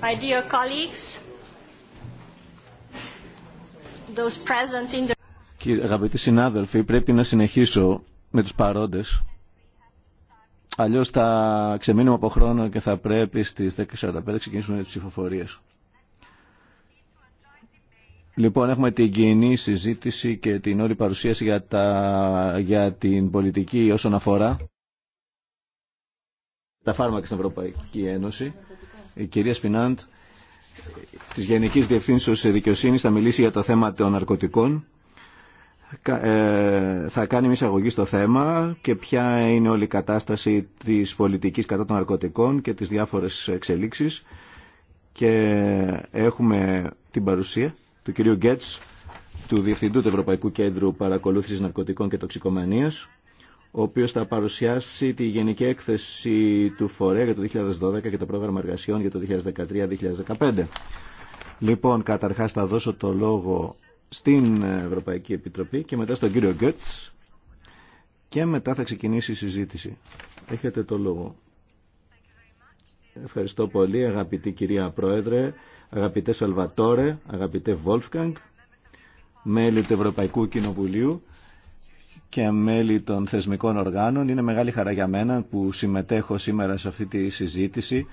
My αγαπητοί συνάδελφοι, πρέπει να συνεχίσω με τους παρόντες. Αλλιώς θα ξεμείνουμε από χρόνο και θα πρέπει στις 10.45 ξεκινήσουμε τις ψηφοφορίες. Λοιπόν, έχουμε την κοινή συζήτηση και την όλη παρουσίαση για, για την πολιτική όσον αφορά τα φάρμακα στην Ευρωπαϊκή Ένωση η κυρία Σπινάντ της Γενικής Διευθύνσεως Δικαιοσύνης θα μιλήσει για το θέμα των ναρκωτικών. Ε, θα κάνει μια εισαγωγή στο θέμα και ποια είναι όλη η κατάσταση της πολιτικής κατά των ναρκωτικών και τις διάφορες εξελίξεις. Και έχουμε την παρουσία του κυρίου Γκέτς, του Διευθυντού του Ευρωπαϊκού Κέντρου Παρακολούθησης Ναρκωτικών και Τοξικομανίας ο οποίο θα παρουσιάσει τη γενική έκθεση του Φορέα για το 2012 και το πρόγραμμα εργασιών για το 2013-2015. Λοιπόν, καταρχάς θα δώσω το λόγο στην Ευρωπαϊκή Επιτροπή και μετά στον κύριο Γκέτς και μετά θα ξεκινήσει η συζήτηση. Έχετε το λόγο. Ευχαριστώ πολύ αγαπητή κυρία Πρόεδρε, αγαπητέ Σαλβατόρε, αγαπητέ Βόλφκανγκ, μέλη του Ευρωπαϊκού Κοινοβουλίου και μέλη των θεσμικών οργάνων. Είναι μεγάλη χαρά για μένα που συμμετέχω σήμερα σε αυτή τη συζήτηση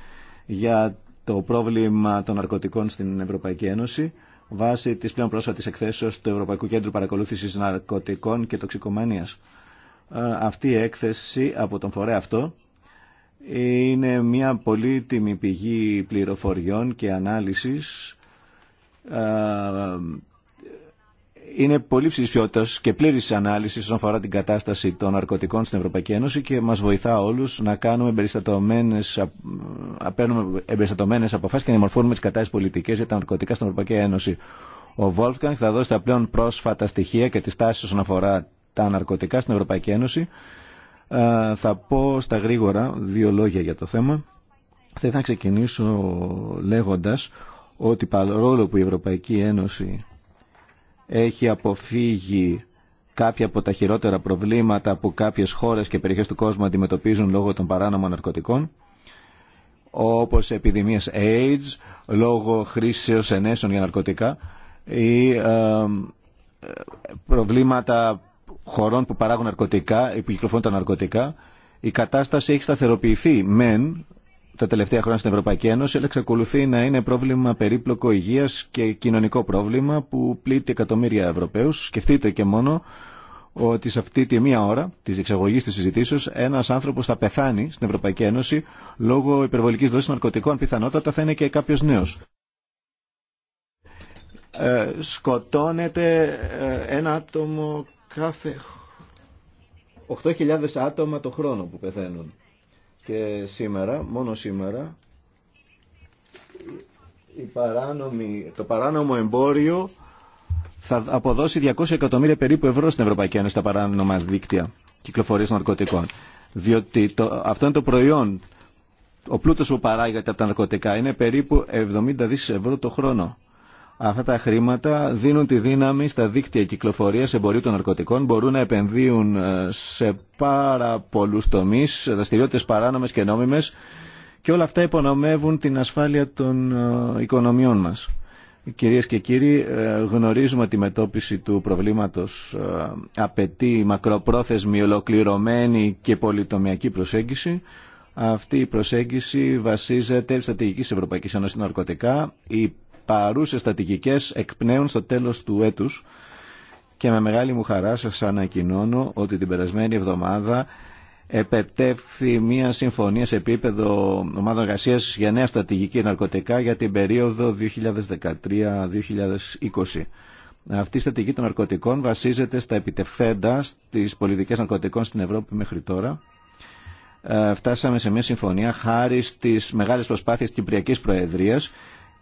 για το πρόβλημα των ναρκωτικών στην Ευρωπαϊκή Ένωση βάσει της πλέον πρόσφατης εκθέσεως του Ευρωπαϊκού Κέντρου Παρακολούθησης Ναρκωτικών και Τοξικομανίας. Ε, αυτή η έκθεση από τον φορέα αυτό είναι μια πολύτιμη πηγή πληροφοριών και ανάλυσης ε, είναι πολύ ψηλή και πλήρη ανάλυση όσον αφορά την κατάσταση των ναρκωτικών στην Ευρωπαϊκή Ένωση και μα βοηθά όλου να κάνουμε παίρνουμε εμπεριστατωμένε αποφάσει και να δημορφώνουμε τι κατάλληλε πολιτικέ για τα ναρκωτικά στην Ευρωπαϊκή Ένωση. Ο Βόλφκανγκ θα δώσει τα πλέον πρόσφατα στοιχεία και τι τάσει όσον αφορά τα ναρκωτικά στην Ευρωπαϊκή Ένωση. Ε, θα πω στα γρήγορα δύο λόγια για το θέμα. Θα ήθελα να ξεκινήσω λέγοντα ότι παρόλο που η Ευρωπαϊκή Ένωση έχει αποφύγει κάποια από τα χειρότερα προβλήματα που κάποιες χώρες και περιοχές του κόσμου αντιμετωπίζουν λόγω των παράνομων ναρκωτικών, όπως επιδημίες AIDS, λόγω χρήσεως ενέσεων για ναρκωτικά ή ε, προβλήματα χωρών που παράγουν ναρκωτικά ή που κυκλοφορούν τα ναρκωτικά. Η προβληματα χωρων που παραγουν έχει σταθεροποιηθεί μεν τα τελευταία χρόνια στην Ευρωπαϊκή Ένωση, αλλά εξακολουθεί να είναι πρόβλημα περίπλοκο υγεία και κοινωνικό πρόβλημα που πλήττει εκατομμύρια Ευρωπαίου. Σκεφτείτε και μόνο ότι σε αυτή τη μία ώρα τη εξαγωγή τη συζητήσεω ένα άνθρωπο θα πεθάνει στην Ευρωπαϊκή Ένωση λόγω υπερβολική δόση ναρκωτικών. Πιθανότατα θα είναι και κάποιο νέο. Ε, σκοτώνεται ε, ένα άτομο κάθε 8.000 άτομα το χρόνο που πεθαίνουν. Και σήμερα, μόνο σήμερα, η παράνομη, το παράνομο εμπόριο θα αποδώσει 200 εκατομμύρια περίπου ευρώ στην Ευρωπαϊκή Ένωση τα παράνομα δίκτυα κυκλοφορίας ναρκωτικών. Διότι αυτό είναι το προϊόν. Ο πλούτος που παράγεται από τα ναρκωτικά είναι περίπου 70 δις ευρώ το χρόνο. Αυτά τα χρήματα δίνουν τη δύναμη στα δίκτυα κυκλοφορία εμπορίου των ναρκωτικών, μπορούν να επενδύουν ε, σε πάρα πολλού τομεί, δραστηριότητε παράνομες και νόμιμε, και όλα αυτά υπονομεύουν την ασφάλεια των ε, οικονομιών μας. Κυρίε και κύριοι, ε, γνωρίζουμε ότι η μετώπιση του προβλήματος απαιτεί μακροπρόθεσμη, ολοκληρωμένη και πολυτομιακή προσέγγιση. Αυτή η προσέγγιση βασίζεται στη στρατηγική της Ευρωπαϊκής Ένωσης ναρκωτικά παρούσες στατικικές εκπνέουν στο τέλος του έτους και με μεγάλη μου χαρά σας ανακοινώνω ότι την περασμένη εβδομάδα επετεύχθη μια συμφωνία σε επίπεδο ομάδων εργασία για νέα στρατηγική ναρκωτικά για την περίοδο 2013-2020. Αυτή η στρατηγική των ναρκωτικών βασίζεται στα επιτευχθέντα στις πολιτικές ναρκωτικών στην Ευρώπη μέχρι τώρα. Ε, φτάσαμε σε μια συμφωνία χάρη στις μεγάλες προσπάθειες της Κυπριακής Προεδρίας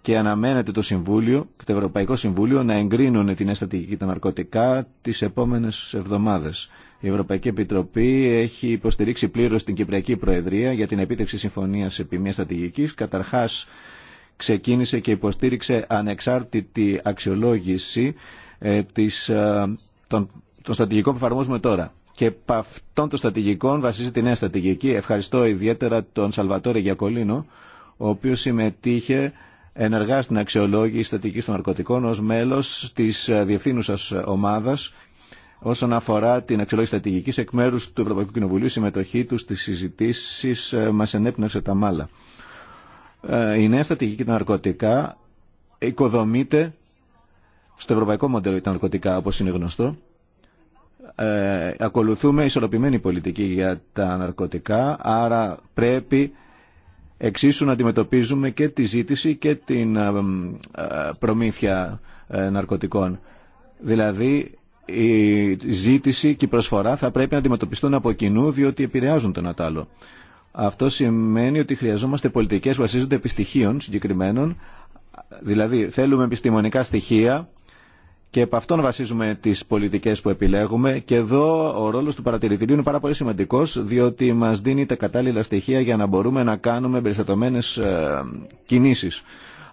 και αναμένεται το Συμβούλιο το Ευρωπαϊκό Συμβούλιο να εγκρίνουν την αισθητική τα ναρκωτικά τις επόμενες εβδομάδες. Η Ευρωπαϊκή Επιτροπή έχει υποστηρίξει πλήρω την Κυπριακή Προεδρία για την επίτευξη συμφωνία επί μια στρατηγική. Καταρχά ξεκίνησε και υποστήριξε ανεξάρτητη αξιολόγηση ε, της, ε, των, των στρατηγικών που εφαρμόζουμε τώρα. Και από αυτών των στρατηγικών βασίζεται η νέα στρατηγική. Ευχαριστώ ιδιαίτερα τον Σαλβατόρε Γιακολίνο, ο οποίος συμμετείχε ενεργά στην αξιολόγηση στατικής των ναρκωτικών ως μέλος της ε, διευθύνουσας ομάδας όσον αφορά την αξιολόγηση στρατηγική εκ μέρου του Ευρωπαϊκού Κοινοβουλίου, η συμμετοχή του στι συζητήσει ε, μα ενέπνευσε τα μάλα. Ε, η νέα στρατηγική των ναρκωτικά οικοδομείται στο ευρωπαϊκό μοντέλο για τα ναρκωτικά, όπω είναι γνωστό. ακολουθούμε ισορροπημένη πολιτική για τα ναρκωτικά, άρα πρέπει εξίσου να αντιμετωπίζουμε και τη ζήτηση και την ε, ε, προμήθεια ε, ναρκωτικών. Δηλαδή η ζήτηση και η προσφορά θα πρέπει να αντιμετωπιστούν από κοινού διότι επηρεάζουν τον ατάλλο. Αυτό σημαίνει ότι χρειαζόμαστε πολιτικές που βασίζονται επί συγκεκριμένων, δηλαδή θέλουμε επιστημονικά στοιχεία και επ' αυτόν βασίζουμε τις πολιτικές που επιλέγουμε και εδώ ο ρόλος του παρατηρητηρίου είναι πάρα πολύ σημαντικό, διότι μας δίνει τα κατάλληλα στοιχεία για να μπορούμε να κάνουμε περιστατωμένες ε, κινήσεις.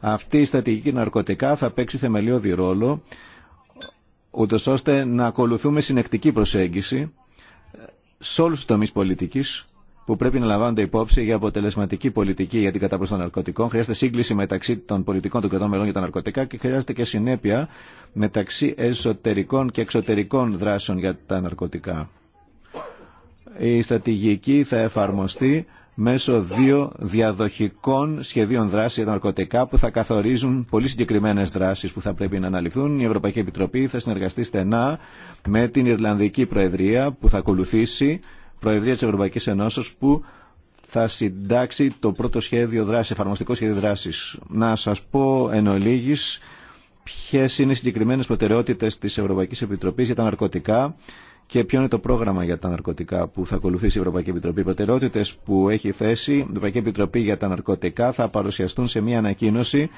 Αυτή η στατική ναρκωτικά θα παίξει θεμελιώδη ρόλο ούτω ώστε να ακολουθούμε συνεκτική προσέγγιση σε όλου του τομείς πολιτική που πρέπει να λαμβάνονται υπόψη για αποτελεσματική πολιτική για την καταπολέμηση των ναρκωτικών. Χρειάζεται σύγκληση μεταξύ των πολιτικών των κρατών μελών για τα ναρκωτικά και χρειάζεται και συνέπεια μεταξύ εσωτερικών και εξωτερικών δράσεων για τα ναρκωτικά. Η στρατηγική θα εφαρμοστεί μέσω δύο διαδοχικών σχεδίων δράση για τα ναρκωτικά που θα καθορίζουν πολύ συγκεκριμένε δράσει που θα πρέπει να αναλυθούν. Η Ευρωπαϊκή Επιτροπή θα συνεργαστεί στενά με την Ιρλανδική Προεδρία που θα ακολουθήσει Προεδρία της Ευρωπαϊκής Ενώσεως που θα συντάξει το πρώτο σχέδιο δράσης, εφαρμοστικό σχέδιο δράσης. Να σας πω εν ολίγης ποιες είναι οι συγκεκριμένες προτεραιότητες της Ευρωπαϊκής Επιτροπής για τα ναρκωτικά και ποιο είναι το πρόγραμμα για τα ναρκωτικά που θα ακολουθήσει η Ευρωπαϊκή Επιτροπή. Οι προτεραιότητες που έχει θέσει η Ευρωπαϊκή Επιτροπή για τα ναρκωτικά θα παρουσιαστούν σε μια ανακοίνωση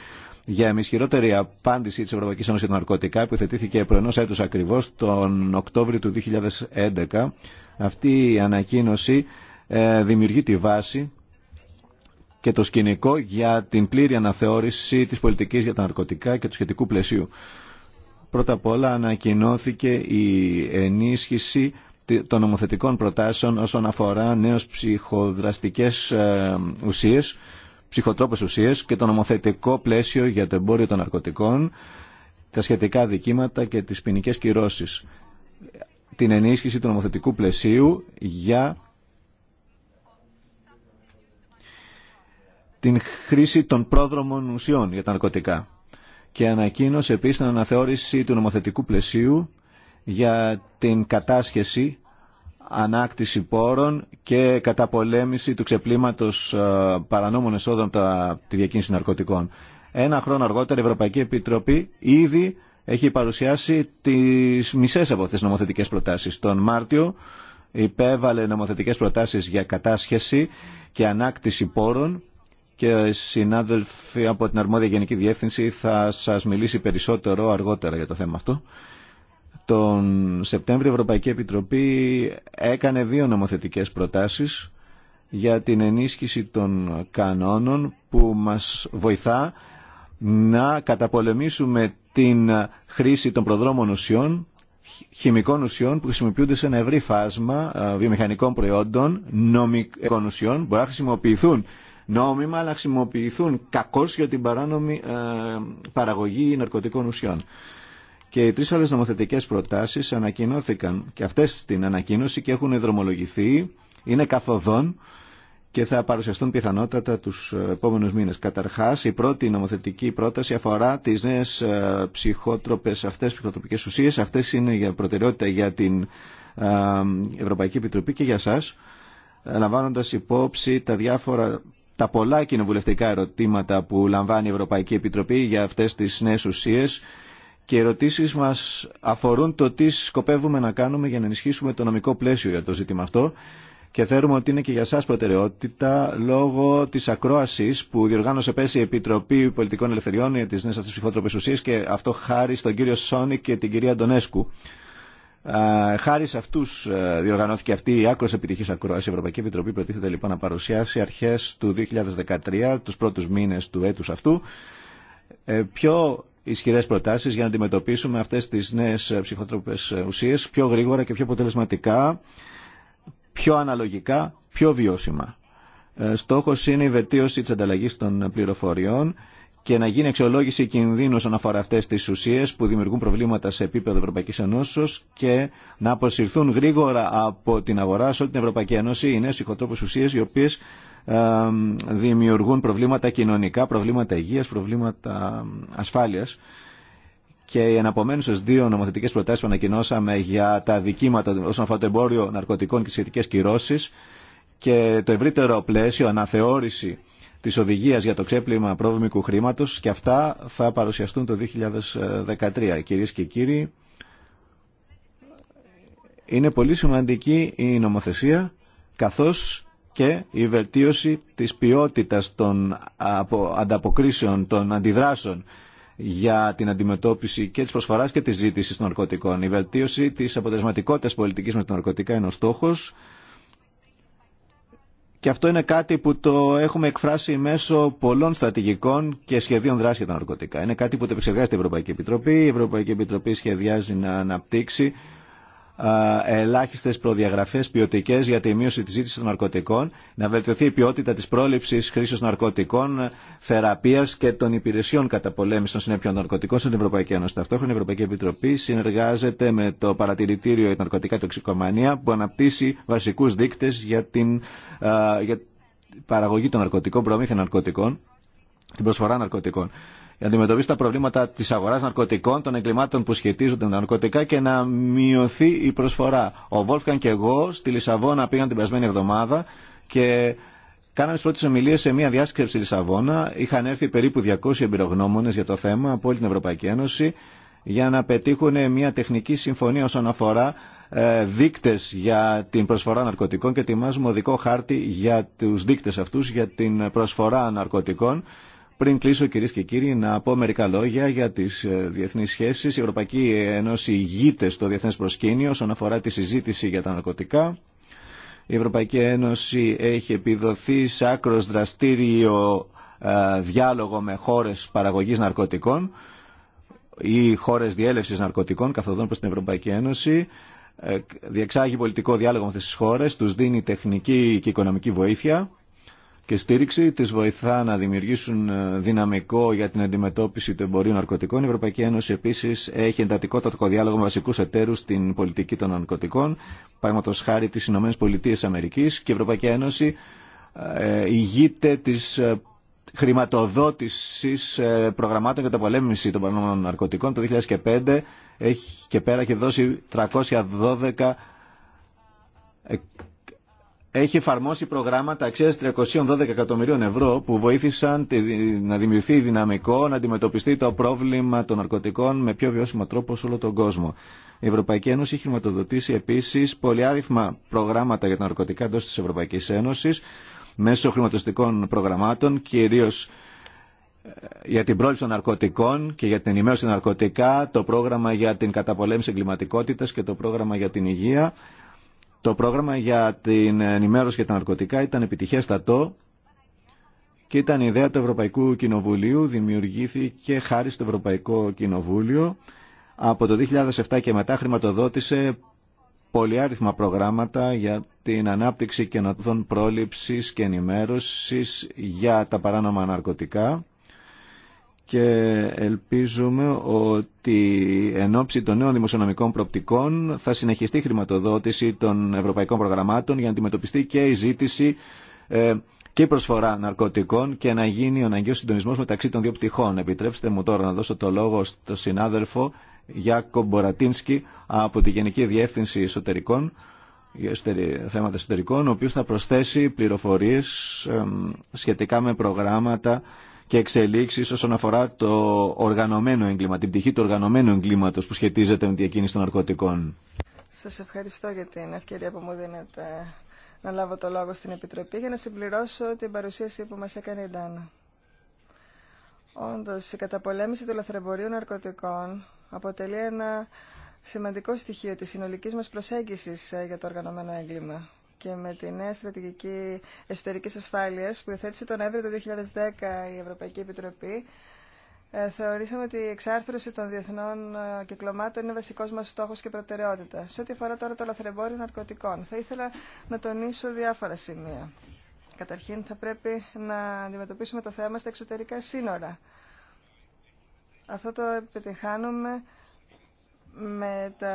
για ισχυρότερη απάντηση τη Ευρωπαϊκή Ένωση για τα ναρκωτικά που θετήθηκε προ έτου έτους ακριβώς τον Οκτώβριο του 2011. Αυτή η ανακοίνωση ε, δημιουργεί τη βάση και το σκηνικό για την πλήρη αναθεώρηση της πολιτικής για τα ναρκωτικά και του σχετικού πλαισίου. Πρώτα απ' όλα ανακοινώθηκε η ενίσχυση των νομοθετικών προτάσεων όσον αφορά νέες ψυχοδραστικές ε, ουσίες ψυχοτρόπες ουσίες και το νομοθετικό πλαίσιο για το εμπόριο των ναρκωτικών, τα σχετικά δικήματα και τις ποινικέ κυρώσεις. Την ενίσχυση του νομοθετικού πλαισίου για την χρήση των πρόδρομων ουσιών για τα ναρκωτικά. Και ανακοίνωσε επίσης την αναθεώρηση του νομοθετικού πλαισίου για την κατάσχεση ανάκτηση πόρων και καταπολέμηση του ξεπλήματος ε, παρανόμων εσόδων από τη διακίνηση ναρκωτικών. Ένα χρόνο αργότερα η Ευρωπαϊκή Επιτροπή ήδη έχει παρουσιάσει τις μισές από αυτές τις νομοθετικές προτάσεις. Τον Μάρτιο υπέβαλε νομοθετικές προτάσεις για κατάσχεση και ανάκτηση πόρων και οι συνάδελφοι από την Αρμόδια Γενική Διεύθυνση θα σας μιλήσει περισσότερο αργότερα για το θέμα αυτό. Τον Σεπτέμβριο η Ευρωπαϊκή Επιτροπή έκανε δύο νομοθετικές προτάσεις για την ενίσχυση των κανόνων που μας βοηθά να καταπολεμήσουμε την χρήση των προδρόμων ουσιών, χημικών ουσιών που χρησιμοποιούνται σε ένα ευρύ φάσμα βιομηχανικών προϊόντων, νομικών ουσιών, μπορεί να χρησιμοποιηθούν νόμιμα, αλλά χρησιμοποιηθούν κακώς για την παράνομη παραγωγή ναρκωτικών ουσιών. Και οι τρεις άλλες νομοθετικές προτάσεις ανακοινώθηκαν και αυτές στην ανακοίνωση και έχουν δρομολογηθεί, είναι καθοδόν και θα παρουσιαστούν πιθανότατα τους ε, επόμενους μήνες. Καταρχάς, η πρώτη νομοθετική πρόταση αφορά τις νέες ε, ψυχότροπες αυτές, ψυχοτροπικές ουσίες. Αυτές είναι για προτεραιότητα για την ε, Ευρωπαϊκή Επιτροπή και για σας, λαμβάνοντας υπόψη τα διάφορα τα πολλά κοινοβουλευτικά ερωτήματα που λαμβάνει η Ευρωπαϊκή Επιτροπή για αυτές τις νέες ουσίες και οι ερωτήσεις μας αφορούν το τι σκοπεύουμε να κάνουμε για να ενισχύσουμε το νομικό πλαίσιο για το ζήτημα αυτό και θέλουμε ότι είναι και για σας προτεραιότητα λόγω της ακρόασης που διοργάνωσε πέρσι η Επιτροπή Πολιτικών Ελευθεριών για τις νέες αυτές ψυχότροπες ουσίες και αυτό χάρη στον κύριο Σόνικ και την κυρία Ντονέσκου. Χάρη σε αυτού ε, διοργανώθηκε αυτή η άκρο επιτυχή ακρόαση. Η Ευρωπαϊκή Επιτροπή προτίθεται λοιπόν να παρουσιάσει αρχέ του 2013, του πρώτου μήνε του έτου αυτού, ε, πιο ισχυρέ προτάσει για να αντιμετωπίσουμε αυτέ τι νέε ψυχοτρόπε ουσίε πιο γρήγορα και πιο αποτελεσματικά, πιο αναλογικά, πιο βιώσιμα. Ε, Στόχο είναι η βελτίωση τη ανταλλαγή των πληροφοριών και να γίνει αξιολόγηση κινδύνου όσον αφορά αυτέ τι ουσίε που δημιουργούν προβλήματα σε επίπεδο Ευρωπαϊκή Ενώσεω και να αποσυρθούν γρήγορα από την αγορά σε όλη την Ευρωπαϊκή Ένωση οι νέε ψυχοτρόπε ουσίε οι οποίε δημιουργούν προβλήματα κοινωνικά, προβλήματα υγείας, προβλήματα ασφάλειας. Και οι εναπομένουσε δύο νομοθετικέ προτάσει που ανακοινώσαμε για τα δικήματα όσον αφορά το εμπόριο ναρκωτικών και σχετικέ κυρώσει και το ευρύτερο πλαίσιο αναθεώρηση τη οδηγία για το ξέπλυμα πρόβλημικου χρήματο και αυτά θα παρουσιαστούν το 2013. Κυρίε και κύριοι, είναι πολύ σημαντική η νομοθεσία καθώς και η βελτίωση της ποιότητας των ανταποκρίσεων, των αντιδράσεων για την αντιμετώπιση και της προσφοράς και της ζήτησης των ναρκωτικών. Η βελτίωση της αποτελεσματικότητας πολιτικής με τα ναρκωτικά είναι ο στόχος και αυτό είναι κάτι που το έχουμε εκφράσει μέσω πολλών στρατηγικών και σχεδίων δράση για τα ναρκωτικά. Είναι κάτι που το επεξεργάζεται η Ευρωπαϊκή Επιτροπή. Η Ευρωπαϊκή Επιτροπή σχεδιάζει να αναπτύξει ελάχιστε προδιαγραφέ ποιοτικέ για τη μείωση τη ζήτηση των ναρκωτικών, να βελτιωθεί η ποιότητα τη πρόληψη χρήση ναρκωτικών, θεραπεία και των υπηρεσιών κατά πολέμηση των συνέπειων ναρκωτικών στην Ευρωπαϊκή Ένωση. Ταυτόχρονα, η Ευρωπαϊκή Επιτροπή συνεργάζεται με το Παρατηρητήριο για Ναρκωτικά Τοξικομανία που αναπτύσσει βασικού δείκτε για την για παραγωγή των ναρκωτικών, προμήθεια ναρκωτικών, την προσφορά ναρκωτικών αντιμετωπίσει τα προβλήματα τη αγορά ναρκωτικών, των εγκλημάτων που σχετίζονται με τα ναρκωτικά και να μειωθεί η προσφορά. Ο Βόλφκαν και εγώ στη Λισαβόνα πήγαν την περασμένη εβδομάδα και κάναμε τι πρώτε ομιλίε σε μια διάσκεψη Λισαβόνα. Είχαν έρθει περίπου 200 εμπειρογνώμονε για το θέμα από όλη την Ευρωπαϊκή Ένωση για να πετύχουν μια τεχνική συμφωνία όσον αφορά ε, δείκτες για την προσφορά ναρκωτικών και ετοιμάζουμε οδικό χάρτη για τους δείκτες αυτούς, για την προσφορά ναρκωτικών πριν κλείσω κυρίε και κύριοι να πω μερικά λόγια για τις ε, διεθνείς σχέσεις. Η Ευρωπαϊκή Ένωση ηγείται στο διεθνές προσκήνιο όσον αφορά τη συζήτηση για τα ναρκωτικά. Η Ευρωπαϊκή Ένωση έχει επιδοθεί σε άκρο δραστήριο ε, διάλογο με χώρες παραγωγής ναρκωτικών ή χώρες διέλευσης ναρκωτικών καθοδόν προς την Ευρωπαϊκή Ένωση ε, διεξάγει πολιτικό διάλογο με αυτές τις χώρες, τους δίνει τεχνική και οικονομική βοήθεια και στήριξη Της βοηθά να δημιουργήσουν ε, δυναμικό για την αντιμετώπιση του εμπορίου ναρκωτικών. Η Ευρωπαϊκή Ένωση επίσης έχει εντατικότατο διάλογο με βασικούς εταίρους στην πολιτική των ναρκωτικών, παραδείγματος χάρη της ΗΠΑ Αμερικής και η Ευρωπαϊκή Ένωση ε, ηγείται της ε, χρηματοδότησης προγραμμάτων για τα πολέμηση των παρανομενών ναρκωτικών. Το 2005 έχει και πέρα έχει δώσει 312 έχει εφαρμόσει προγράμματα αξίας 312 εκατομμυρίων ευρώ που βοήθησαν να δημιουργηθεί δυναμικό, να αντιμετωπιστεί το πρόβλημα των ναρκωτικών με πιο βιώσιμο τρόπο σε όλο τον κόσμο. Η Ευρωπαϊκή Ένωση έχει χρηματοδοτήσει επίσης πολυάριθμα προγράμματα για τα ναρκωτικά εντός της Ευρωπαϊκής Ένωσης μέσω χρηματοστικών προγραμμάτων, κυρίως ε, για την πρόληψη των ναρκωτικών και για την ενημέρωση των ναρκωτικά, το πρόγραμμα για την καταπολέμηση εγκληματικότητα και το πρόγραμμα για την υγεία το πρόγραμμα για την ενημέρωση για τα ναρκωτικά ήταν επιτυχέστατο και ήταν η ιδέα του Ευρωπαϊκού Κοινοβουλίου, δημιουργήθηκε χάρη στο Ευρωπαϊκό Κοινοβούλιο. Από το 2007 και μετά χρηματοδότησε πολυάριθμα προγράμματα για την ανάπτυξη καινοτών πρόληψης και ενημέρωσης για τα παράνομα ναρκωτικά και ελπίζουμε ότι εν ώψη των νέων δημοσιονομικών προπτικών θα συνεχιστεί η χρηματοδότηση των ευρωπαϊκών προγραμμάτων για να αντιμετωπιστεί και η ζήτηση ε, και η προσφορά ναρκωτικών και να γίνει ο αναγκαίος συντονισμός μεταξύ των δύο πτυχών. Επιτρέψτε μου τώρα να δώσω το λόγο στον συνάδελφο Γιάκο Μπορατίνσκι από τη Γενική Διεύθυνση Εσωτερικών θέματα εσωτερικών, ο οποίος θα προσθέσει πληροφορίες σχετικά με προγράμματα και εξελίξει όσον αφορά το οργανωμένο έγκλημα, την πτυχή του οργανωμένου εγκλήματος που σχετίζεται με τη διακίνηση των ναρκωτικών. Σας ευχαριστώ για την ευκαιρία που μου δίνετε να λάβω το λόγο στην Επιτροπή για να συμπληρώσω την παρουσίαση που μας έκανε η Ντάνα. Όντως, η καταπολέμηση του λαθρεμπορίου ναρκωτικών αποτελεί ένα σημαντικό στοιχείο της συνολικής μας προσέγγισης ε, για το οργανωμένο έγκλημα και με τη νέα στρατηγική εσωτερική ασφάλεια που υιοθέτησε τον Νοέμβριο του 2010 η Ευρωπαϊκή Επιτροπή, ε, θεωρήσαμε ότι η εξάρθρωση των διεθνών ε, κυκλωμάτων είναι βασικό μα στόχο και προτεραιότητα. Σε ό,τι αφορά τώρα το λαθρεμπόριο ναρκωτικών, θα ήθελα να τονίσω διάφορα σημεία. Καταρχήν θα πρέπει να αντιμετωπίσουμε το θέμα στα εξωτερικά σύνορα. Αυτό το επιτυχάνουμε με τα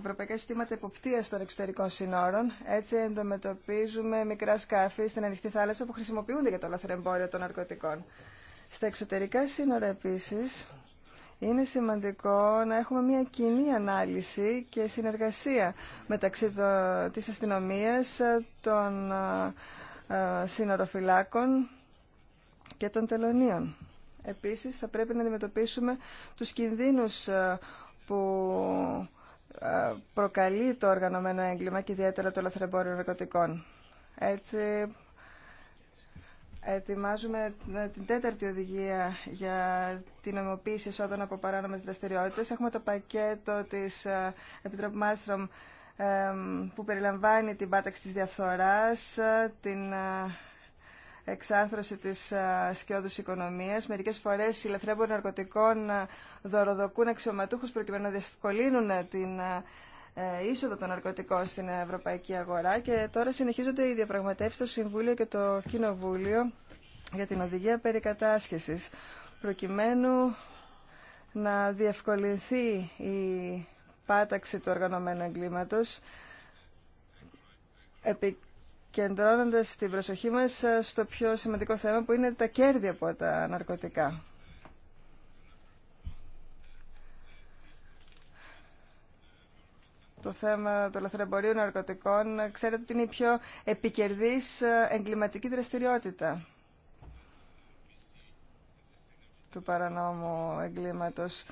ευρωπαϊκά συστήματα εποπτείας των εξωτερικών συνόρων. Έτσι εντομετωπίζουμε μικρά σκάφη στην ανοιχτή θάλασσα που χρησιμοποιούνται για το λαθρεμπόριο των ναρκωτικών. Στα εξωτερικά σύνορα επίση είναι σημαντικό να έχουμε μια κοινή ανάλυση και συνεργασία μεταξύ τη αστυνομία, των ε, σύνοροφυλάκων και των τελωνίων. Επίσης θα πρέπει να αντιμετωπίσουμε τους κινδύνους ε, που ε, προκαλεί το οργανωμένο έγκλημα και ιδιαίτερα το λαθρεμπόριο ναρκωτικών. Έτσι, ετοιμάζουμε ε, την τέταρτη οδηγία για την ομοποίηση εσόδων από παράνομες δραστηριότητες. Έχουμε το πακέτο της ε, Επιτροπή Μάστρομ που περιλαμβάνει την πάταξη της διαφθοράς, την εξάρθρωση τη σκιώδη οικονομία. Μερικές φορές οι λαθρέμποροι ναρκωτικών δωροδοκούν αξιωματούχου προκειμένου να διευκολύνουν την ε, είσοδο των ναρκωτικών στην ευρωπαϊκή αγορά και τώρα συνεχίζονται οι διαπραγματεύσει στο Συμβούλιο και το Κοινοβούλιο για την οδηγία περί κατάσχεσης, προκειμένου να διευκολυνθεί η πάταξη του οργανωμένου εγκλήματος κεντρώνοντας την προσοχή μας ε, στο πιο σημαντικό θέμα που είναι τα κέρδη από τα ναρκωτικά. Το θέμα του λαθρεμπορίου ναρκωτικών ε, ξέρετε ότι είναι η πιο επικερδής ε, εγκληματική δραστηριότητα του παρανόμου εγκλήματος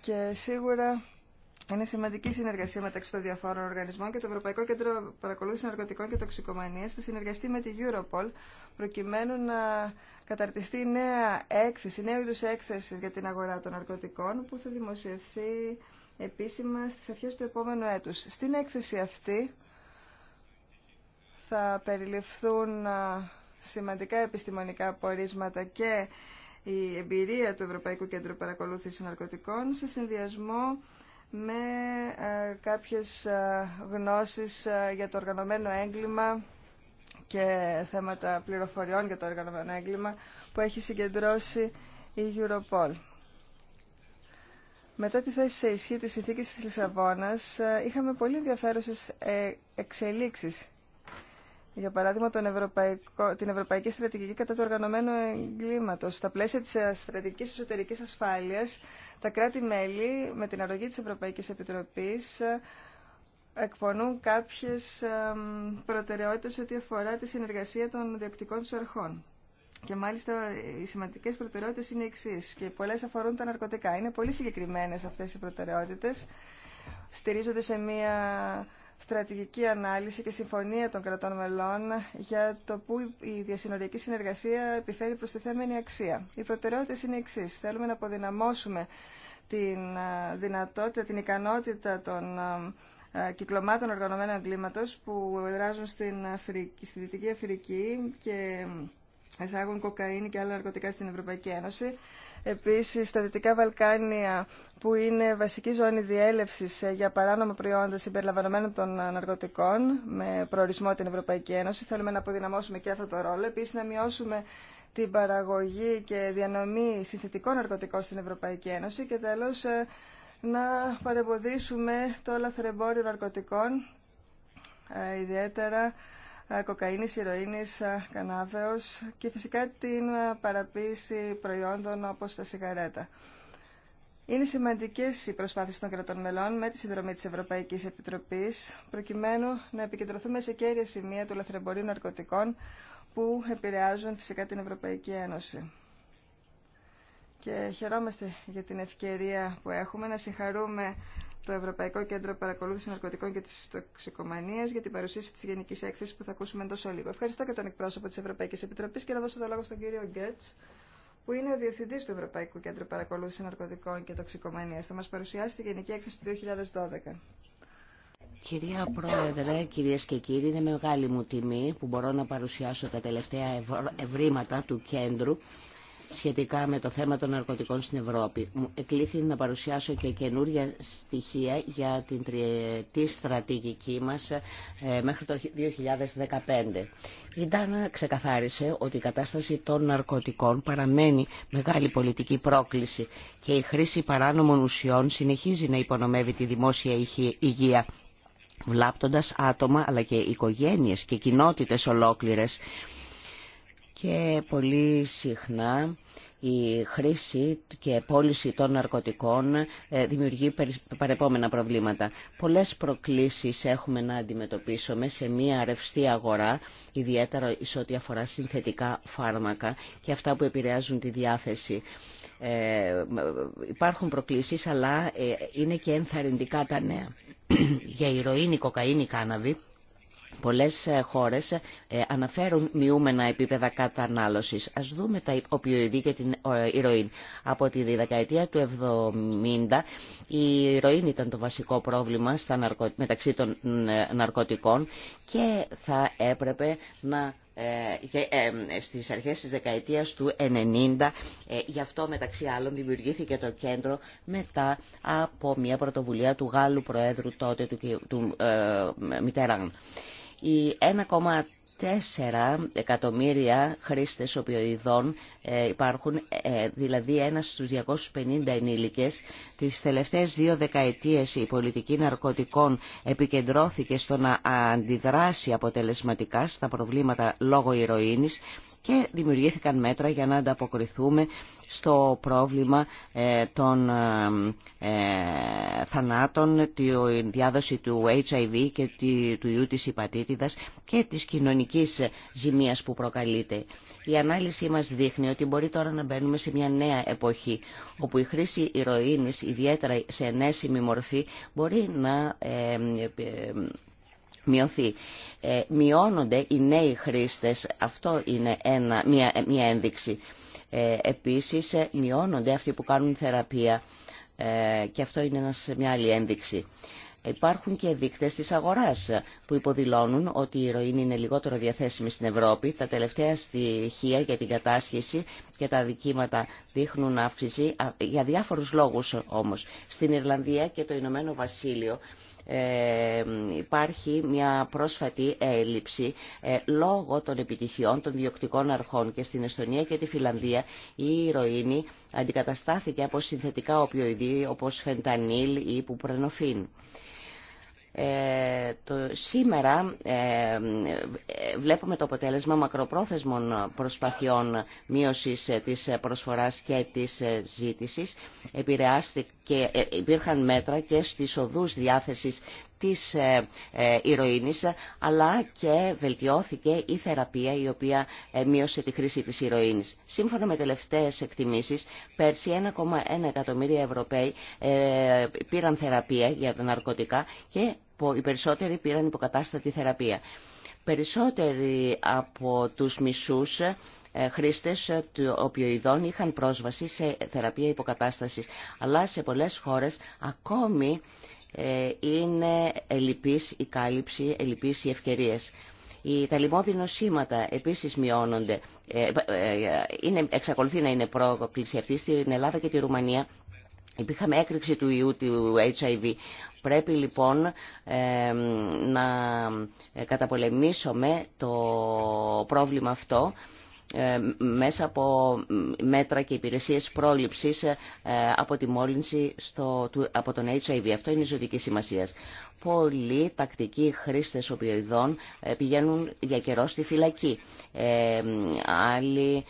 και σίγουρα είναι σημαντική συνεργασία μεταξύ των διαφόρων οργανισμών και το Ευρωπαϊκό Κέντρο Παρακολούθηση Ναρκωτικών και Τοξικομανία θα συνεργαστεί με τη Europol προκειμένου να καταρτιστεί νέα έκθεση, νέου είδου έκθεση για την αγορά των ναρκωτικών που θα δημοσιευθεί επίσημα στι αρχέ του επόμενου έτου. Στην έκθεση αυτή θα περιληφθούν σημαντικά επιστημονικά πορίσματα και η εμπειρία του Ευρωπαϊκού Κέντρου Παρακολούθηση Ναρκωτικών σε συνδυασμό με ε, κάποιες ε, γνώσεις ε, για το οργανωμένο έγκλημα και θέματα πληροφοριών για το οργανωμένο έγκλημα που έχει συγκεντρώσει η Europol. Μετά τη θέση σε ισχύ της συνθήκης της Λισαβόνας είχαμε πολύ ενδιαφέρουσες εξελίξεις για παράδειγμα τον Ευρωπαϊκό, την Ευρωπαϊκή Στρατηγική κατά του Οργανωμένου Εγκλήματος. Στα πλαίσια τη ε, στρατηγική εσωτερική ασφάλεια, τα κράτη-μέλη με την αρρωγή τη Ευρωπαϊκή Επιτροπή, ε, εκπονούν κάποιε προτεραιότητες ό,τι αφορά τη συνεργασία των διοκτικών του αρχών. Και μάλιστα οι σημαντικέ προτεραιότητε είναι εξή και πολλέ αφορούν τα ναρκωτικά. Είναι πολύ συγκεκριμένε αυτέ οι προτεραιότητε. Στηρίζονται σε μία στρατηγική ανάλυση και συμφωνία των κρατών μελών για το που η διασυνοριακή συνεργασία επιφέρει προστιθέμενη αξία. Οι προτεραιότητες είναι εξή. Θέλουμε να αποδυναμώσουμε την δυνατότητα, την ικανότητα των κυκλωμάτων οργανωμένων εγκλήματος που εδράζουν στην Αφρική, στη Δυτική Αφρική και ε, εισάγουν κοκαίνη και άλλα ναρκωτικά στην Ευρωπαϊκή Ένωση Επίσης, στα Δυτικά Βαλκάνια, που είναι βασική ζώνη διέλευσης ε, για παράνομα προϊόντα συμπεριλαμβανομένων των ε, ναρκωτικών, με προορισμό την Ευρωπαϊκή Ένωση, θέλουμε να αποδυναμώσουμε και αυτό το ρόλο. Επίσης, να μειώσουμε την παραγωγή και διανομή συνθετικών ναρκωτικών στην Ευρωπαϊκή Ένωση και τέλος ε, να παρεμποδίσουμε το λαθρεμπόριο ναρκωτικών, ιδιαίτερα κοκαίνης, ηρωίνης, κανάβεως και φυσικά την παραποίηση προϊόντων όπως τα σιγαρέτα. Είναι σημαντικέ οι προσπάθειε των κρατών μελών με τη συνδρομή τη Ευρωπαϊκή Επιτροπή, προκειμένου να επικεντρωθούμε σε κέρια σημεία του λαθρεμπορίου ναρκωτικών που επηρεάζουν φυσικά την Ευρωπαϊκή Ένωση. Και χαιρόμαστε για την ευκαιρία που έχουμε να συγχαρούμε το Ευρωπαϊκό Κέντρο Παρακολούθηση Ναρκωτικών και τη Τοξικομανία για την παρουσίαση τη Γενική Έκθεση που θα ακούσουμε εντό ολίγου. Ευχαριστώ και τον εκπρόσωπο τη Ευρωπαϊκή Επιτροπή και να δώσω το λόγο στον κύριο Γκέτ, που είναι ο Διευθυντή του Ευρωπαϊκού Κέντρου Παρακολούθηση Ναρκωτικών και Τοξικομανία. Θα μα παρουσιάσει τη Γενική Έκθεση του 2012. Κυρία Πρόεδρε, κυρίες και κύριοι, είναι μεγάλη μου τιμή που μπορώ να παρουσιάσω τα τελευταία ευρήματα του κέντρου σχετικά με το θέμα των ναρκωτικών στην Ευρώπη. εκλήθη να παρουσιάσω και καινούρια στοιχεία για την τριετή στρατηγική μας ε, μέχρι το 2015. Η Ντάνα ξεκαθάρισε ότι η κατάσταση των ναρκωτικών παραμένει μεγάλη πολιτική πρόκληση και η χρήση παράνομων ουσιών συνεχίζει να υπονομεύει τη δημόσια υγεία βλάπτοντας άτομα αλλά και οικογένειες και κοινότητες ολόκληρες και πολύ συχνά η χρήση και πώληση των ναρκωτικών ε, δημιουργεί παρεπόμενα προβλήματα. Πολλές προκλήσεις έχουμε να αντιμετωπίσουμε σε μια ρευστή αγορά, ιδιαίτερα σε ό,τι αφορά συνθετικά φάρμακα και αυτά που επηρεάζουν τη διάθεση. Ε, υπάρχουν προκλήσεις, αλλά ε, είναι και ενθαρρυντικά τα νέα. Για ηρωίνη, κοκαίνη, κάναβη, Πολλές ε, χώρες ε, αναφέρουν μειούμενα επίπεδα κατανάλωσης. Ας δούμε τα οπιοειδή και την ε, ηρωίνη. Από τη δεκαετία του 70 η ηρωίνη ήταν το βασικό πρόβλημα στα μεταξύ των ναρκωτικών και θα έπρεπε να στις αρχές της δεκαετίας του 90. Γι' αυτό μεταξύ άλλων δημιουργήθηκε το κέντρο μετά από μια πρωτοβουλία του Γάλλου Προέδρου τότε του, του οι 1,4 εκατομμύρια χρήστες οπιοειδών ε, υπάρχουν, ε, δηλαδή ένας στους 250 ενήλικες. Τις τελευταίες δύο δεκαετίες η πολιτική ναρκωτικών επικεντρώθηκε στο να αντιδράσει αποτελεσματικά στα προβλήματα λόγω ηρωίνης και δημιουργήθηκαν μέτρα για να ανταποκριθούμε στο πρόβλημα ε, των ε, ε, θανάτων, τη διάδοση του HIV και του ιού της υπατήτηδας και της κοινωνικής ζημίας που προκαλείται. Η ανάλυση μας δείχνει ότι μπορεί τώρα να μπαίνουμε σε μια νέα εποχή όπου η χρήση ηρωίνης, ιδιαίτερα σε ενέσιμη μορφή, μπορεί να μειωθεί. Ε, μειώνονται οι νέοι χρήστες, αυτό είναι ένα, μια, μια ένδειξη. Ε, επίσης ε, μειώνονται αυτοί που κάνουν θεραπεία ε, και αυτό είναι μια άλλη ένδειξη. Υπάρχουν και δείκτες της αγοράς που υποδηλώνουν ότι η ηρωίνη είναι λιγότερο διαθέσιμη στην Ευρώπη. Τα τελευταία στοιχεία για την κατάσχεση και τα δικήματα δείχνουν αύξηση για διάφορους λόγους όμως. Στην Ιρλανδία και το Ηνωμένο Βασίλειο ε, υπάρχει μια πρόσφατη έλλειψη ε, λόγω των επιτυχιών των διοκτικών αρχών και στην Εστονία και τη Φιλανδία η ηρωίνη αντικαταστάθηκε από συνθετικά οπιοειδή όπως φεντανίλ ή πουπρενοφίν. Ε, το, σήμερα ε, ε, βλέπουμε το αποτέλεσμα μακροπρόθεσμων προσπαθειών μείωσης της προσφοράς και της ζήτησης. Επηρεάστηκε και ε, υπήρχαν μέτρα και στις οδούς διάθεσης της ε, ε, ηρωίνης αλλά και βελτιώθηκε η θεραπεία η οποία μείωσε τη χρήση της ηρωίνης. Σύμφωνα με τελευταίες εκτιμήσεις, πέρσι 1,1 εκατομμύρια Ευρωπαίοι πήραν θεραπεία για τα ναρκωτικά και οι περισσότεροι πήραν υποκατάστατη θεραπεία. Περισσότεροι από τους μισούς ε, χρήστες του οπιοειδών είχαν πρόσβαση σε θεραπεία υποκατάστασης. Αλλά σε πολλές χώρες ακόμη ε, είναι ελλειπής η κάλυψη, ελλειπής οι ευκαιρίες. Τα σήματα επίσης μειώνονται. Ε, είναι, εξακολουθεί να είναι πρόκληση αυτή στην Ελλάδα και τη Ρουμανία. Υπήρχαμε έκρηξη του ιού του HIV, Πρέπει λοιπόν ε, να καταπολεμήσουμε το πρόβλημα αυτό ε, μέσα από μέτρα και υπηρεσίες πρόληψης ε, από τη μόλυνση στο, από τον HIV. Αυτό είναι ζωτική σημασία. Πολλοί τακτικοί χρήστες οπιοειδών πηγαίνουν για καιρό στη φυλακή. άλλοι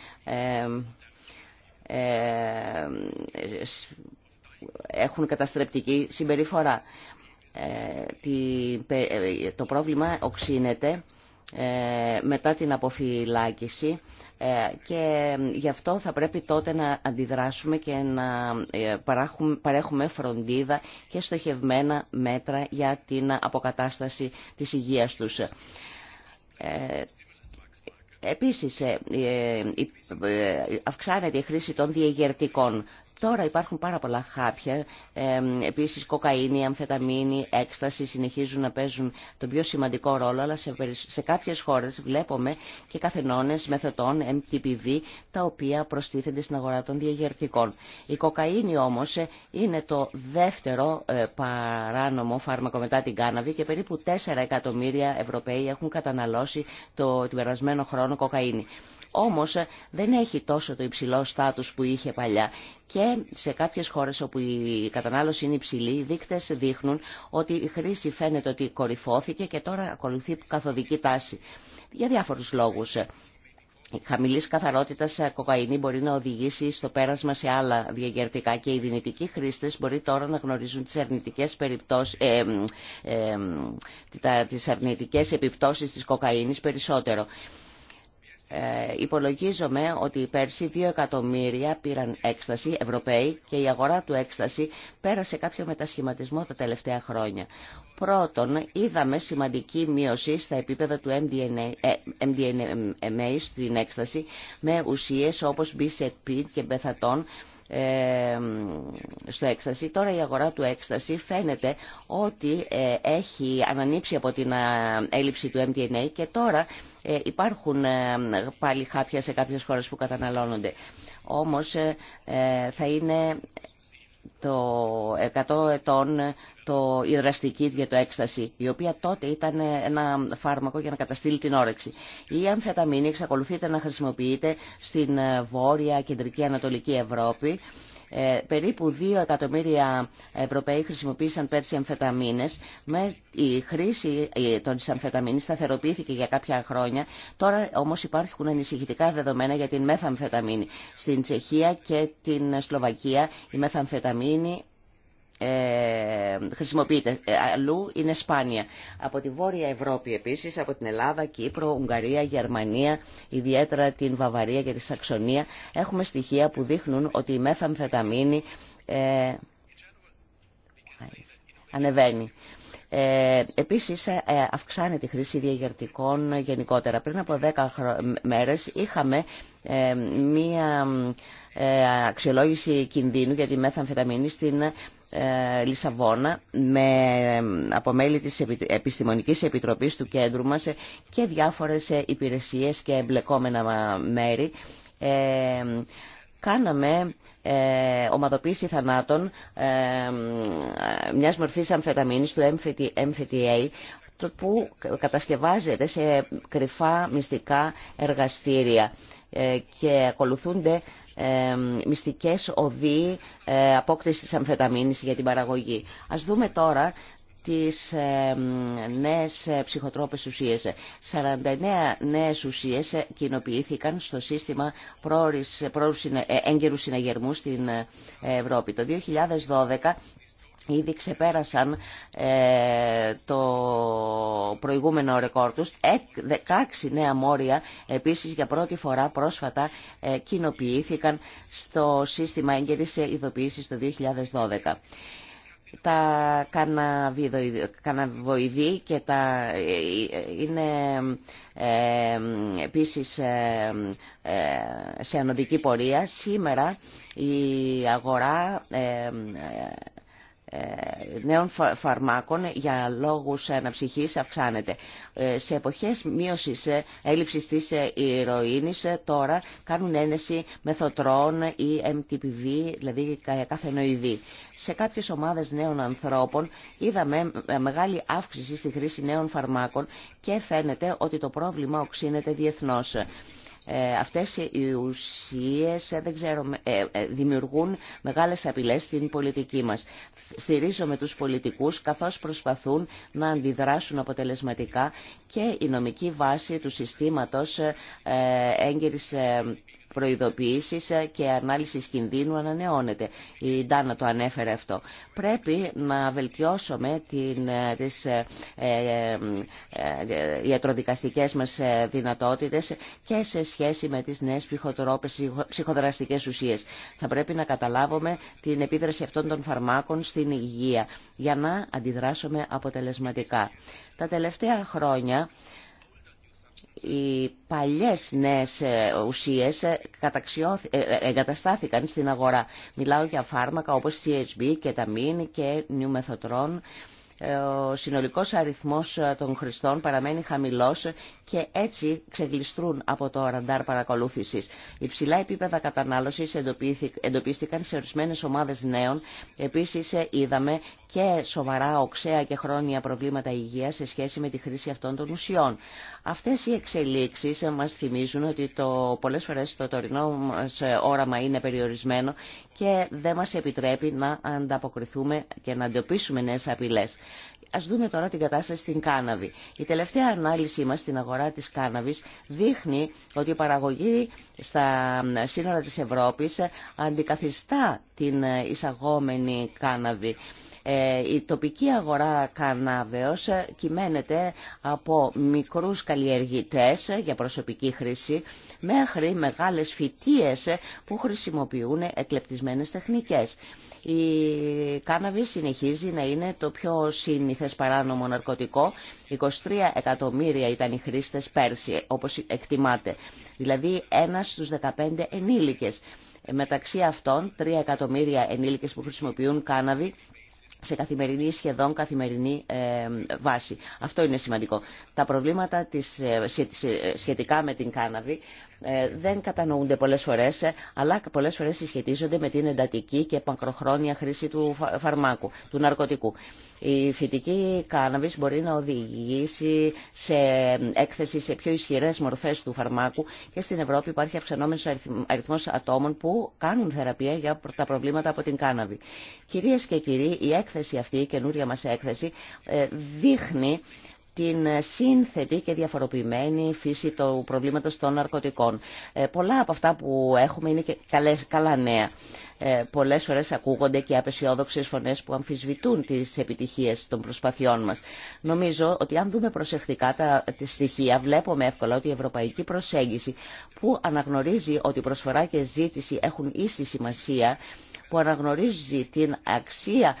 έχουν καταστρεπτική συμπεριφορά. Ε, ε, το πρόβλημα οξύνεται ε, μετά την αποφυλάκηση και γι' αυτό θα πρέπει τότε να αντιδράσουμε και να παρέχουμε φροντίδα και στοχευμένα μέτρα για την αποκατάσταση της υγείας τους. Επίσης, αυξάνεται η χρήση των διεγερτικών. Τώρα υπάρχουν πάρα πολλά χάπια, ε, επίσης κοκαίνη, αμφεταμίνη, έκσταση συνεχίζουν να παίζουν τον πιο σημαντικό ρόλο, αλλά σε, σε κάποιες χώρες βλέπουμε και καθενώνες μεθοτών MTPV, τα οποία προστίθενται στην αγορά των διαγερτικών. Η κοκαίνη όμως ε, είναι το δεύτερο ε, παράνομο φάρμακο μετά την κάναβη και περίπου 4 εκατομμύρια Ευρωπαίοι έχουν καταναλώσει το, την περασμένο χρόνο κοκαίνη. Όμως ε, δεν έχει τόσο το υψηλό στάτους που είχε παλιά και και σε κάποιες χώρες όπου η κατανάλωση είναι υψηλή, οι δείκτες δείχνουν ότι η χρήση φαίνεται ότι κορυφώθηκε και τώρα ακολουθεί καθοδική τάση. Για διάφορους λόγους. Η χαμηλή καθαρότητα κοκαίνη μπορεί να οδηγήσει στο πέρασμα σε άλλα διαγερτικά και οι δυνητικοί χρήστε μπορεί τώρα να γνωρίζουν τι αρνητικέ ε, ε, τις της περισσότερο. Ε, υπολογίζομαι ότι πέρσι 2 εκατομμύρια πήραν έκσταση, Ευρωπαίοι, και η αγορά του έκσταση πέρασε κάποιο μετασχηματισμό τα τελευταία χρόνια. Πρώτον, είδαμε σημαντική μείωση στα επίπεδα του MDNA, ε, MDMA ε, ε, στην έκσταση με ουσίες όπως BCP και μπεθατών στο έκσταση. Τώρα η αγορά του έκσταση φαίνεται ότι ε, έχει ανανύψει από την έλλειψη του MDNA και τώρα ε, υπάρχουν πάλι χάπια σε κάποιες χώρες που καταναλώνονται. Όμως ε, θα είναι το 100 ετών το υδραστική για το έκσταση, η οποία τότε ήταν ένα φάρμακο για να καταστήλει την όρεξη. Η αμφεταμίνη εξακολουθείται να χρησιμοποιείται στην Βόρεια Κεντρική Ανατολική Ευρώπη ε, περίπου 2 εκατομμύρια Ευρωπαίοι χρησιμοποίησαν πέρσι αμφεταμίνες. Με η χρήση ε, των αμφεταμίνης σταθεροποιήθηκε για κάποια χρόνια. Τώρα όμως υπάρχουν ανησυχητικά δεδομένα για την μεθαμφεταμίνη. Στην Τσεχία και την Σλοβακία η μεθαμφεταμίνη ε, χρησιμοποιείται ε, αλλού είναι σπάνια. Από τη Βόρεια Ευρώπη επίσης, από την Ελλάδα, Κύπρο, Ουγγαρία, Γερμανία, ιδιαίτερα την Βαβαρία και τη Σαξονία, έχουμε στοιχεία που δείχνουν ότι η μεθαμφεταμίνη ε, ανεβαίνει. Ε, επίσης ε, ε αυξάνεται η χρήση διαγερτικών γενικότερα. Πριν από 10 μέρες είχαμε μία αξιολόγηση κινδύνου για τη μεθαμφεταμίνη στην ε, Λισαβόνα με, από μέλη της Επιστημονικής Επιτροπής του κέντρου μας και διάφορες ε, υπηρεσίες και εμπλεκόμενα ε, μέρη. Κάναμε ομαδοποίηση θανάτων μιας μορφής αμφεταμίνης του MFTA που κατασκευάζεται σε κρυφά μυστικά εργαστήρια και ακολουθούνται ε, μυστικές οδοί ε, απόκτησης αμφεταμίνης για την παραγωγή. Ας δούμε τώρα τις ε, νέες ε, ψυχοτρόπες ουσίες. 49 νέες ουσίες ε, κοινοποιήθηκαν στο σύστημα πρόορις, ε, έγκαιρου συναγερμού στην Ευρώπη. Το 2012 ήδη ξεπέρασαν ε, το προηγούμενο ρεκόρ τους. 16 νέα μόρια επίσης για πρώτη φορά πρόσφατα ε, κοινοποιήθηκαν στο σύστημα έγκαιρης ειδοποίησης το 2012. Τα καναβοειδή και τα ε, ε, είναι ε, επίσης σε ανωδική πορεία. Σήμερα η αγορά ε, νέων φαρμάκων για λόγους αναψυχής αυξάνεται. Ε, σε εποχές μείωσης ε, έλλειψης της ηρωίνης τώρα κάνουν ένεση μεθοτρών ή MTPV, δηλαδή καθενοειδή. Σε κάποιες ομάδες νέων ανθρώπων είδαμε μεγάλη αύξηση στη χρήση νέων φαρμάκων και φαίνεται ότι το πρόβλημα οξύνεται διεθνώς. Ε, αυτές οι ουσίες ε, δεν ξέρω, ε, δημιουργούν μεγάλες απειλές στην πολιτική μας. Στηρίζομαι τους πολιτικούς καθώς προσπαθούν να αντιδράσουν αποτελεσματικά και η νομική βάση του συστήματος ε, Προειδοποίηση ε, και ανάλυση κινδύνου ανανεώνεται. Η Ντάνα το ανέφερε αυτό. Πρέπει να βελτιώσουμε την, ε, τις ε, ε, ε, ιατροδικαστικές μας δυνατότητες και σε σχέση με τις νέες ψυχοτρόπες ψυχοδραστικές ουσίες. Θα πρέπει να καταλάβουμε την επίδραση αυτών των φαρμάκων στην υγεία για να αντιδράσουμε αποτελεσματικά. Τα τελευταία χρόνια οι παλιές νέες ε, ουσίες ε, ε, εγκαταστάθηκαν στην αγορά. Μιλάω για φάρμακα όπως CHB, κεταμίν και νιουμεθοτρόν. Ο συνολικός αριθμός των χρηστών παραμένει χαμηλός και έτσι ξεγλιστρούν από το ραντάρ παρακολούθησης. Υψηλά επίπεδα κατανάλωσης εντοπίστηκαν σε ορισμένες ομάδες νέων. Επίσης είδαμε και σοβαρά οξέα και χρόνια προβλήματα υγείας σε σχέση με τη χρήση αυτών των ουσιών. Αυτές οι εξελίξεις μας θυμίζουν ότι το, πολλές φορές το τωρινό μα όραμα είναι περιορισμένο και δεν μας επιτρέπει να ανταποκριθούμε και να αντιοπίσουμε νέες απειλές. Ας δούμε τώρα την κατάσταση στην κάναβη. Η τελευταία ανάλυση μας στην αγορά της κάναβης δείχνει ότι η παραγωγή στα σύνορα της Ευρώπης αντικαθιστά την εισαγόμενη κάναβη. Ε, η τοπική αγορά κανάβεως ε, κυμαίνεται από μικρούς καλλιεργητές ε, για προσωπική χρήση μέχρι μεγάλες φυτίες που χρησιμοποιούν εκλεπτισμένες τεχνικές. Η κάναβη συνεχίζει να είναι το πιο σύνηθες παράνομο ναρκωτικό. 23 εκατομμύρια ήταν οι χρήστες πέρσι, όπως εκτιμάται. Δηλαδή ένας στους 15 ενήλικες. Μεταξύ αυτών 3 εκατομμύρια ενήλικες που χρησιμοποιούν κάναβη σε καθημερινή, σχεδόν καθημερινή ε, βάση. Αυτό είναι σημαντικό. Τα προβλήματα της, ε, σχετικά με την κάναβη ε, δεν κατανοούνται πολλές φορές, ε, αλλά πολλές φορές συσχετίζονται με την εντατική και μακροχρόνια χρήση του φαρμάκου, του ναρκωτικού. Η φυτική κάναβης μπορεί να οδηγήσει σε έκθεση σε πιο ισχυρές μορφές του φαρμάκου και στην Ευρώπη υπάρχει αυξανόμενος αριθμός ατόμων που κάνουν θεραπεία για τα προβλήματα από την κάναβη. Κυρίες και κύριοι, η έκθεση αυτή, η καινούρια μας έκθεση, ε, δείχνει την σύνθετη και διαφοροποιημένη φύση του προβλήματος των ναρκωτικών. Ε, πολλά από αυτά που έχουμε είναι και καλές, καλά νέα. Ε, πολλές φορές ακούγονται και απεσιόδοξε φωνές που αμφισβητούν τις επιτυχίες των προσπαθειών μας. Νομίζω ότι αν δούμε προσεκτικά τα στοιχεία βλέπουμε εύκολα ότι η ευρωπαϊκή προσέγγιση που αναγνωρίζει ότι προσφορά και ζήτηση έχουν ίση σημασία που αναγνωρίζει την αξία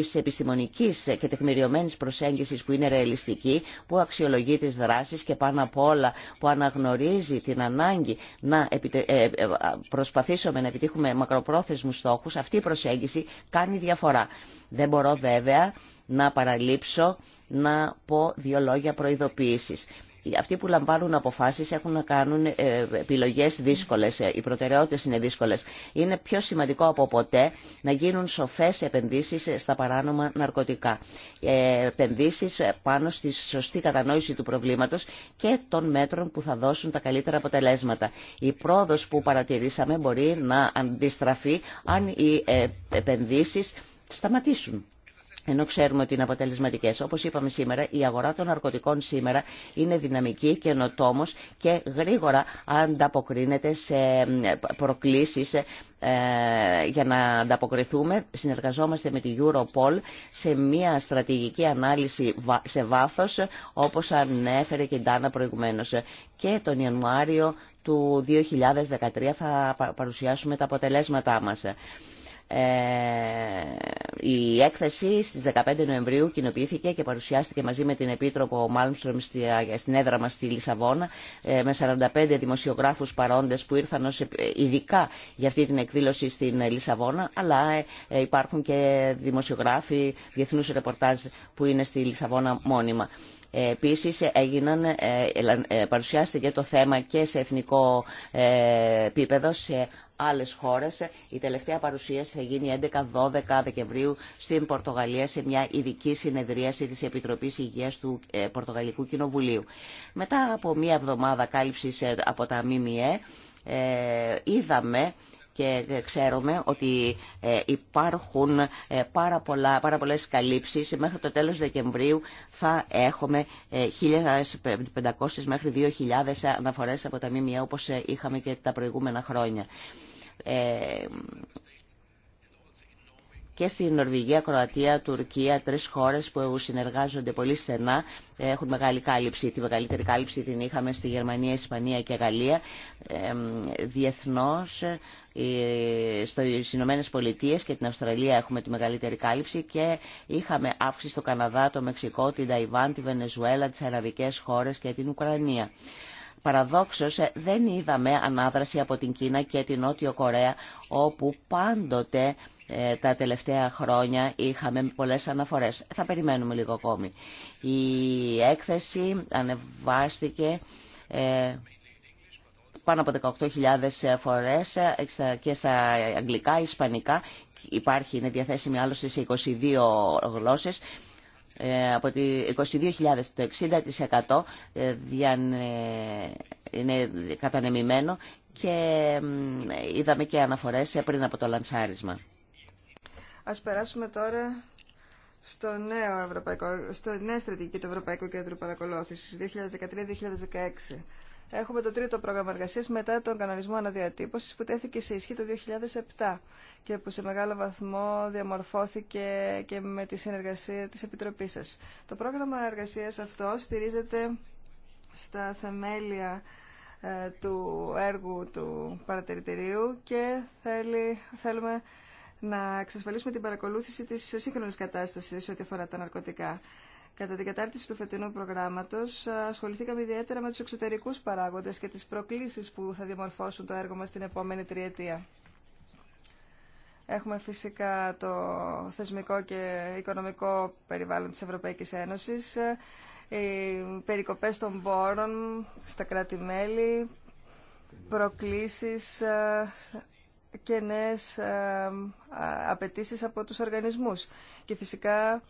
της επιστημονικής και τεκμηριωμένης προσέγγισης που είναι ρεαλιστική, που αξιολογεί τις δράσεις και πάνω απ' όλα που αναγνωρίζει την ανάγκη να ε, ε, προσπαθήσουμε να επιτύχουμε μακροπρόθεσμους στόχους, αυτή η προσέγγιση κάνει διαφορά. Δεν μπορώ βέβαια να παραλείψω να πω δύο λόγια προειδοποίησης αυτοί που λαμβάνουν αποφάσεις έχουν να κάνουν ε, επιλογές δύσκολες, ε, οι προτεραιότητες είναι δύσκολες. Είναι πιο σημαντικό από ποτέ να γίνουν σοφές επενδύσεις ε, στα παράνομα ναρκωτικά. Επενδύσεις πάνω στη σωστή κατανόηση του προβλήματος και των μέτρων που θα δώσουν τα καλύτερα αποτελέσματα. Η πρόοδος που παρατηρήσαμε μπορεί να αντιστραφεί αν οι επενδύσεις σταματήσουν ενώ ξέρουμε ότι είναι αποτελεσματικέ. Όπω είπαμε σήμερα, η αγορά των ναρκωτικών σήμερα είναι δυναμική, καινοτόμο και γρήγορα ανταποκρίνεται σε προκλήσει. Ε, για να ανταποκριθούμε, συνεργαζόμαστε με τη Europol σε μια στρατηγική ανάλυση σε βάθος, όπως ανέφερε και η Ντάνα προηγουμένως. Και τον Ιανουάριο του 2013 θα παρουσιάσουμε τα αποτελέσματά μας. Ε, η έκθεση στις 15 Νοεμβρίου κοινοποιήθηκε και παρουσιάστηκε μαζί με την Επίτροπο Μάλμστρομ ε, στην έδρα μας στη Λισαβόνα ε, με 45 δημοσιογράφους παρόντες που ήρθαν ως ειδικά για αυτή την εκδήλωση στην Λισαβόνα αλλά υπάρχουν και δημοσιογράφοι διεθνούς ρεπορτάζ που είναι στη Λισαβόνα μόνιμα. Επίσης έγιναν, παρουσιάστηκε το θέμα και σε εθνικό επίπεδο, σε άλλες χώρες. Η τελευταία παρουσίαση θα γίνει 11-12 Δεκεμβρίου στην Πορτογαλία σε μια ειδική συνεδρίαση της Επιτροπής Υγείας του ε, Πορτογαλικού Κοινοβουλίου. Μετά από μια εβδομάδα κάλυψης ε, από τα ΜΜΕ, ε, είδαμε και ε, ξέρουμε ότι ε, υπάρχουν ε, πάρα, πολλά, πάρα πολλές καλύψεις. Μέχρι το τέλος Δεκεμβρίου θα έχουμε 1.500 μέχρι 2.000 αναφορές από τα ΜΜΕ όπως είχαμε και τα προηγούμενα χρόνια. Και στην Νορβηγία, Κροατία, Τουρκία, τρει χώρε που συνεργάζονται πολύ στενά έχουν μεγάλη κάλυψη. Τη μεγαλύτερη κάλυψη την είχαμε στη Γερμανία, Ισπανία και Γαλλία. Διεθνώ ε, στις Ηνωμένες Πολιτείες και την Αυστραλία έχουμε τη μεγαλύτερη κάλυψη και είχαμε αύξηση στο Καναδά, το Μεξικό, την Ταϊβάν, τη Βενεζουέλα, τις Αραβικές χώρες και την Ουκρανία. Παραδόξως ε, δεν είδαμε ανάδραση από την Κίνα και την Νότιο Κορέα όπου πάντοτε ε, τα τελευταία χρόνια είχαμε πολλές αναφορές. Θα περιμένουμε λίγο ακόμη. Η έκθεση ανεβάστηκε πάνω από 18.000 ε, φορές ε, και στα αγγλικά, ισπανικά. Υπάρχει, είναι διαθέσιμη άλλωστε σε 22 γλώσσες. Ε, από τη 22.000 το 60% είναι κατανεμημένο και είδαμε και αναφορές πριν από το λανσάρισμα. Ας περάσουμε τώρα στο νέο ευρωπαϊκό, στο νέο στρατηγική του Ευρωπαϊκού Κέντρου Παρακολούθησης 2013-2016 έχουμε το τρίτο πρόγραμμα εργασίας μετά τον κανονισμό αναδιατύπωσης που τέθηκε σε ισχύ το 2007 και που σε μεγάλο βαθμό διαμορφώθηκε και με τη συνεργασία της Επιτροπής σας. Το πρόγραμμα εργασίας αυτό στηρίζεται στα θεμέλια ε, του έργου του παρατηρητηρίου και θέλει, θέλουμε να εξασφαλίσουμε την παρακολούθηση της σύγχρονης κατάστασης ό,τι αφορά τα ναρκωτικά. Κατά την κατάρτιση του φετινού προγράμματο ε, ασχοληθήκαμε ιδιαίτερα με τους εξωτερικούς παράγοντες και τις προκλήσεις που θα διαμορφώσουν το έργο μας την επόμενη τριετία. Έχουμε φυσικά το θεσμικό και οικονομικό περιβάλλον της Ευρωπαϊκής Ένωσης, ε, οι περικοπές των πόρων στα κράτη-μέλη, προκλήσεις ε, και νέες απαιτήσεις από τους οργανισμούς. Και φυσικά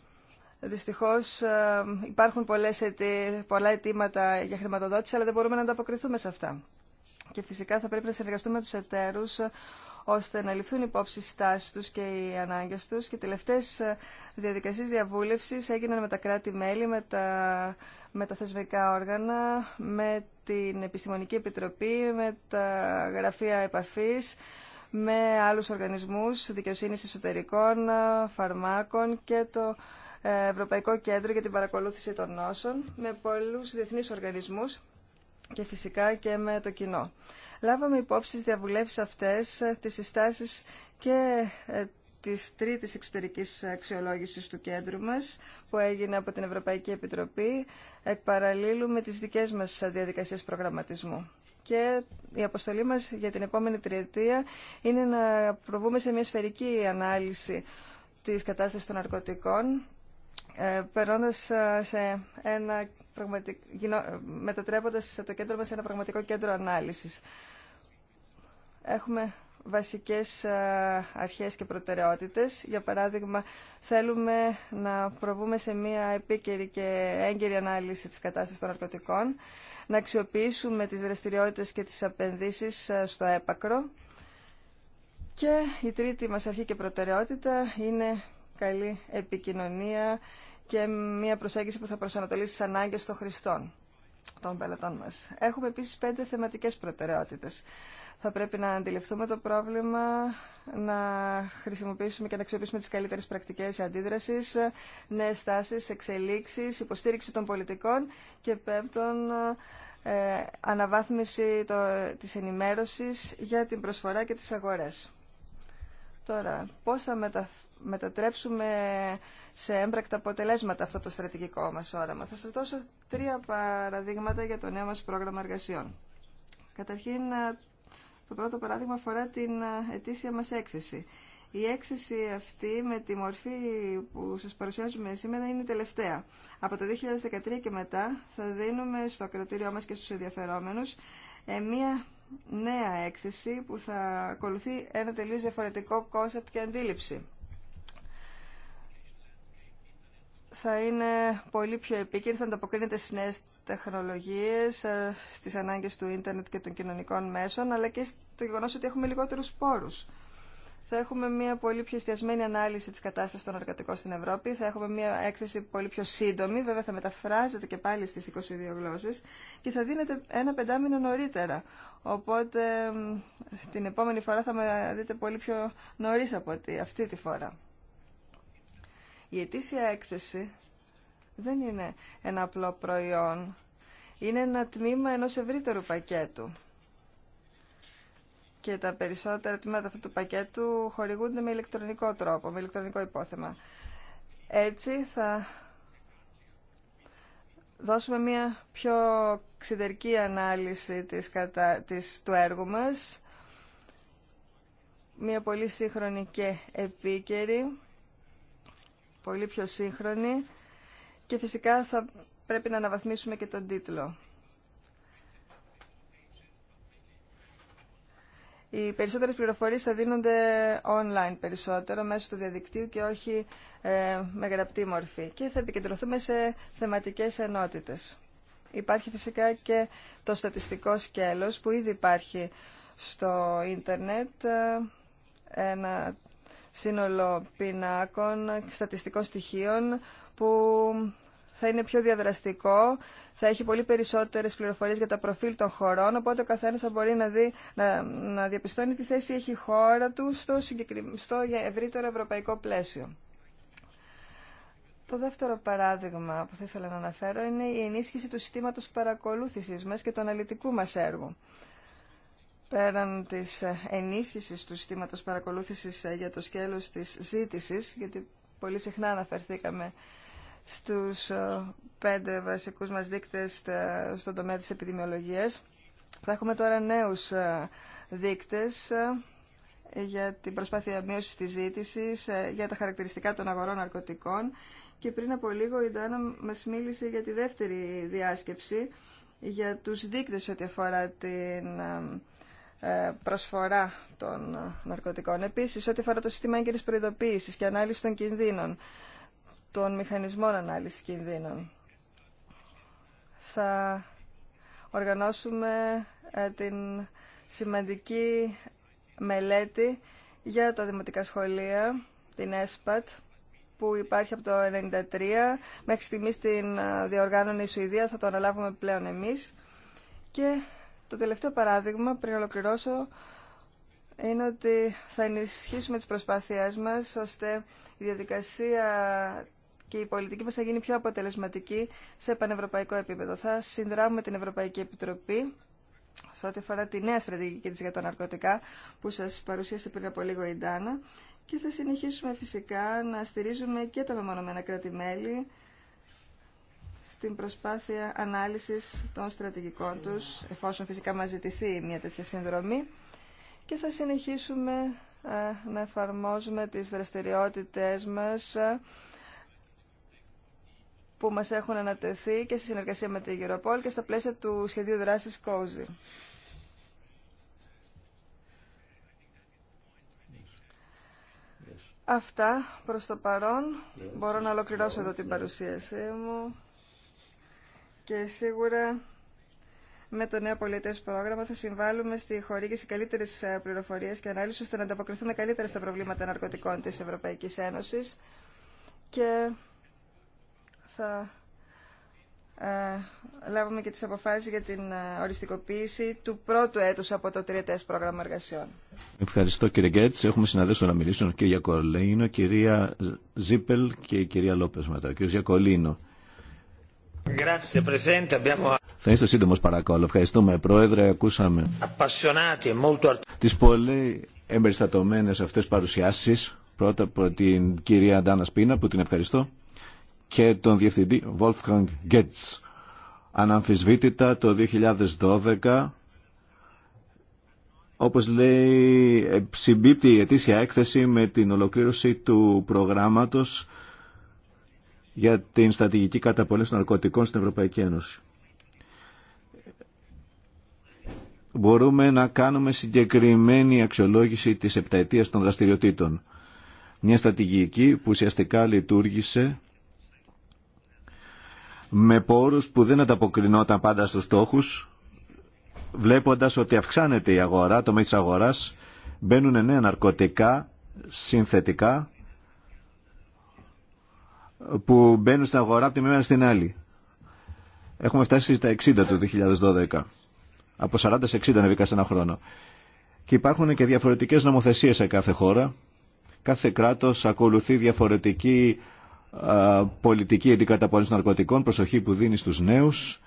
Δυστυχώς ε, υπάρχουν πολλές πολλά αιτήματα για χρηματοδότηση, αλλά δεν μπορούμε να ανταποκριθούμε σε αυτά. Και φυσικά θα πρέπει να συνεργαστούμε με τους εταίρους, ε, ώστε να ληφθούν υπόψη οι στάσεις τους και οι ανάγκες τους. Και τελευταίες ε, διαδικασίες διαβούλευσης έγιναν με τα κράτη-μέλη, με τα, με θεσμικά όργανα, με την Επιστημονική Επιτροπή, με τα γραφεία επαφής, με άλλους οργανισμούς δικαιοσύνης εσωτερικών, φαρμάκων και το Ευρωπαϊκό Κέντρο για την Παρακολούθηση των Νόσων με πολλούς διεθνείς οργανισμούς και φυσικά και με το κοινό. Λάβαμε υπόψη στις διαβουλεύσεις αυτές ε, τις συστάσεις και ε, της τρίτης εξωτερικής αξιολόγησης του κέντρου μας που έγινε από την Ευρωπαϊκή Επιτροπή εκ παραλίλου με τις δικές μας διαδικασίες προγραμματισμού. Και η αποστολή μας για την επόμενη τριετία είναι να προβούμε σε μια σφαιρική ανάλυση της κατάστασης των ναρκωτικών ε, περνώντας ε, σε ένα ε, μετατρέποντας το κέντρο μας σε ένα πραγματικό κέντρο ανάλυσης. Έχουμε βασικές αρχές και προτεραιότητες. Για παράδειγμα, θέλουμε να προβούμε σε μια επίκαιρη και έγκαιρη ανάλυση της κατάστασης των ναρκωτικών, να αξιοποιήσουμε τις δραστηριότητες και τις απενδύσεις στο έπακρο και η τρίτη μας αρχή και προτεραιότητα είναι καλή επικοινωνία και μια προσέγγιση που θα προσανατολίσει τις ανάγκες των χρηστών των πελατών μας. Έχουμε επίσης πέντε θεματικές προτεραιότητες. Θα πρέπει να αντιληφθούμε το πρόβλημα, να χρησιμοποιήσουμε και να αξιοποιήσουμε τις καλύτερες πρακτικές αντίδρασης, νέες στάσεις, εξελίξεις, υποστήριξη των πολιτικών και πέμπτον ε, αναβάθμιση το, της ενημέρωσης για την προσφορά και τις αγορές. Τώρα, πώς θα μεταφέρουμε μετατρέψουμε σε έμπρακτα αποτελέσματα αυτό το στρατηγικό μας όραμα. Θα σας δώσω τρία παραδείγματα για το νέο μας πρόγραμμα εργασιών. Καταρχήν, το πρώτο παράδειγμα αφορά την ετήσια μας έκθεση. Η έκθεση αυτή με τη μορφή που σας παρουσιάζουμε σήμερα είναι η τελευταία. Από το 2013 και μετά θα δίνουμε στο κρατήριό μας και στους ενδιαφερόμενους ε, μία νέα έκθεση που θα ακολουθεί ένα τελείως διαφορετικό κόνσεπτ και αντίληψη. θα είναι πολύ πιο επίκαιρη, θα ανταποκρίνεται στις νέες τεχνολογίες, ε, στις ανάγκες του ίντερνετ και των κοινωνικών μέσων, αλλά και στο γεγονός ότι έχουμε λιγότερους πόρους. Θα έχουμε μια πολύ πιο εστιασμένη ανάλυση της κατάστασης των εργατικών στην Ευρώπη, θα έχουμε μια έκθεση πολύ πιο σύντομη, βέβαια θα μεταφράζεται και πάλι στις 22 γλώσσες και θα δίνεται ένα πεντάμινο νωρίτερα. Οπότε την επόμενη φορά θα με δείτε πολύ πιο νωρίς από αυτή τη φορά. Η ετήσια έκθεση δεν είναι ένα απλό προϊόν. Είναι ένα τμήμα ενός ευρύτερου πακέτου. Και τα περισσότερα τμήματα αυτού του πακέτου χορηγούνται με ηλεκτρονικό τρόπο, με ηλεκτρονικό υπόθεμα. Έτσι θα δώσουμε μια πιο ξυδερκή ανάλυση της, κατα... της... του έργου μας, μια πολύ σύγχρονη και επίκαιρη πολύ πιο σύγχρονη και φυσικά θα πρέπει να αναβαθμίσουμε και τον τίτλο. Οι περισσότερες πληροφορίες θα δίνονται online περισσότερο, μέσω του διαδικτύου και όχι ε, με γραπτή μορφή. Και θα επικεντρωθούμε σε θεματικές ενότητες. Υπάρχει φυσικά και το στατιστικό σκέλος που ήδη υπάρχει στο ίντερνετ, ε, ένα σύνολο πινάκων και στατιστικών στοιχείων που θα είναι πιο διαδραστικό, θα έχει πολύ περισσότερες πληροφορίες για τα προφίλ των χωρών, οπότε ο καθένας θα μπορεί να, δει, να, διαπιστώνει τι θέση έχει η χώρα του στο, στο ευρύτερο ευρωπαϊκό πλαίσιο. Το δεύτερο παράδειγμα που θα ήθελα να αναφέρω είναι η ενίσχυση του συστήματος παρακολούθησης μας και του αναλυτικού μας έργου πέραν της ενίσχυσης του συστήματος παρακολούθησης ε, για το σκέλος της ζήτησης, γιατί πολύ συχνά αναφερθήκαμε στους ε, πέντε βασικούς μας δείκτες ε, στον τομέα της επιδημιολογίας. Θα έχουμε τώρα νέους δείκτες για την προσπάθεια μείωσης της ζήτησης, για τα χαρακτηριστικά των αγορών ναρκωτικών και πριν από λίγο η Ντάνα μας μίλησε για τη δεύτερη διάσκεψη για τους δείκτες ό,τι αφορά την ε, προσφορά των ε, ναρκωτικών. Επίσης, ό,τι αφορά το σύστημα έγκαιρης προειδοποίησης και ανάλυση των κινδύνων, των μηχανισμών ανάλυσης κινδύνων. Θα οργανώσουμε ε, την σημαντική μελέτη για τα δημοτικά σχολεία, την ΕΣΠΑΤ, που υπάρχει από το 1993. Μέχρι στιγμής την διοργάνωνε η Σουηδία, θα το αναλάβουμε πλέον εμείς. Και το τελευταίο παράδειγμα, πριν ολοκληρώσω, είναι ότι θα ενισχύσουμε τις προσπάθειές μας, ώστε η διαδικασία και η πολιτική μας θα γίνει πιο αποτελεσματική σε πανευρωπαϊκό επίπεδο. Θα συνδράμουμε την Ευρωπαϊκή Επιτροπή σε ό,τι αφορά τη νέα στρατηγική της για τα ναρκωτικά που σας παρουσίασε πριν από λίγο η Ντάνα και θα συνεχίσουμε φυσικά να στηρίζουμε και τα μεμονωμένα κράτη-μέλη την προσπάθεια ανάλυσης των στρατηγικών τους, εφόσον φυσικά μας ζητηθεί μια τέτοια συνδρομή, και θα συνεχίσουμε ε, να εφαρμόζουμε τις δραστηριότητες μας ε, που μας έχουν ανατεθεί και στη συνεργασία με τη Γεροπόλ και στα πλαίσια του σχεδίου δράσης COSI. Αυτά προς το παρόν. Μπορώ να ολοκληρώσω εδώ την παρουσίασή μου και σίγουρα με το νέο πολιτέ πρόγραμμα θα συμβάλλουμε στη χορήγηση καλύτερη ε, πληροφορία και ανάλυση ώστε να ανταποκριθούμε καλύτερα στα προβλήματα ναρκωτικών τη Ευρωπαϊκή Ένωση και θα ε, λάβουμε και τις αποφάσεις για την ε, οριστικοποίηση του πρώτου έτους από το τριετέ πρόγραμμα εργασιών. Ευχαριστώ κύριε Γκέτς. Έχουμε να μιλήσουν ο κύριο Γιακολίνο, κυρία Ζίπελ και η κυρία Λόπες Ο Γιακολίνο. Θα είστε σύντομος παρακαλώ. Ευχαριστούμε Πρόεδρε, ακούσαμε e τις πολύ εμπεριστατωμένες αυτές παρουσιάσεις. Πρώτα από την κυρία Ντάνα Σπίνα που την ευχαριστώ και τον διευθυντή Wolfgang Γκέτς Αναμφισβήτητα το 2012 όπως λέει, ε, συμπίπτει η ετήσια έκθεση με την ολοκλήρωση του προγράμματος για την στρατηγική καταπολέμηση των ναρκωτικών στην Ευρωπαϊκή Ένωση. Μπορούμε να κάνουμε συγκεκριμένη αξιολόγηση της επταετίας των δραστηριοτήτων. Μια στρατηγική που ουσιαστικά λειτουργήσε με πόρους που δεν ανταποκρινόταν πάντα στους στόχους, βλέποντας ότι αυξάνεται η αγορά, το μέγιστο της αγοράς, μπαίνουν νέα ναρκωτικά, συνθετικά, που μπαίνουν στην αγορά από τη μέρα στην άλλη. Έχουμε φτάσει στα 60 του 2012. Από 40 σε 60 ανεβήκα σε ένα χρόνο. Και υπάρχουν και διαφορετικές νομοθεσίες σε κάθε χώρα. Κάθε κράτος ακολουθεί διαφορετική πολιτική αντικαταπολέμηση ναρκωτικών, προσοχή που δίνει στους νέους,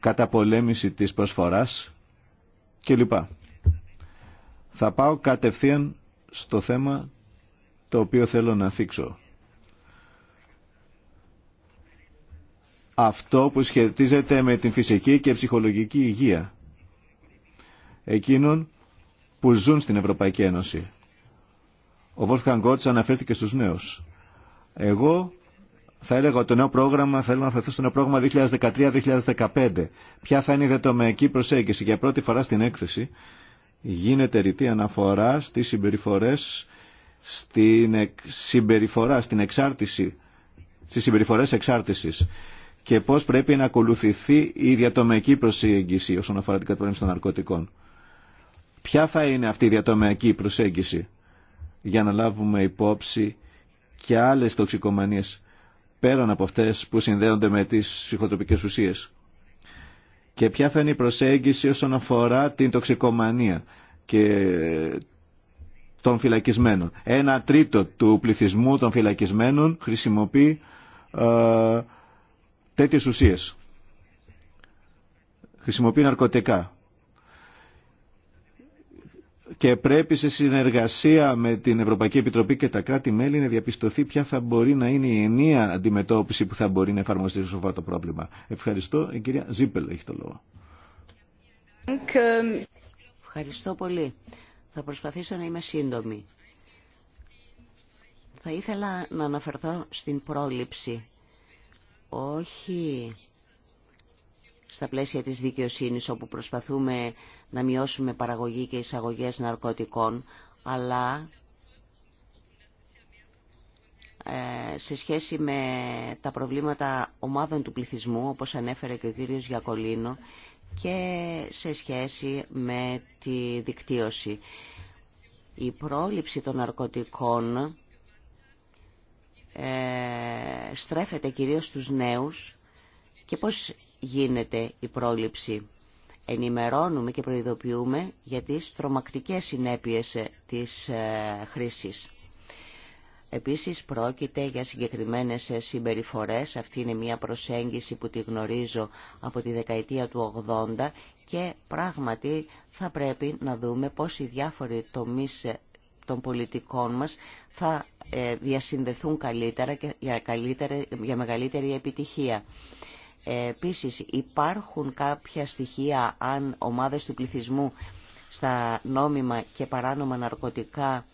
καταπολέμηση της προσφοράς κλπ. Θα πάω κατευθείαν στο θέμα το οποίο θέλω να θίξω. αυτό που σχετίζεται με την φυσική και ψυχολογική υγεία εκείνων που ζουν στην Ευρωπαϊκή Ένωση. Ο Βόλφκαν Γκότς αναφέρθηκε στους νέους. Εγώ θα έλεγα ότι το νέο πρόγραμμα, θέλω να αναφερθώ στο νέο πρόγραμμα 2013-2015. Ποια θα είναι η δετομεϊκή προσέγγιση. Για πρώτη φορά στην έκθεση γίνεται ρητή αναφορά στις συμπεριφορές, στην συμπεριφορά, στην εξάρτηση, στις συμπεριφορές εξάρτησης και πώς πρέπει να ακολουθηθεί η διατομική προσέγγιση όσον αφορά την καταπολέμηση των ναρκωτικών. Ποια θα είναι αυτή η διατομική προσέγγιση για να λάβουμε υπόψη και άλλες τοξικομανίες πέραν από αυτέ που συνδέονται με τις ψυχοτροπικές ουσίες. Και ποια θα είναι η προσέγγιση όσον αφορά την τοξικομανία και των φυλακισμένων. Ένα τρίτο του πληθυσμού των φυλακισμένων χρησιμοποιεί ε, τέτοιες ουσίες. Χρησιμοποιεί ναρκωτικά. Και πρέπει σε συνεργασία με την Ευρωπαϊκή Επιτροπή και τα κράτη-μέλη να διαπιστωθεί ποια θα μπορεί να είναι η ενία αντιμετώπιση που θα μπορεί να εφαρμοστεί σε αυτό το πρόβλημα. Ευχαριστώ. Η κυρία Ζίπελ έχει το λόγο. Ευχαριστώ πολύ. Θα προσπαθήσω να είμαι σύντομη. Θα ήθελα να αναφερθώ στην πρόληψη όχι στα πλαίσια της δικαιοσύνης όπου προσπαθούμε να μειώσουμε παραγωγή και εισαγωγές ναρκωτικών, αλλά ε, σε σχέση με τα προβλήματα ομάδων του πληθυσμού, όπως ανέφερε και ο κύριος Γιακολίνο, και σε σχέση με τη δικτύωση. Η πρόληψη των ναρκωτικών ε, στρέφεται κυρίως στους νέους και πώς γίνεται η πρόληψη. Ενημερώνουμε και προειδοποιούμε για τις τρομακτικές συνέπειες ε, της ε, χρήσης. Επίσης πρόκειται για συγκεκριμένες συμπεριφορές. Αυτή είναι μια προσέγγιση που τη γνωρίζω από τη δεκαετία του 80 και πράγματι θα πρέπει να δούμε πώς οι διάφοροι τομείς των πολιτικών μας θα ε, διασυνδεθούν καλύτερα και για, καλύτερη, για μεγαλύτερη επιτυχία. Ε, επίσης υπάρχουν κάποια στοιχεία αν ομάδες του πληθυσμού στα νόμιμα και παράνομα ναρκωτικά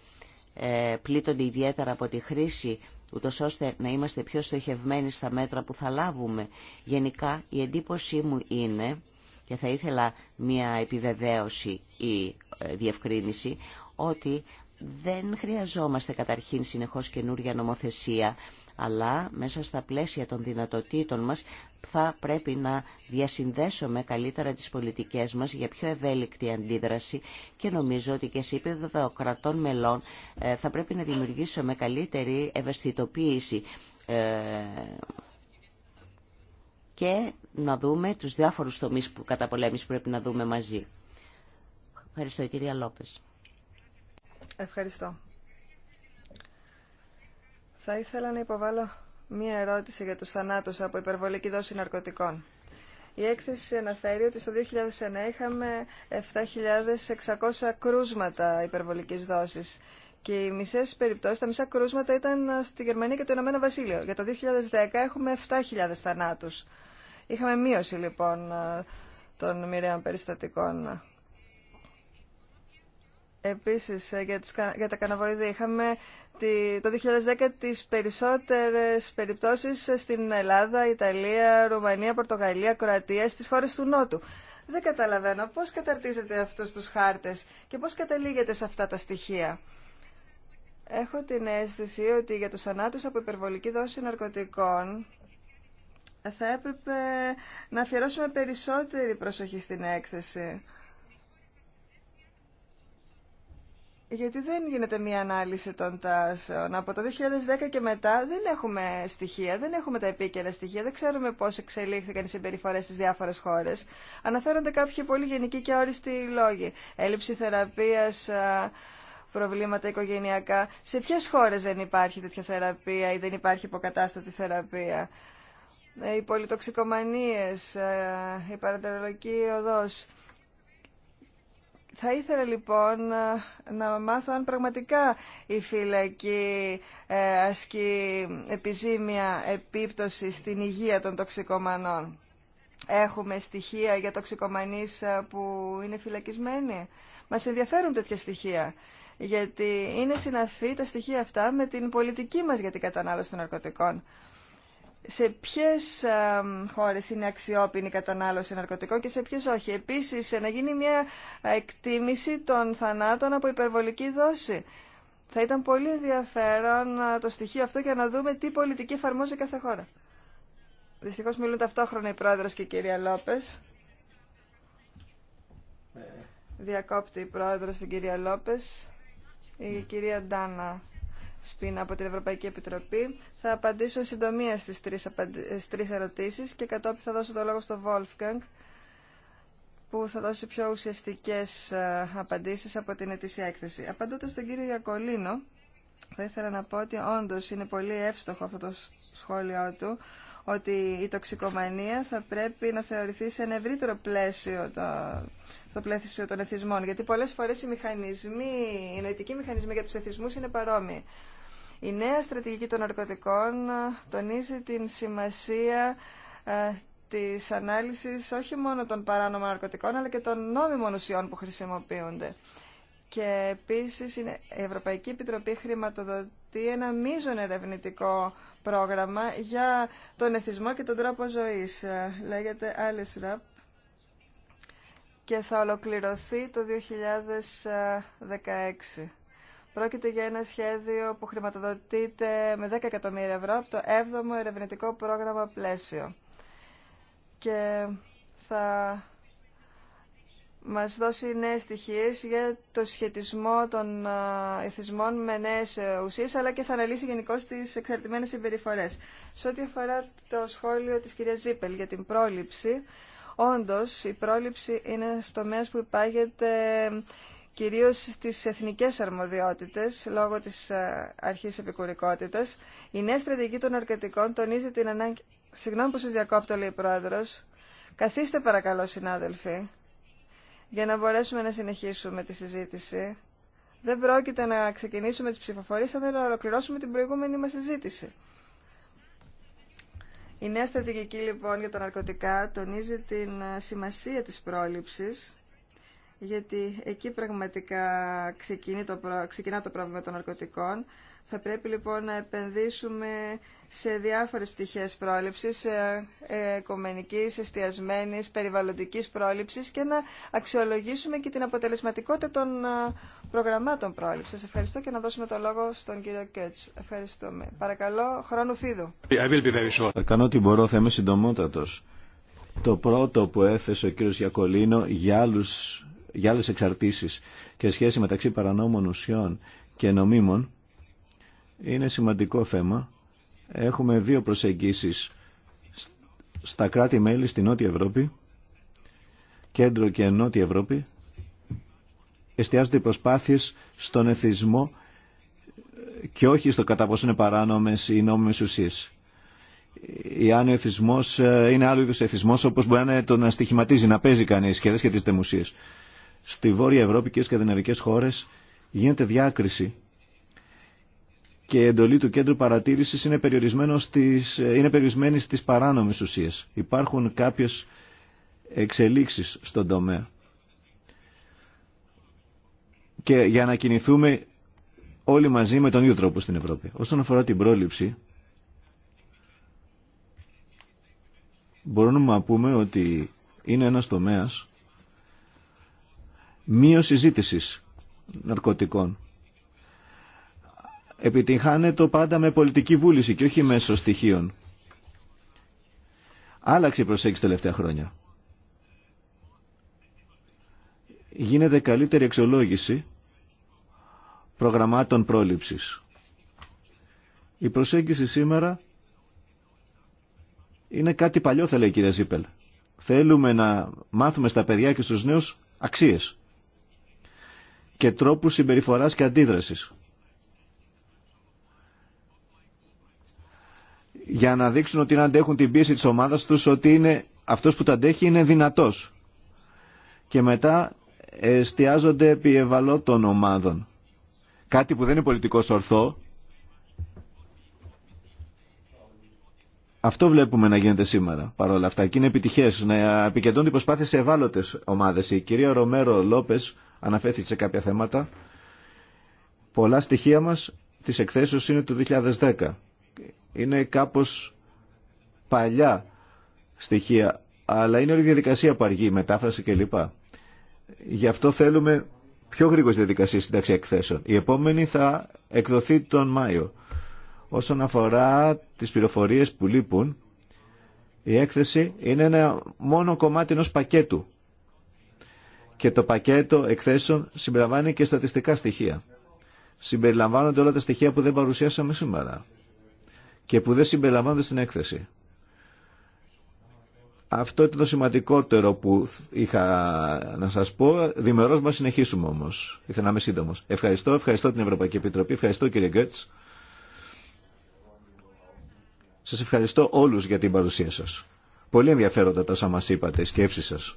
ε, πλήττονται ιδιαίτερα από τη χρήση ούτως ώστε να είμαστε πιο στοχευμένοι στα μέτρα που θα λάβουμε. Γενικά η εντύπωσή μου είναι και θα ήθελα μια επιβεβαίωση ή διευκρίνηση ότι δεν χρειαζόμαστε καταρχήν συνεχώς καινούργια νομοθεσία, αλλά μέσα στα πλαίσια των δυνατοτήτων μας θα πρέπει να διασυνδέσουμε καλύτερα τις πολιτικές μας για πιο ευέλικτη αντίδραση και νομίζω ότι και σε επίπεδο κρατών μελών ε, θα πρέπει να δημιουργήσουμε καλύτερη ευαισθητοποίηση ε, και να δούμε τους διάφορους τομείς που κατά πρέπει να δούμε μαζί. Ευχαριστώ κυρία Λόπες. Ευχαριστώ. Θα ήθελα να υποβάλω μία ερώτηση για τους θανάτους από υπερβολική δόση ναρκωτικών. Η έκθεση αναφέρει ότι στο 2009 είχαμε 7.600 κρούσματα υπερβολικής δόσης και οι μισές περιπτώσεις, τα μισά κρούσματα ήταν στη Γερμανία και το Ηνωμένο Βασίλειο. Για το 2010 έχουμε 7.000 θανάτους. Είχαμε μείωση λοιπόν των μοιραίων περιστατικών. Επίσης, ε, για, τα καναβοειδή είχαμε τη, το 2010 τις περισσότερες περιπτώσεις ε, στην Ελλάδα, Ιταλία, Ρουμανία, Πορτογαλία, Κροατία, στις χώρες του Νότου. Δεν καταλαβαίνω πώς καταρτίζετε αυτούς τους χάρτες και πώς καταλήγετε σε αυτά τα στοιχεία. Έχω την αίσθηση ότι για τους θανάτους από υπερβολική δόση ναρκωτικών θα έπρεπε να αφιερώσουμε περισσότερη προσοχή στην έκθεση. γιατί δεν γίνεται μία ανάλυση των τάσεων. Από το 2010 και μετά δεν έχουμε στοιχεία, δεν έχουμε τα επίκαιρα στοιχεία, δεν ξέρουμε πώς εξελίχθηκαν οι συμπεριφορές στις διάφορες χώρες. Αναφέρονται κάποιοι πολύ γενικοί και όριστοι λόγοι. Έλλειψη θεραπείας, προβλήματα οικογενειακά. Σε ποιες χώρες δεν υπάρχει τέτοια θεραπεία ή δεν υπάρχει υποκατάστατη θεραπεία. Ε, οι πολυτοξικομανίες, ε, η παραντερολογική πολυτοξικομανιες η παρατερολογικη οδος θα ήθελα λοιπόν να μάθω αν πραγματικά η φυλακή ε, ασκεί επιζήμια επίπτωση στην υγεία των τοξικομανών. Έχουμε στοιχεία για τοξικομανείς ε, που είναι φυλακισμένοι. Μας ενδιαφέρουν τέτοια στοιχεία, γιατί είναι συναφή τα στοιχεία αυτά με την πολιτική μας για την κατανάλωση των ναρκωτικών σε ποιε χώρες είναι αξιόπινη η κατανάλωση ναρκωτικών και σε ποιες όχι. Επίσης, να γίνει μια εκτίμηση των θανάτων από υπερβολική δόση. Θα ήταν πολύ ενδιαφέρον ε, το στοιχείο αυτό για να δούμε τι πολιτική εφαρμόζει κάθε χώρα. Δυστυχώ μιλούν ταυτόχρονα η πρόεδρο και η κυρία Λόπες. Ναι. Διακόπτει η πρόεδρος την κυρία Λόπες. Η ναι. κυρία Ντάνα Σπίνα από την Ευρωπαϊκή Επιτροπή. Θα απαντήσω συντομία στις τρει ε, ερωτήσει. και κατόπιν θα δώσω το λόγο στο Wolfgang που θα δώσει πιο ουσιαστικές ε, απαντήσεις από την ετήσια έκθεση. Απαντώντας στον κύριο Γιακολίνο, θα ήθελα να πω ότι όντως είναι πολύ εύστοχο αυτό το σχόλιο του ότι η τοξικομανία θα πρέπει να θεωρηθεί σε ένα ευρύτερο πλαίσιο στο πλαίσιο των εθισμών. Γιατί πολλές φορές οι μηχανισμοί, οι νοητικοί μηχανισμοί για τους εθισμούς είναι παρόμοιοι. Η νέα στρατηγική των ναρκωτικών ε, τονίζει την σημασία ε, της ανάλυσης όχι μόνο των παράνομων ναρκωτικών αλλά και των νόμιμων ουσιών που χρησιμοποιούνται. Και επίσης η Ευρωπαϊκή Επιτροπή χρηματοδοτεί είναι ένα μείζον ερευνητικό πρόγραμμα για τον εθισμό και τον τρόπο ζωής. Λέγεται Alice Rap και θα ολοκληρωθεί το 2016. Πρόκειται για ένα σχέδιο που χρηματοδοτείται με 10 εκατομμύρια ευρώ από το 7ο Ερευνητικό Πρόγραμμα Πλαίσιο. Και θα μας δώσει νέες στοιχείες για το σχετισμό των ε, εθισμών με νέες ε, ουσίες, αλλά και θα αναλύσει γενικώ τις εξαρτημένες συμπεριφορές. Σε ό,τι αφορά το σχόλιο της κυρίας Ζίπελ για την πρόληψη, όντως η πρόληψη είναι τομέα που υπάγεται ε, κυρίως στις εθνικές αρμοδιότητες λόγω της αρχής επικουρικότητας. Η νέα στρατηγική των αρκετικών τονίζει την ανάγκη... Συγγνώμη που σας διακόπτω, λέει η Πρόεδρος. Καθίστε παρακαλώ, συνάδελφοι για να μπορέσουμε να συνεχίσουμε τη συζήτηση. Δεν πρόκειται να ξεκινήσουμε τις ψηφοφορίες αν δεν ολοκληρώσουμε την προηγούμενη μας συζήτηση. Η νέα στρατηγική λοιπόν για τα ναρκωτικά τονίζει την σημασία της πρόληψης γιατί εκεί πραγματικά ξεκινά το, το πρόβλημα των ναρκωτικών. Θα πρέπει λοιπόν να επενδύσουμε σε διάφορες πτυχές πρόληψης, ε, οικομενικής, εστιασμένης, περιβαλλοντικής πρόληψης και να αξιολογήσουμε και την αποτελεσματικότητα των ε, προγραμμάτων πρόληψης. ευχαριστώ και να δώσουμε το λόγο στον κύριο Κέτς. Ευχαριστούμε. Παρακαλώ, χρόνου φίδου. Θα κάνω ό,τι μπορώ, θα είμαι συντομότατος. Το πρώτο που έθεσε ο κύριος Γιακολίνο για άλλους για άλλες εξαρτήσεις και σχέση μεταξύ παρανόμων ουσιών και νομίμων είναι σημαντικό θέμα. Έχουμε δύο προσεγγίσεις στα κράτη-μέλη στη Νότια Ευρώπη, Κέντρο και Νότια Ευρώπη, εστιάζονται οι προσπάθειες στον εθισμό και όχι στο κατά πόσο είναι παράνομες οι νόμιμες ουσίες. Ή αν ο εθισμός ε, είναι άλλο είδους εθισμός, όπως μπορεί να, το να στοιχηματίζει, να παίζει κανείς και δεν σχετίζεται με ουσίες στη Βόρεια Ευρώπη και στις χώρες γίνεται διάκριση και η εντολή του κέντρου παρατήρησης είναι, στις, ε, είναι περιορισμένη στις παράνομες ουσίες. Υπάρχουν κάποιες εξελίξεις στον τομέα. Και για να κινηθούμε όλοι μαζί με τον ίδιο τρόπο στην Ευρώπη. Όσον αφορά την πρόληψη, μπορούμε να πούμε ότι είναι ένας τομέας μείωση ζήτησης ναρκωτικών. το πάντα με πολιτική βούληση και όχι μέσω στοιχείων. Άλλαξε η προσέγγιση τελευταία χρόνια. Γίνεται καλύτερη εξολόγηση προγραμμάτων πρόληψης. Η προσέγγιση σήμερα είναι κάτι παλιό, θα λέει η κυρία Ζίπελ. Θέλουμε να μάθουμε στα παιδιά και στους νέους αξίες και τρόπους συμπεριφοράς και αντίδρασης. Για να δείξουν ότι να αντέχουν την πίεση της ομάδας τους, ότι είναι, αυτός που τα αντέχει είναι δυνατός. Και μετά εστιάζονται επί των ομάδων. Κάτι που δεν είναι πολιτικό ορθό. Αυτό βλέπουμε να γίνεται σήμερα παρόλα αυτά. Και είναι επιτυχές να επικεντρώνουν οι προσπάθειες σε ευάλωτες ομάδες. Η κυρία Ρομέρο Λόπες αναφέρθηκε σε κάποια θέματα. Πολλά στοιχεία μας της εκθέσεως είναι του 2010. Είναι κάπως παλιά στοιχεία, αλλά είναι όλη η διαδικασία που αργεί, η μετάφραση κλπ. Γι' αυτό θέλουμε πιο γρήγορη διαδικασία τάξη εκθέσεων. Η επόμενη θα εκδοθεί τον Μάιο. Όσον αφορά τις πληροφορίες που λείπουν, η έκθεση είναι ένα μόνο κομμάτι ενός πακέτου και το πακέτο εκθέσεων συμπεριλαμβάνει και στατιστικά στοιχεία. Συμπεριλαμβάνονται όλα τα στοιχεία που δεν παρουσιάσαμε σήμερα και που δεν συμπεριλαμβάνονται στην έκθεση. Αυτό ήταν το σημαντικότερο που είχα να σας πω. Δημερός μας συνεχίσουμε όμως. Ήθελα να είμαι σύντομο. Ευχαριστώ, ευχαριστώ την Ευρωπαϊκή Επιτροπή, ευχαριστώ κύριε Γκέτς. Σας ευχαριστώ όλους για την παρουσία σας. Πολύ ενδιαφέροντα τα όσα μας είπατε, οι σκέψεις σας.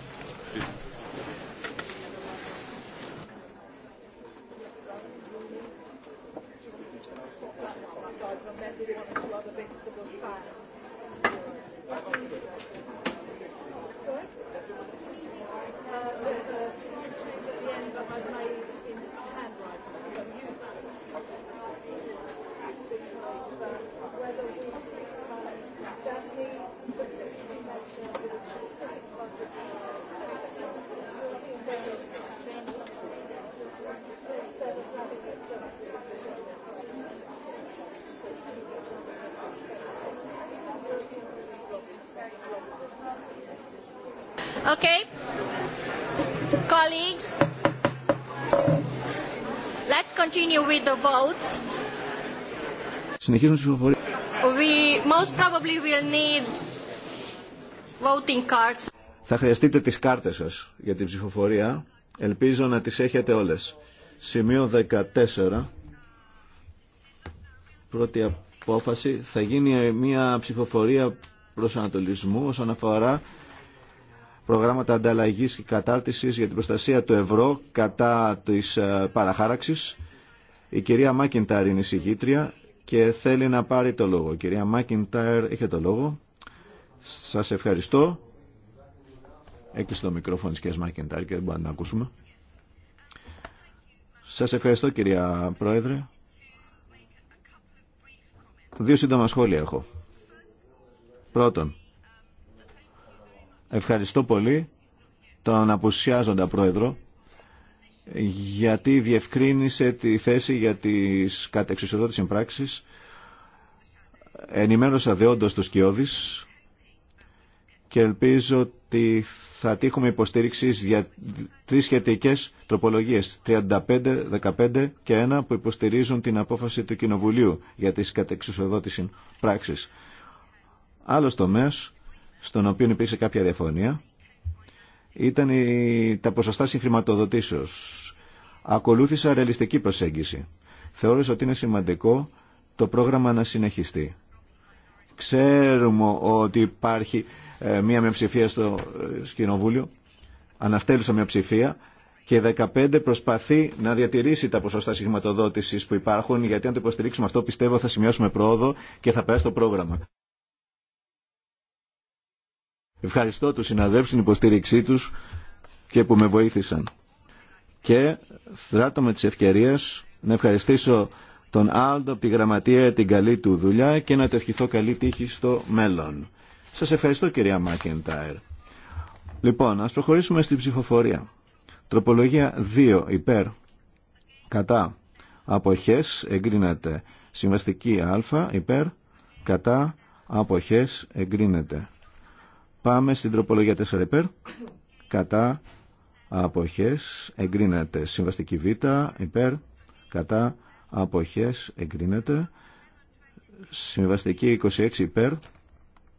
Okay. Colleagues, let's continue with the votes. Συνεχίζουμε τις ψηφοφορίες. We most probably will need voting cards. Θα χρειαστείτε τις κάρτες σας για την ψηφοφορία. Ελπίζω να τις έχετε όλες. Σημείο 14. Πρώτη απόφαση θα γίνει μια ψηφοφορία προσανατολισμού όσον αφορά προγράμματα ανταλλαγή και κατάρτισης για την προστασία του ευρώ κατά της ε, παραχάραξης. Η κυρία Μάκιντάρ είναι η συγγήτρια και θέλει να πάρει το λόγο. Η κυρία Μάκιντάρ, είχε το λόγο. Σας ευχαριστώ. Έκλεισε το μικρόφωνο τη κυρία Μάκιντάρ και δεν μπορούμε να ακούσουμε. Σας ευχαριστώ κυρία Πρόεδρε. Δύο σύντομα σχόλια έχω. Πρώτον, Ευχαριστώ πολύ τον αποσιάζοντα πρόεδρο γιατί διευκρίνησε τη θέση για τις κατεξουσιοδότητες συμπράξεις. Ενημέρωσα δεόντως τους Σκιώδης και ελπίζω ότι θα τύχουμε υποστήριξης για τρεις σχετικές τροπολογίες 35, 15 και 1 που υποστηρίζουν την απόφαση του Κοινοβουλίου για τις κατεξουσιοδότης πράξεις. Άλλος τομέας στον οποίο υπήρξε κάποια διαφωνία ήταν η, τα ποσοστά συγχρηματοδοτήσεως. Ακολούθησα ρεαλιστική προσέγγιση. Θεώρησα ότι είναι σημαντικό το πρόγραμμα να συνεχιστεί. Ξέρουμε ότι υπάρχει ε, μία μειοψηφία στο ε, Σκηνοβούλιο, αναστέλουσα μια ψηφία και 15 προσπαθεί να διατηρήσει τα ποσοστά συγχρηματοδότησης που υπάρχουν γιατί αν το υποστηρίξουμε αυτό πιστεύω θα σημειώσουμε πρόοδο και θα περάσει το πρόγραμμα. Ευχαριστώ τους συναδέλφους στην υποστήριξή τους και που με βοήθησαν. Και θράτω με τις ευκαιρίες να ευχαριστήσω τον Άλντο από τη Γραμματεία την καλή του δουλειά και να του ευχηθώ καλή τύχη στο μέλλον. Σας ευχαριστώ κυρία Μάκεντάιρ. Λοιπόν, ας προχωρήσουμε στην ψηφοφορία. Τροπολογία 2 υπέρ κατά αποχές εγκρίνεται. Συμβαστική α υπέρ κατά αποχές εγκρίνεται. Πάμε στην τροπολογία 4 υπέρ. Κατά αποχές εγκρίνεται. Συμβαστική Β υπέρ. Κατά αποχές εγκρίνεται. Συμβαστική 26 υπέρ.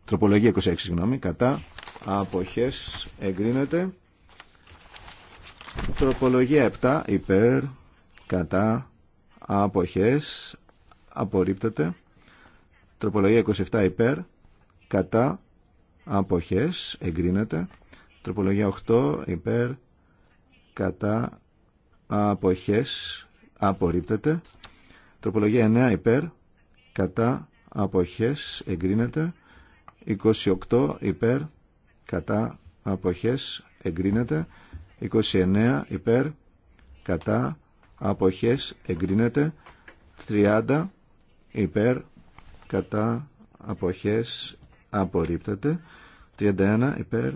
Τροπολογία 26, συγγνώμη. Κατά αποχές εγκρίνεται. Τροπολογία 7 υπέρ. Κατά αποχές απορρίπτεται. Τροπολογία 27 υπέρ. Κατά αποχές εγκρίνεται τροπολογία 8 υπέρ κατά αποχές απορρίπτεται τροπολογία 9 υπέρ κατά αποχές εγκρίνεται 28 υπέρ κατά αποχές εγκρίνεται 29 υπέρ κατά αποχές εγκρίνεται 30 υπέρ κατά αποχές απορρίπτεται 31 υπέρ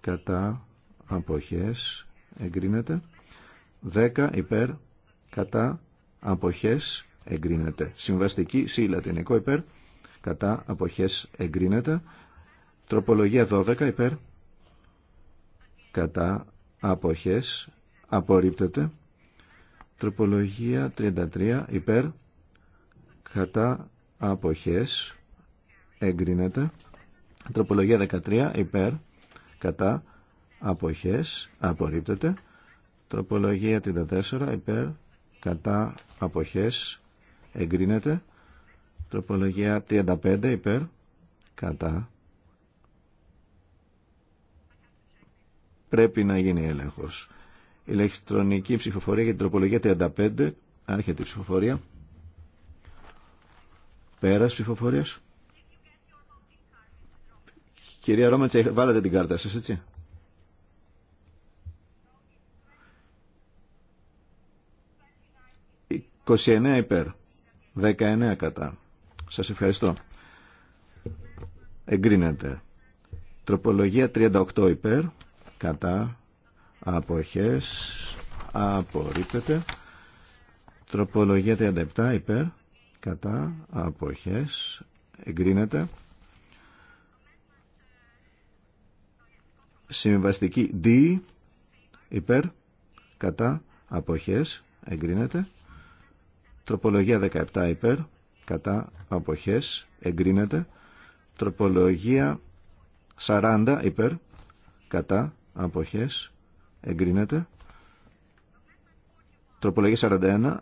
κατά αποχές εγκρίνεται 10 υπέρ κατά αποχές εγκρίνεται συμβαστική σι λατινικό υπέρ κατά αποχές εγκρίνεται τροπολογία 12 υπέρ κατά αποχές απορρίπτεται τροπολογία 33 υπέρ κατά αποχές εγκρίνεται Τροπολογία 13 υπέρ κατά αποχές απορρίπτεται. Τροπολογία 34 υπέρ κατά αποχές εγκρίνεται. Τροπολογία 35 υπέρ κατά πρέπει να γίνει έλεγχος. Ηλεκτρονική ψηφοφορία για την τροπολογία 35 άρχεται η ψηφοφορία. Πέρας ψηφοφορίας. Κυρία Ρόμαντσα, βάλατε την κάρτα σας, έτσι. 29 υπέρ, 19 κατά. Σας ευχαριστώ. Εγκρίνεται. Τροπολογία 38 υπέρ, κατά, αποχές, απορρίπτεται. Τροπολογία 37 υπέρ, κατά, αποχές, εγκρίνεται. Συμβαστική D υπέρ κατά αποχές εγκρίνεται. Τροπολογία 17 υπέρ κατά αποχές εγκρίνεται. Τροπολογία 40 υπέρ κατά αποχές εγκρίνεται. Τροπολογία 41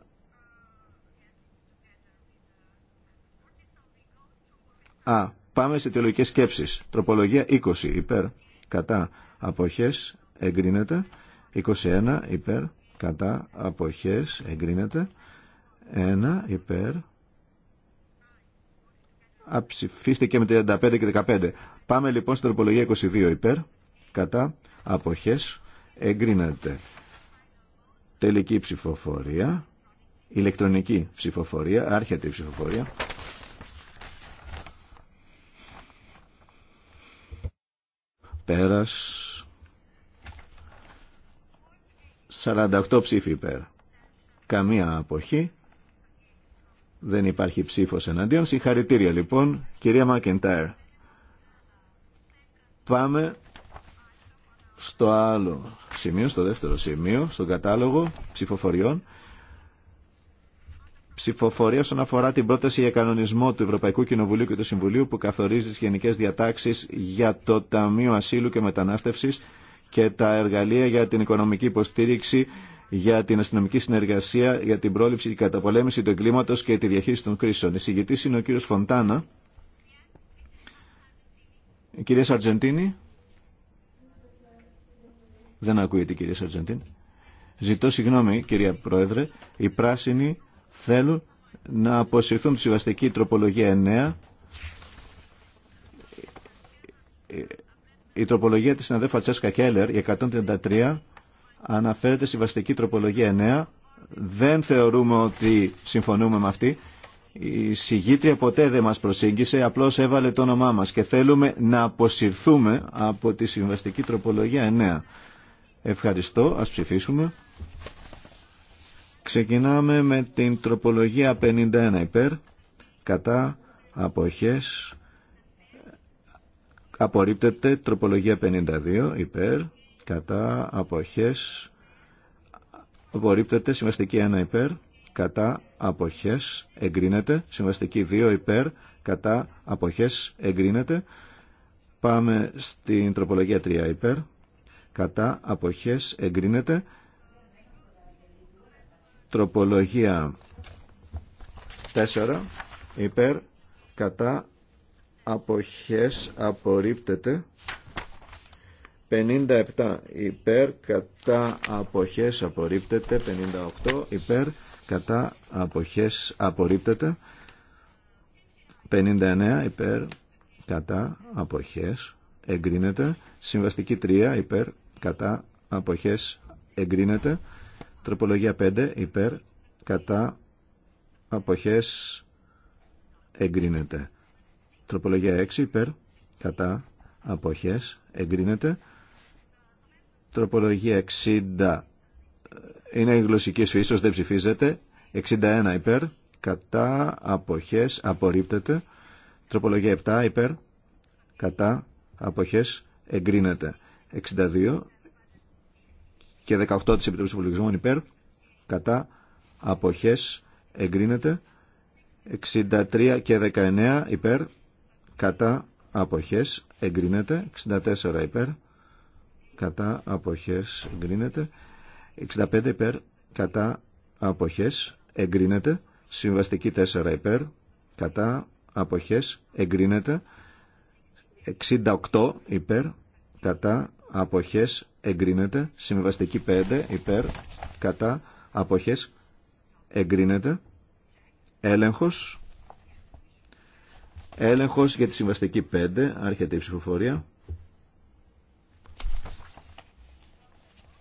Α, πάμε σε τελογικές σκέψεις. Τροπολογία 20 υπέρ κατά αποχές εγκρίνεται 21 υπέρ κατά αποχές εγκρίνεται 1 υπέρ αψηφίστηκε με 35 και 15 πάμε λοιπόν στην τροπολογία 22 υπέρ κατά αποχές εγκρίνεται τελική ψηφοφορία ηλεκτρονική ψηφοφορία άρχεται η ψηφοφορία Πέρας. 48 ψήφοι πέρα. Καμία αποχή. Δεν υπάρχει ψήφος εναντίον. Συγχαρητήρια λοιπόν, κυρία Μακεντάιρ. Πάμε στο άλλο σημείο, στο δεύτερο σημείο, στον κατάλογο ψηφοφοριών ψηφοφορία όσον αφορά την πρόταση για κανονισμό του Ευρωπαϊκού Κοινοβουλίου και του Συμβουλίου που καθορίζει τι γενικέ διατάξει για το Ταμείο Ασύλου και Μετανάστευση και τα εργαλεία για την οικονομική υποστήριξη, για την αστυνομική συνεργασία, για την πρόληψη και καταπολέμηση του εγκλήματο και τη διαχείριση των κρίσεων. Η Εισηγητή είναι ο κύριο Φοντάνα. κυρία Σαρτζεντίνη. Δεν ακούγεται η κυρία Σαρτζεντίνη. Ζητώ συγγνώμη, κυρία Πρόεδρε, η πράσινη θέλουν να αποσυρθούν τη συμβαστική τροπολογία 9 η τροπολογία της συναδέφα Τσέσκα Κέλλερ, η 133, αναφέρεται στη τροπολογία 9. Δεν θεωρούμε ότι συμφωνούμε με αυτή. Η συγγήτρια ποτέ δεν μας προσήγγισε, απλώς έβαλε το όνομά μας και θέλουμε να αποσυρθούμε από τη συμβαστική τροπολογία 9. Ευχαριστώ, ας ψηφίσουμε. Ξεκινάμε με την τροπολογία 51 υπέρ, κατά, αποχές, απορρίπτεται τροπολογία 52 υπέρ, κατά, αποχές, απορρίπτεται συμβαστική 1 υπέρ, κατά, αποχές, εγκρίνεται, συμβαστική 2 υπέρ, κατά, αποχές, εγκρίνεται. Πάμε στην τροπολογία 3 υπέρ, κατά, αποχές, εγκρίνεται. Τροπολογία 4 υπέρ κατά αποχές απορρίπτεται 57 υπέρ κατά αποχές απορρίπτεται 58 υπέρ κατά αποχές απορρίπτεται 59 υπέρ κατά αποχές εγκρίνεται συμβαστική 3 υπέρ κατά αποχές εγκρίνεται Τροπολογία 5 υπέρ κατά αποχές εγκρίνεται. Τροπολογία 6 υπέρ κατά αποχές εγκρίνεται. Τροπολογία 60 είναι η γλωσσική φύσεως, δεν ψηφίζεται. 61 υπέρ κατά αποχές απορρίπτεται. Τροπολογία 7 υπέρ κατά αποχές εγκρίνεται. 62 και 18 της Επιτροπής Υπολογισμών υπέρ, κατά, αποχές, εγκρίνεται. 63 και 19 υπέρ, κατά, αποχές, εγκρίνεται. 64 υπέρ, κατά, αποχές, εγκρίνεται. 65 υπέρ, κατά, αποχές, εγκρίνεται. Συμβαστική 4 υπέρ, κατά, αποχές, εγκρίνεται. 68 υπέρ, κατά, αποχές εγκρίνεται. Συμβαστική 5 υπέρ κατά αποχές εγκρίνεται. Έλεγχος. Έλεγχος για τη συμβαστική 5. Άρχεται η ψηφοφορία.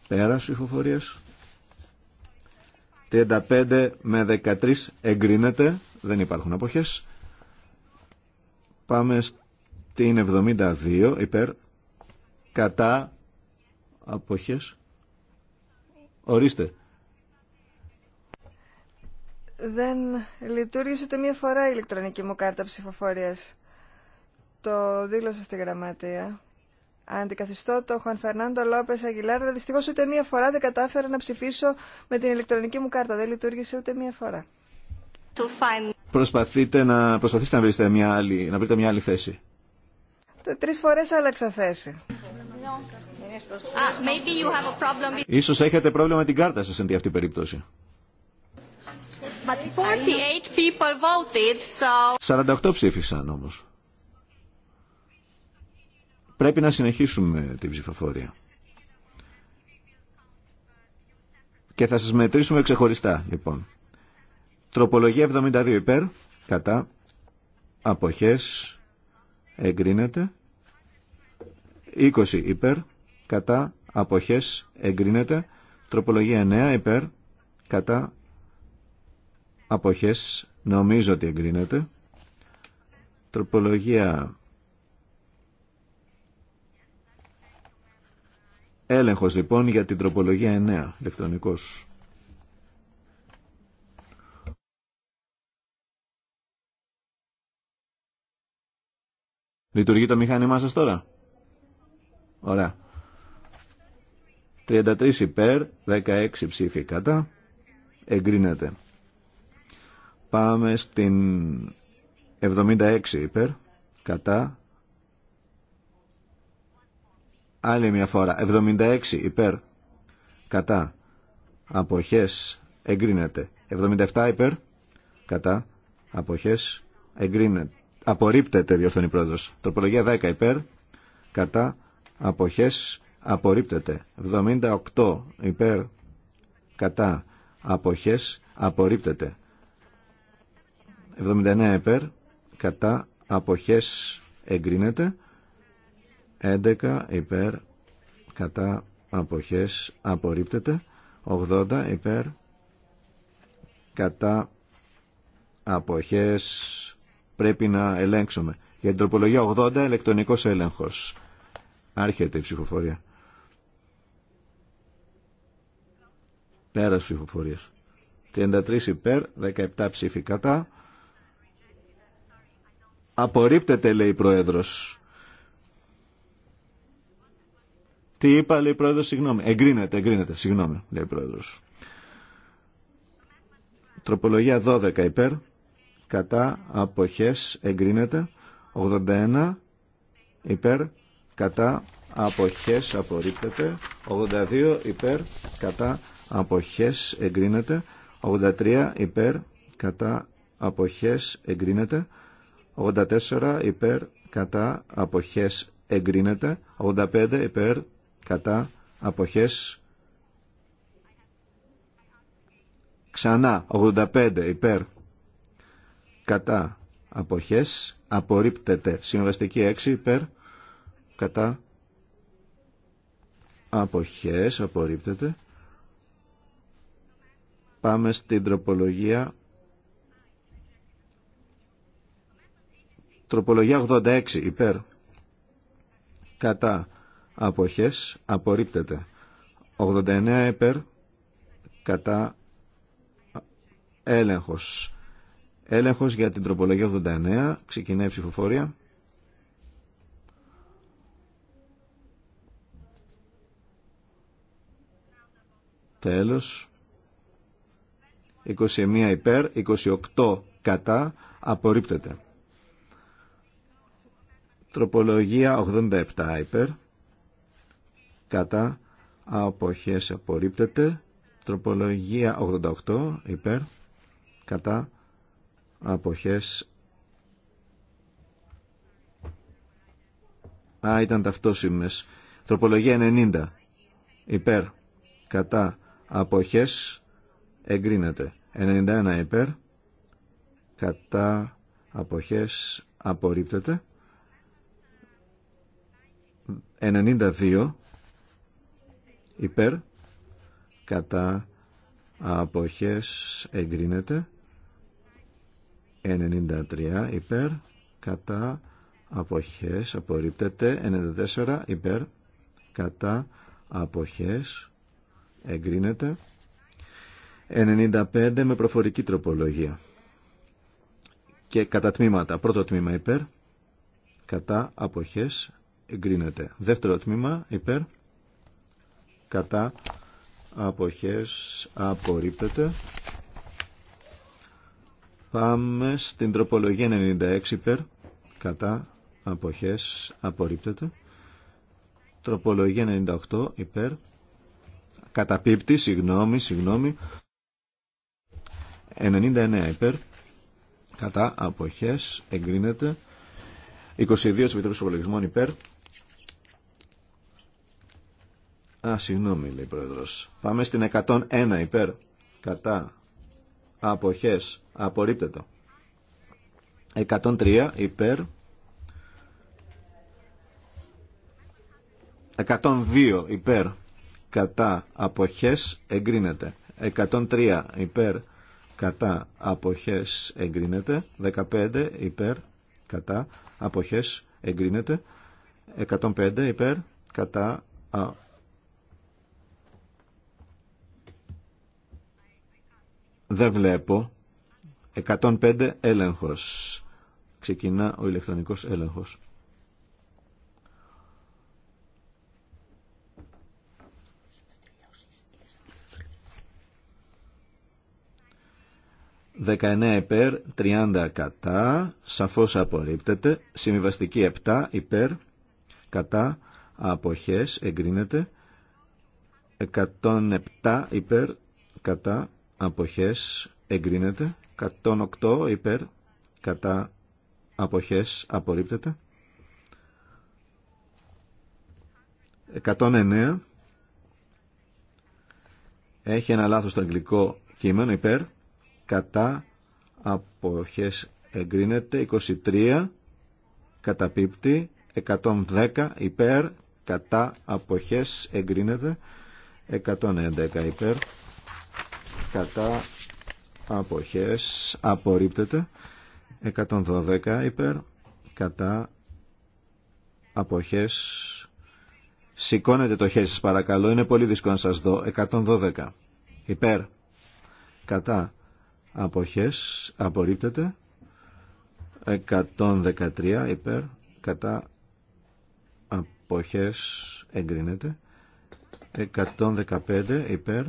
Πέρας ψηφοφορίας. 35 με 13 εγκρίνεται. Δεν υπάρχουν αποχές. Πάμε στην 72 υπέρ κατά αποχές ορίστε δεν λειτουργήσε ούτε μία φορά η ηλεκτρονική μου κάρτα ψηφοφορίας το δήλωσα στη γραμματεία Αντικαθιστώ το Χουαν Φερνάντο Λόπε Αγγιλάρδα. Δυστυχώ ούτε μία φορά δεν κατάφερα να ψηφίσω με την ηλεκτρονική μου κάρτα. Δεν λειτουργήσε ούτε μία φορά. Προσπαθείτε να, προσπαθήστε να βρείτε μια άλλη, να βρείτε μια άλλη θέση. Τρει φορέ άλλαξα θέση. Ίσως έχετε πρόβλημα με την κάρτα σας εν τη αυτή περίπτωση. 48 ψήφισαν όμως. Πρέπει να συνεχίσουμε την ψηφοφορία. Και θα σας μετρήσουμε ξεχωριστά, λοιπόν. Τροπολογία 72 υπέρ, κατά, αποχές, εγκρίνεται. 20 υπέρ, κατά, αποχές, εγκρίνεται. Τροπολογία 9 υπέρ, κατά, αποχές, νομίζω ότι εγκρίνεται. Τροπολογία Έλεγχος λοιπόν για την τροπολογία 9, ηλεκτρονικός. Λειτουργεί το μηχάνημά σας τώρα. Ωραία. 33 υπέρ, 16 ψήφοι κατά. Εγκρίνεται. Πάμε στην 76 υπέρ, κατά. Άλλη μια φορά. 76 υπέρ, κατά. Αποχές εγκρίνεται. 77 υπέρ, κατά. Αποχές εγκρίνεται. Απορρίπτεται διορθώνει πρόεδρος. Τροπολογία 10 υπέρ, κατά αποχές απορρίπτεται 78 υπέρ κατά αποχές απορρίπτεται 79 υπέρ κατά αποχές εγκρίνεται 11 υπέρ κατά αποχές απορρίπτεται 80 υπέρ κατά αποχές πρέπει να ελέγξουμε για την τροπολογία 80 ηλεκτρονικός έλεγχος Άρχεται η ψηφοφορία. Πέρας ψηφοφορίας. 33 υπέρ, 17 ψήφοι κατά. Απορρίπτεται λέει η Πρόεδρος. Τι είπα λέει η Πρόεδρος, συγγνώμη. Εγκρίνεται, εγκρίνεται, συγγνώμη λέει η Πρόεδρος. Τροπολογία 12 υπέρ, κατά αποχές εγκρίνεται. 81 υπέρ, κατά αποχές απορρίπτεται 82 υπέρ κατά αποχές εγκρίνεται 83 υπέρ κατά αποχές εγκρίνεται 84 υπέρ κατά αποχές εγκρίνεται 85 υπέρ κατά αποχές ξανά 85 υπέρ κατά αποχές απορρίπτεται συμβαστική 6 υπέρ κατά αποχές απορρίπτεται πάμε στην τροπολογία τροπολογία 86 υπέρ κατά αποχές απορρίπτεται 89 υπέρ κατά έλεγχος έλεγχος για την τροπολογία 89 ξεκινάει η ψηφοφορία Τέλος. 21 υπέρ, 28 κατά, απορρίπτεται. Τροπολογία 87 υπέρ, κατά, αποχές απορρίπτεται. Τροπολογία 88 υπέρ, κατά, αποχές Α, ήταν ταυτόσιμες. Τροπολογία 90. Υπέρ. Κατά αποχές εγκρίνεται 91 υπέρ κατά αποχές απορρίπτεται 92 υπέρ κατά αποχές εγκρίνεται 93 υπέρ κατά αποχές απορρίπτεται 94 υπέρ κατά αποχές εγκρίνεται 95 με προφορική τροπολογία και κατά τμήματα πρώτο τμήμα υπέρ κατά αποχές εγκρίνεται δεύτερο τμήμα υπέρ κατά αποχές απορρίπτεται Πάμε στην τροπολογία 96 υπέρ, κατά, αποχές, απορρίπτεται. Τροπολογία 98 υπέρ, καταπίπτει, συγγνώμη, συγγνώμη, 99 υπέρ, κατά αποχές, εγκρίνεται, 22 της Επιτροπής υπέρ, Α, συγγνώμη, λέει πρόεδρος. Πάμε στην 101 υπέρ, κατά, αποχές, απορρίπτεται. 103 υπέρ, 102 υπέρ, κατά αποχές εγκρίνεται. 103 υπέρ κατά αποχές εγκρίνεται. 15 υπέρ κατά αποχές εγκρίνεται. 105 υπέρ κατά α, δεν βλέπω 105 έλεγχος ξεκινά ο ηλεκτρονικός έλεγχος 19 υπέρ, 30 κατά, σαφώς απορρίπτεται. Συμβιβαστική 7 υπέρ, κατά, αποχές, εγκρίνεται. 107 υπέρ, κατά, αποχές, εγκρίνεται. 108 υπέρ, κατά, αποχές, απορρίπτεται. 109 έχει ένα λάθος στο αγγλικό κείμενο υπέρ κατά αποχές εγκρίνεται 23 καταπίπτει 110 υπέρ κατά αποχές εγκρίνεται 111 υπέρ κατά αποχές απορρίπτεται 112 υπέρ κατά αποχές σηκώνετε το χέρι σας παρακαλώ είναι πολύ δύσκολο να σας δω 112 υπέρ κατά αποχές απορρίπτεται 113 υπέρ κατά αποχές εγκρίνεται 115 υπέρ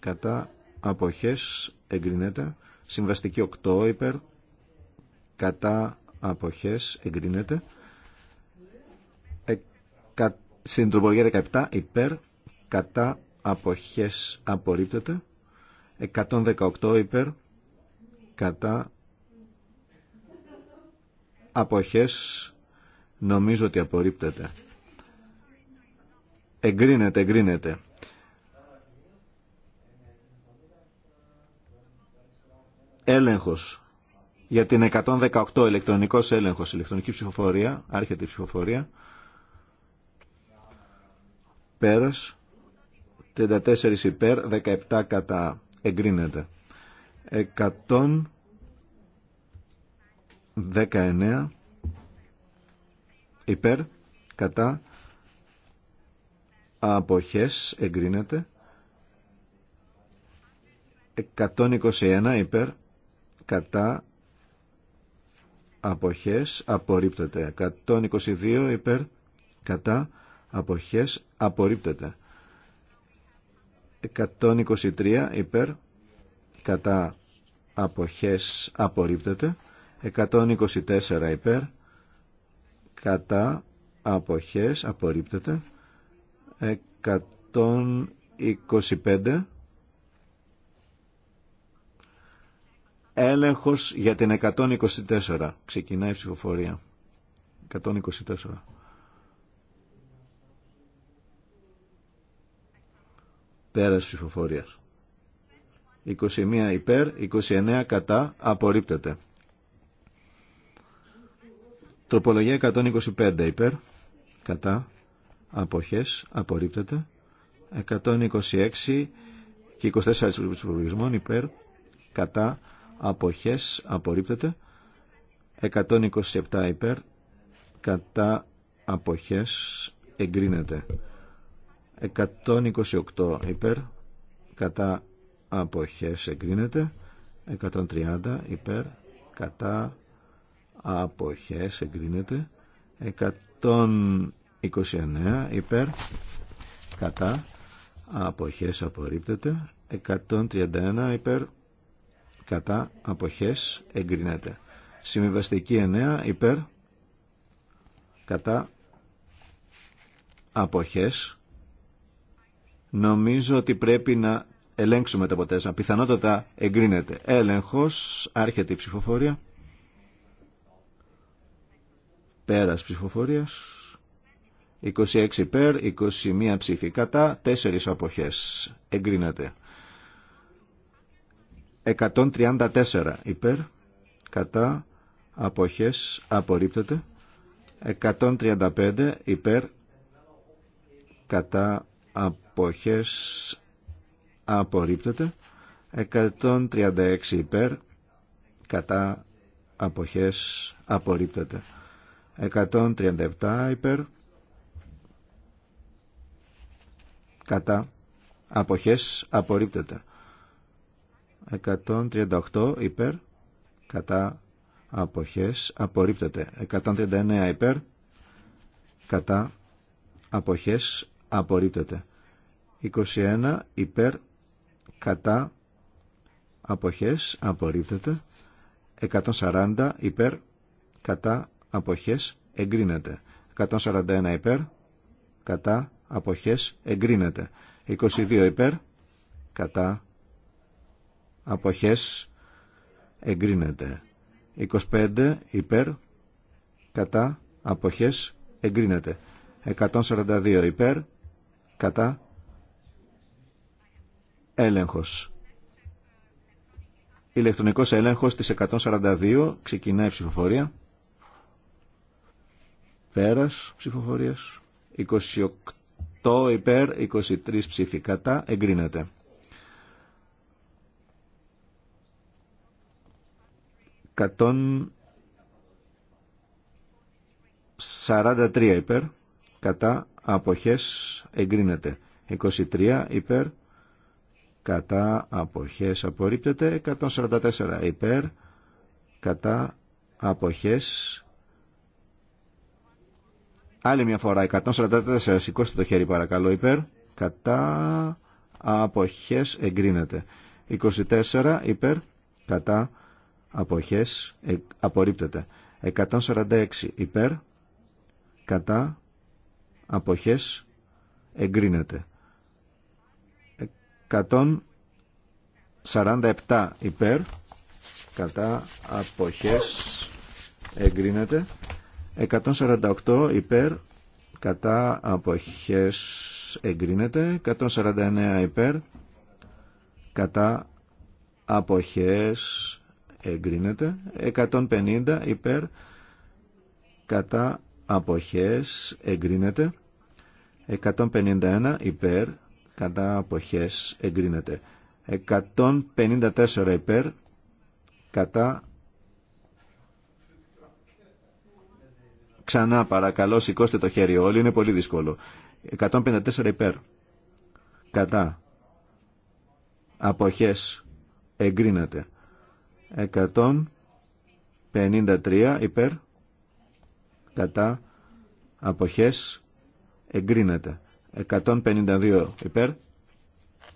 κατά αποχές εγκρίνεται συμβαστική 8 υπέρ κατά αποχές εγκρίνεται στην 17 υπέρ κατά αποχές απορρίπτεται 118 υπέρ κατά αποχές νομίζω ότι απορρίπτεται εγκρίνεται εγκρίνεται έλεγχος για την 118 ηλεκτρονικός έλεγχος ηλεκτρονική ψηφοφορία άρχεται η ψηφοφορία πέρας 34 υπέρ 17 κατά εγκρίνεται. 119 υπέρ κατά αποχές εγκρίνεται. 121 υπέρ κατά αποχές απορρίπτεται. 122 υπέρ κατά αποχές απορρίπτεται. 123 υπέρ κατά αποχές απορρίπτεται 124 υπέρ κατά αποχές απορρίπτεται 125 Έλεγχος για την 124. Ξεκινάει η ψηφοφορία. 124. Πέρας ψηφοφορίας. 21 υπέρ, 29 κατά, απορρίπτεται. Τροπολογία 125 υπέρ, κατά, αποχές, απορρίπτεται. 126 και 24 υπολογισμών υπέρ, κατά, αποχές, απορρίπτεται. 127 υπέρ, κατά, αποχές, εγκρίνεται. 128 υπέρ κατά αποχές εγκρίνεται 130 υπέρ κατά αποχές εγκρίνεται 129 υπέρ κατά αποχές απορρίπτεται 131 υπέρ κατά αποχές εγκρίνεται συμβιβαστική 9 υπέρ κατά αποχές Νομίζω ότι πρέπει να ελέγξουμε το αποτέλεσμα. Πιθανότατα εγκρίνεται. Έλεγχος, άρχεται η ψηφοφορία. Πέρας ψηφοφορίας. 26 υπέρ, 21 ψήφοι κατά, 4 αποχές. Εγκρίνεται. 134 υπέρ, κατά, αποχές, απορρίπτεται. 135 υπέρ, κατά, αποχές αποχές απορρίπτεται 136 υπέρ κατά αποχές απορρίπτεται 137 υπέρ κατά αποχές απορρίπτεται 138 υπέρ κατά αποχές απορρίπτεται 139 υπέρ κατά αποχές απορρίπτεται 21 υπέρ κατά αποχές απορρίπτεται 140 υπέρ κατά αποχές εγκρίνεται 141 υπέρ κατά αποχές εγκρίνεται 22 υπέρ κατά αποχές εγκρίνεται 25 υπέρ κατά αποχές εγκρίνεται 142 υπέρ κατά Έλεγχος. Ηλεκτρονικός έλεγχος της 142. Ξεκινάει ψηφοφορία. Πέρας ψηφοφορίας. 28 υπέρ, 23 ψήφοι κατά. Εγκρίνεται. 143 υπέρ, κατά αποχές εγκρίνεται. 23 υπέρ, κατά αποχές απορρίπτεται 144 υπέρ κατά αποχές άλλη μια φορά 144 σηκώστε το χέρι παρακαλώ υπέρ κατά αποχές εγκρίνεται 24 υπέρ κατά αποχές ε, απορρίπτεται 146 υπέρ κατά αποχές εγκρίνεται 147 υπέρ κατά αποχές εγκρίνεται 148 υπέρ κατά αποχές εγκρίνεται 149 υπέρ κατά αποχές εγκρίνεται 150 υπέρ κατά αποχές εγκρίνεται 151 υπέρ κατά αποχές εγκρίνεται 154 υπέρ κατά ξανά παρακαλώ σηκώστε το χέρι όλοι είναι πολύ δύσκολο 154 υπέρ κατά αποχές εγκρίνεται 153 υπέρ κατά αποχές εγκρίνεται 152 υπέρ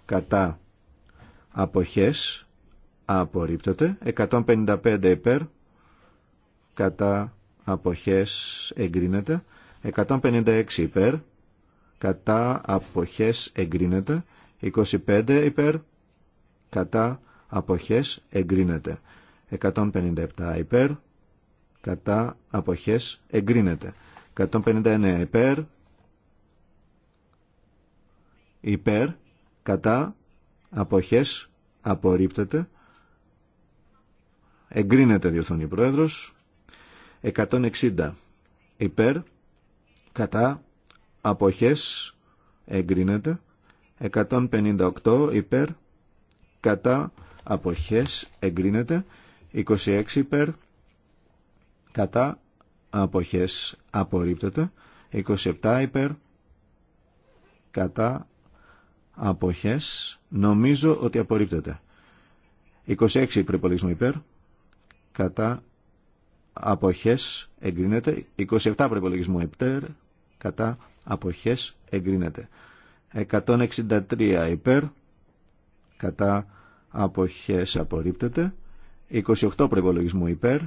κατά αποχές απορρίπτωται 155 υπέρ κατά αποχές εγκρίνεται 156 υπέρ κατά αποχές εγκρίνεται 25 υπέρ κατά αποχές εγκρίνεται 157 υπέρ κατά αποχές εγκρίνεται 159 υπέρ υπέρ, κατά, αποχές, απορρίπτεται, εγκρίνεται διορθώνει ο πρόεδρος, 160 υπέρ, κατά, αποχές, εγκρίνεται, 158 υπέρ, κατά, αποχές, εγκρίνεται, 26 υπέρ, κατά, αποχές, απορρίπτεται, 27 υπέρ, κατά, αποχές νομίζω ότι απορρίπτεται. 26 προπολογισμού υπέρ, κατά αποχές εγκρίνεται. 27 προπολογισμού υπέρ, κατά αποχές εγκρίνεται. 163 υπέρ, κατά αποχές απορρίπτεται. 28 προπολογισμού υπέρ,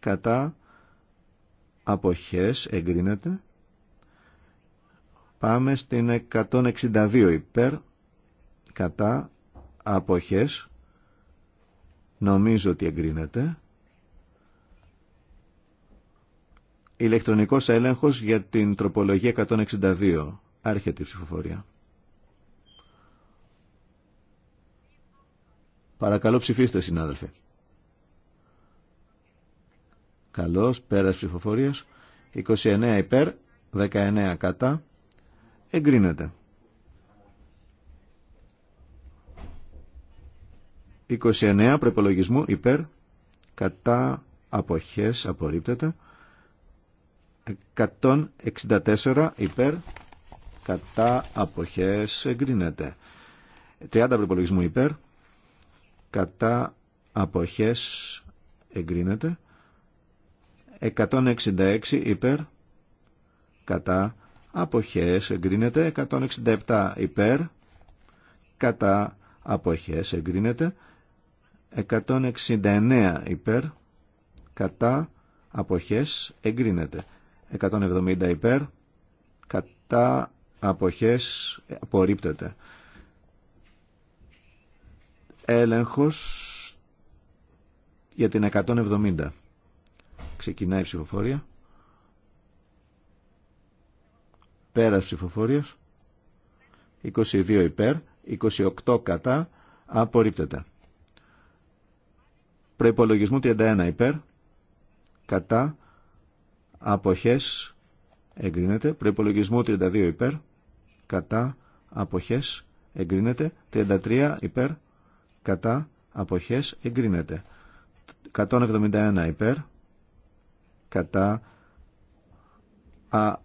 κατά αποχές εγκρίνεται. Πάμε στην 162 υπέρ, κατά, αποχές, νομίζω ότι εγκρίνεται. Ηλεκτρονικός έλεγχος για την τροπολογία 162, άρχεται η ψηφοφορία. Παρακαλώ ψηφίστε συνάδελφε. Καλώς, πέρας ψηφοφορίας, 29 υπέρ, 19 κατά εγκρίνεται. 29 προπολογισμού υπέρ κατά αποχές απορρίπτεται 164 υπέρ κατά αποχές εγκρίνεται 30 προπολογισμού υπέρ κατά αποχές εγκρίνεται 166 υπέρ κατά αποχές εγκρίνεται 167 υπέρ κατά αποχές εγκρίνεται 169 υπέρ κατά αποχές εγκρίνεται 170 υπέρ κατά αποχές απορρίπτεται έλεγχος για την 170 ξεκινάει η ψηφοφορία Πέρα ψηφοφορία. 22 υπέρ, 28 κατά, απορρίπτεται. Προϋπολογισμού 31 υπέρ, κατά, αποχές, εγκρίνεται. Προϋπολογισμού 32 υπέρ, κατά, αποχές, εγκρίνεται. 33 υπέρ, κατά, αποχές, εγκρίνεται. 171 υπέρ, κατά, α,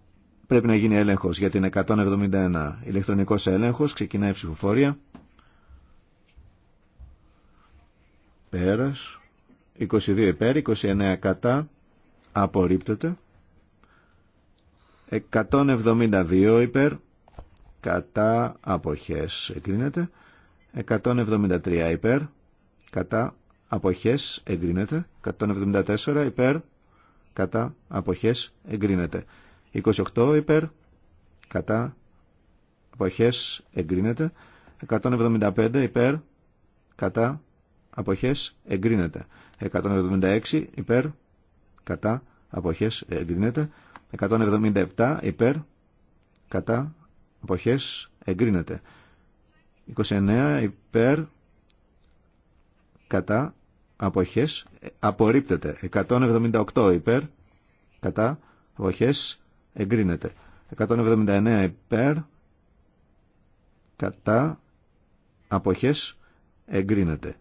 Πρέπει να γίνει έλεγχος για την 171. Ηλεκτρονικός έλεγχος. Ξεκινάει η ψηφοφορία. Πέρας. 22 υπέρ, 29 κατά. Απορρίπτεται. 172 υπέρ. Κατά αποχές εγκρίνεται. 173 υπέρ. Κατά αποχές εγκρίνεται. 174 υπέρ. Κατά αποχές εγκρίνεται. 28 υπέρ κατά αποχές εγκρίνεται 175 υπέρ κατά αποχές εγκρίνεται 176 υπέρ κατά αποχές εγκρίνεται 177 υπέρ κατά αποχές εγκρίνεται 29 υπέρ κατά αποχές ε, απορρίπτεται 178 υπέρ κατά αποχές εγκρίνεται. 179 υπέρ κατά αποχές εγκρίνεται.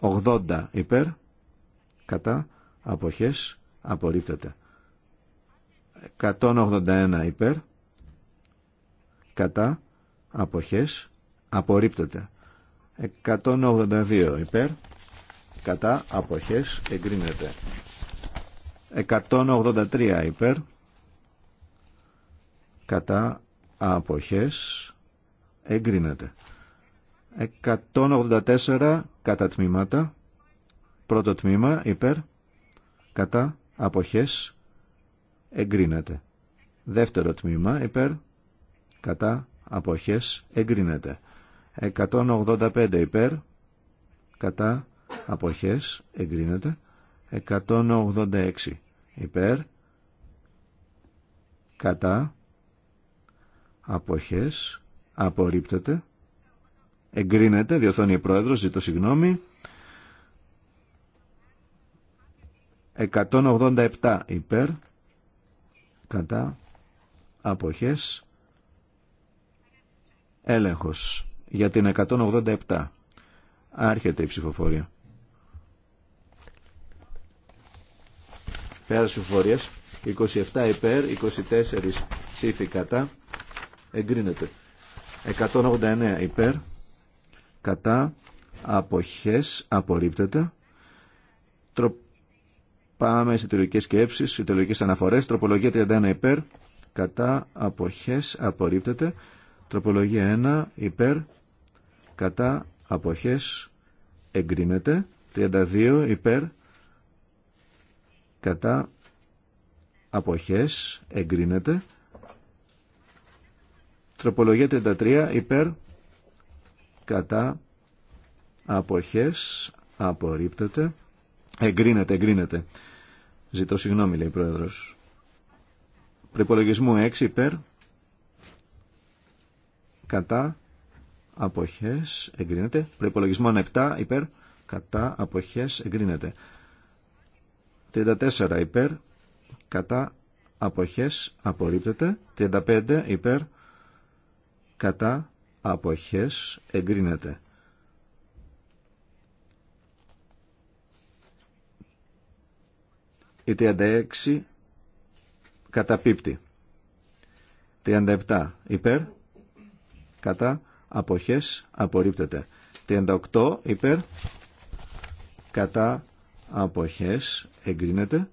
180 υπέρ κατά αποχές απορρίπτεται. 181 υπέρ κατά αποχές απορρίπτεται. 182 υπέρ κατά αποχές εγκρίνεται. 183 υπέρ κατά αποχές εγκρίνεται 184 κατά τμήματα πρώτο τμήμα υπέρ κατά αποχές εγκρίνεται δεύτερο τμήμα υπέρ κατά αποχές εγκρίνεται 185 υπέρ κατά αποχές εγκρίνεται 186 υπέρ κατά αποχές απορρίπτεται εγκρίνεται διορθώνει η πρόεδρος ζητώ συγγνώμη 187 υπέρ κατά αποχές έλεγχος για την 187 άρχεται η ψηφοφορία Πέραση 27 υπέρ 24 ψήφοι κατά εγκρίνεται 189 υπέρ κατά αποχές απορρίπτεται Τρο... πάμε σε τελογικές σκέψεις σε αναφορές τροπολογία 31 υπέρ κατά αποχές απορρίπτεται τροπολογία 1 υπέρ κατά αποχές εγκρίνεται 32 υπέρ κατά αποχές εγκρίνεται τροπολογία 33 υπέρ κατά αποχές απορρίπτεται εγκρίνεται εγκρίνεται ζητώ συγγνώμη λέει ο πρόεδρος προπολογισμού 6 υπέρ κατά αποχές εγκρίνεται προπολογισμό 7 υπέρ κατά αποχές εγκρίνεται 34 υπέρ κατά αποχές απορρίπτεται 35 υπέρ κατά αποχές εγκρίνεται 36 καταπίπτει 37 υπέρ κατά αποχές απορρίπτεται 38 υπέρ κατά αποχές εγκρίνεται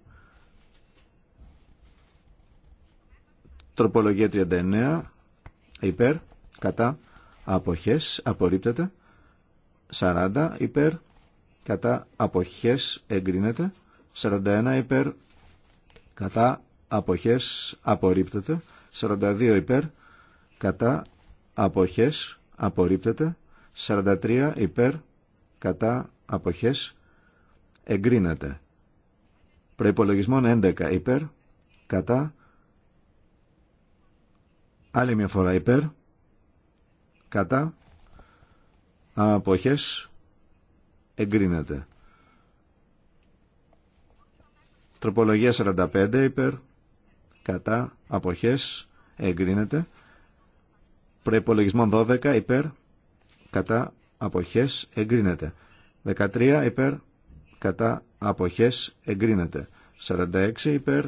τροπολογία 39 υπέρ κατά αποχές απορρίπτεται 40 υπέρ κατά αποχές εγκρίνεται 41 υπέρ κατά αποχές απορρίπτεται 42 υπέρ κατά αποχές απορρίπτεται 43 υπέρ κατά αποχές εγκρίνεται. Προϋπολογισμόν 11 υπέρ, κατά, άλλη μια φορά υπέρ, κατά, αποχές, εγκρίνεται. Τροπολογία 45 υπέρ, κατά, αποχές, εγκρίνεται. Προϋπολογισμόν 12 υπέρ, κατά, αποχές, εγκρίνεται. 13 υπέρ, κατά αποχές εγκρίνεται. 46 υπέρ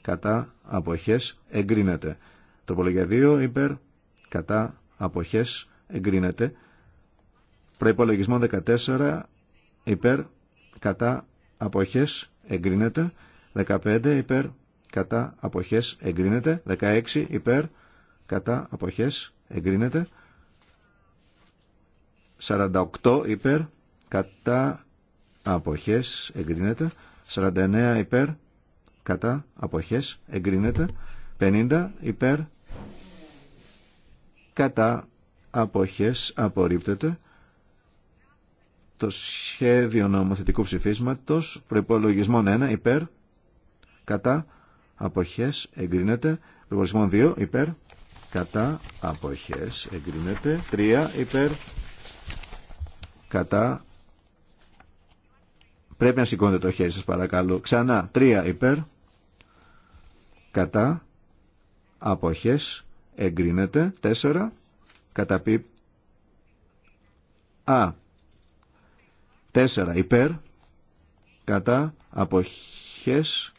κατά αποχές εγκρίνεται. Τροπολογία 2 υπέρ κατά αποχές εγκρίνεται. Προϋπολογισμό 14 υπέρ κατά αποχές εγκρίνεται. 15 υπέρ κατά αποχές εγκρίνεται. 16 υπέρ κατά αποχές εγκρίνεται. 48 υπέρ κατά αποχές εγκρίνεται 49 υπέρ κατά αποχές εγκρίνεται 50 υπέρ κατά αποχές απορρίπτεται το σχέδιο νομοθετικού ψηφίσματος προϋπολογισμών 1 υπέρ κατά αποχές εγκρίνεται προϋπολογισμών 2 υπέρ κατά αποχές εγκρίνεται 3 υπέρ κατά Πρέπει να σηκώνετε το χέρι σας παρακαλώ. Ξανά, τρία υπέρ, κατά, αποχές, εγκρίνεται, τέσσερα, πί. α, τέσσερα υπέρ, κατά, αποχές,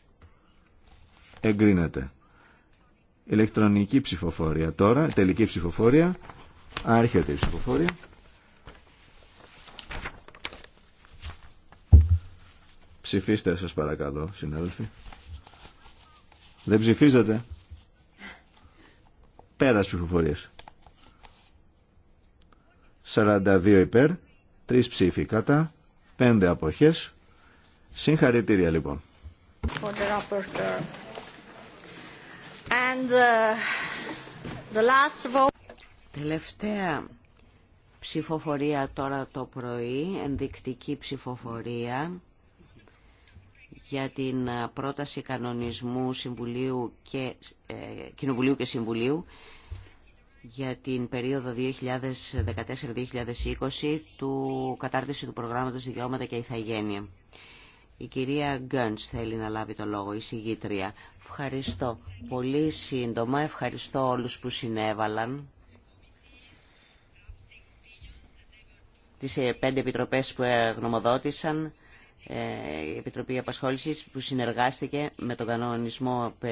εγκρίνεται. Ηλεκτρονική ψηφοφορία τώρα, τελική ψηφοφορία, άρχεται η ψηφοφορία. Ψηφίστε σας παρακαλώ, συνάδελφοι. Δεν ψηφίζετε. Πέρας ψηφοφορίες. 42 υπέρ, 3 ψήφοι κατά, 5 αποχές. Συγχαρητήρια λοιπόν. And, uh, the last vote... Τελευταία ψηφοφορία τώρα το πρωί, ενδεικτική ψηφοφορία για την ε, πρόταση κανονισμού Συμβουλίου και, ε, Κοινοβουλίου και Συμβουλίου για την περίοδο 2014-2020 του κατάρτιση του προγράμματος Δικαιώματα και Ιθαγένεια. Η κυρία Γκέντς θέλει να λάβει το λόγο, η συγγήτρια. Ευχαριστώ. Πολύ σύντομα ευχαριστώ όλους που συνέβαλαν. Τις ε, πέντε επιτροπές που γνωμοδότησαν ε, η Επιτροπή Απασχόλησης που συνεργάστηκε με τον κανονισμό 50.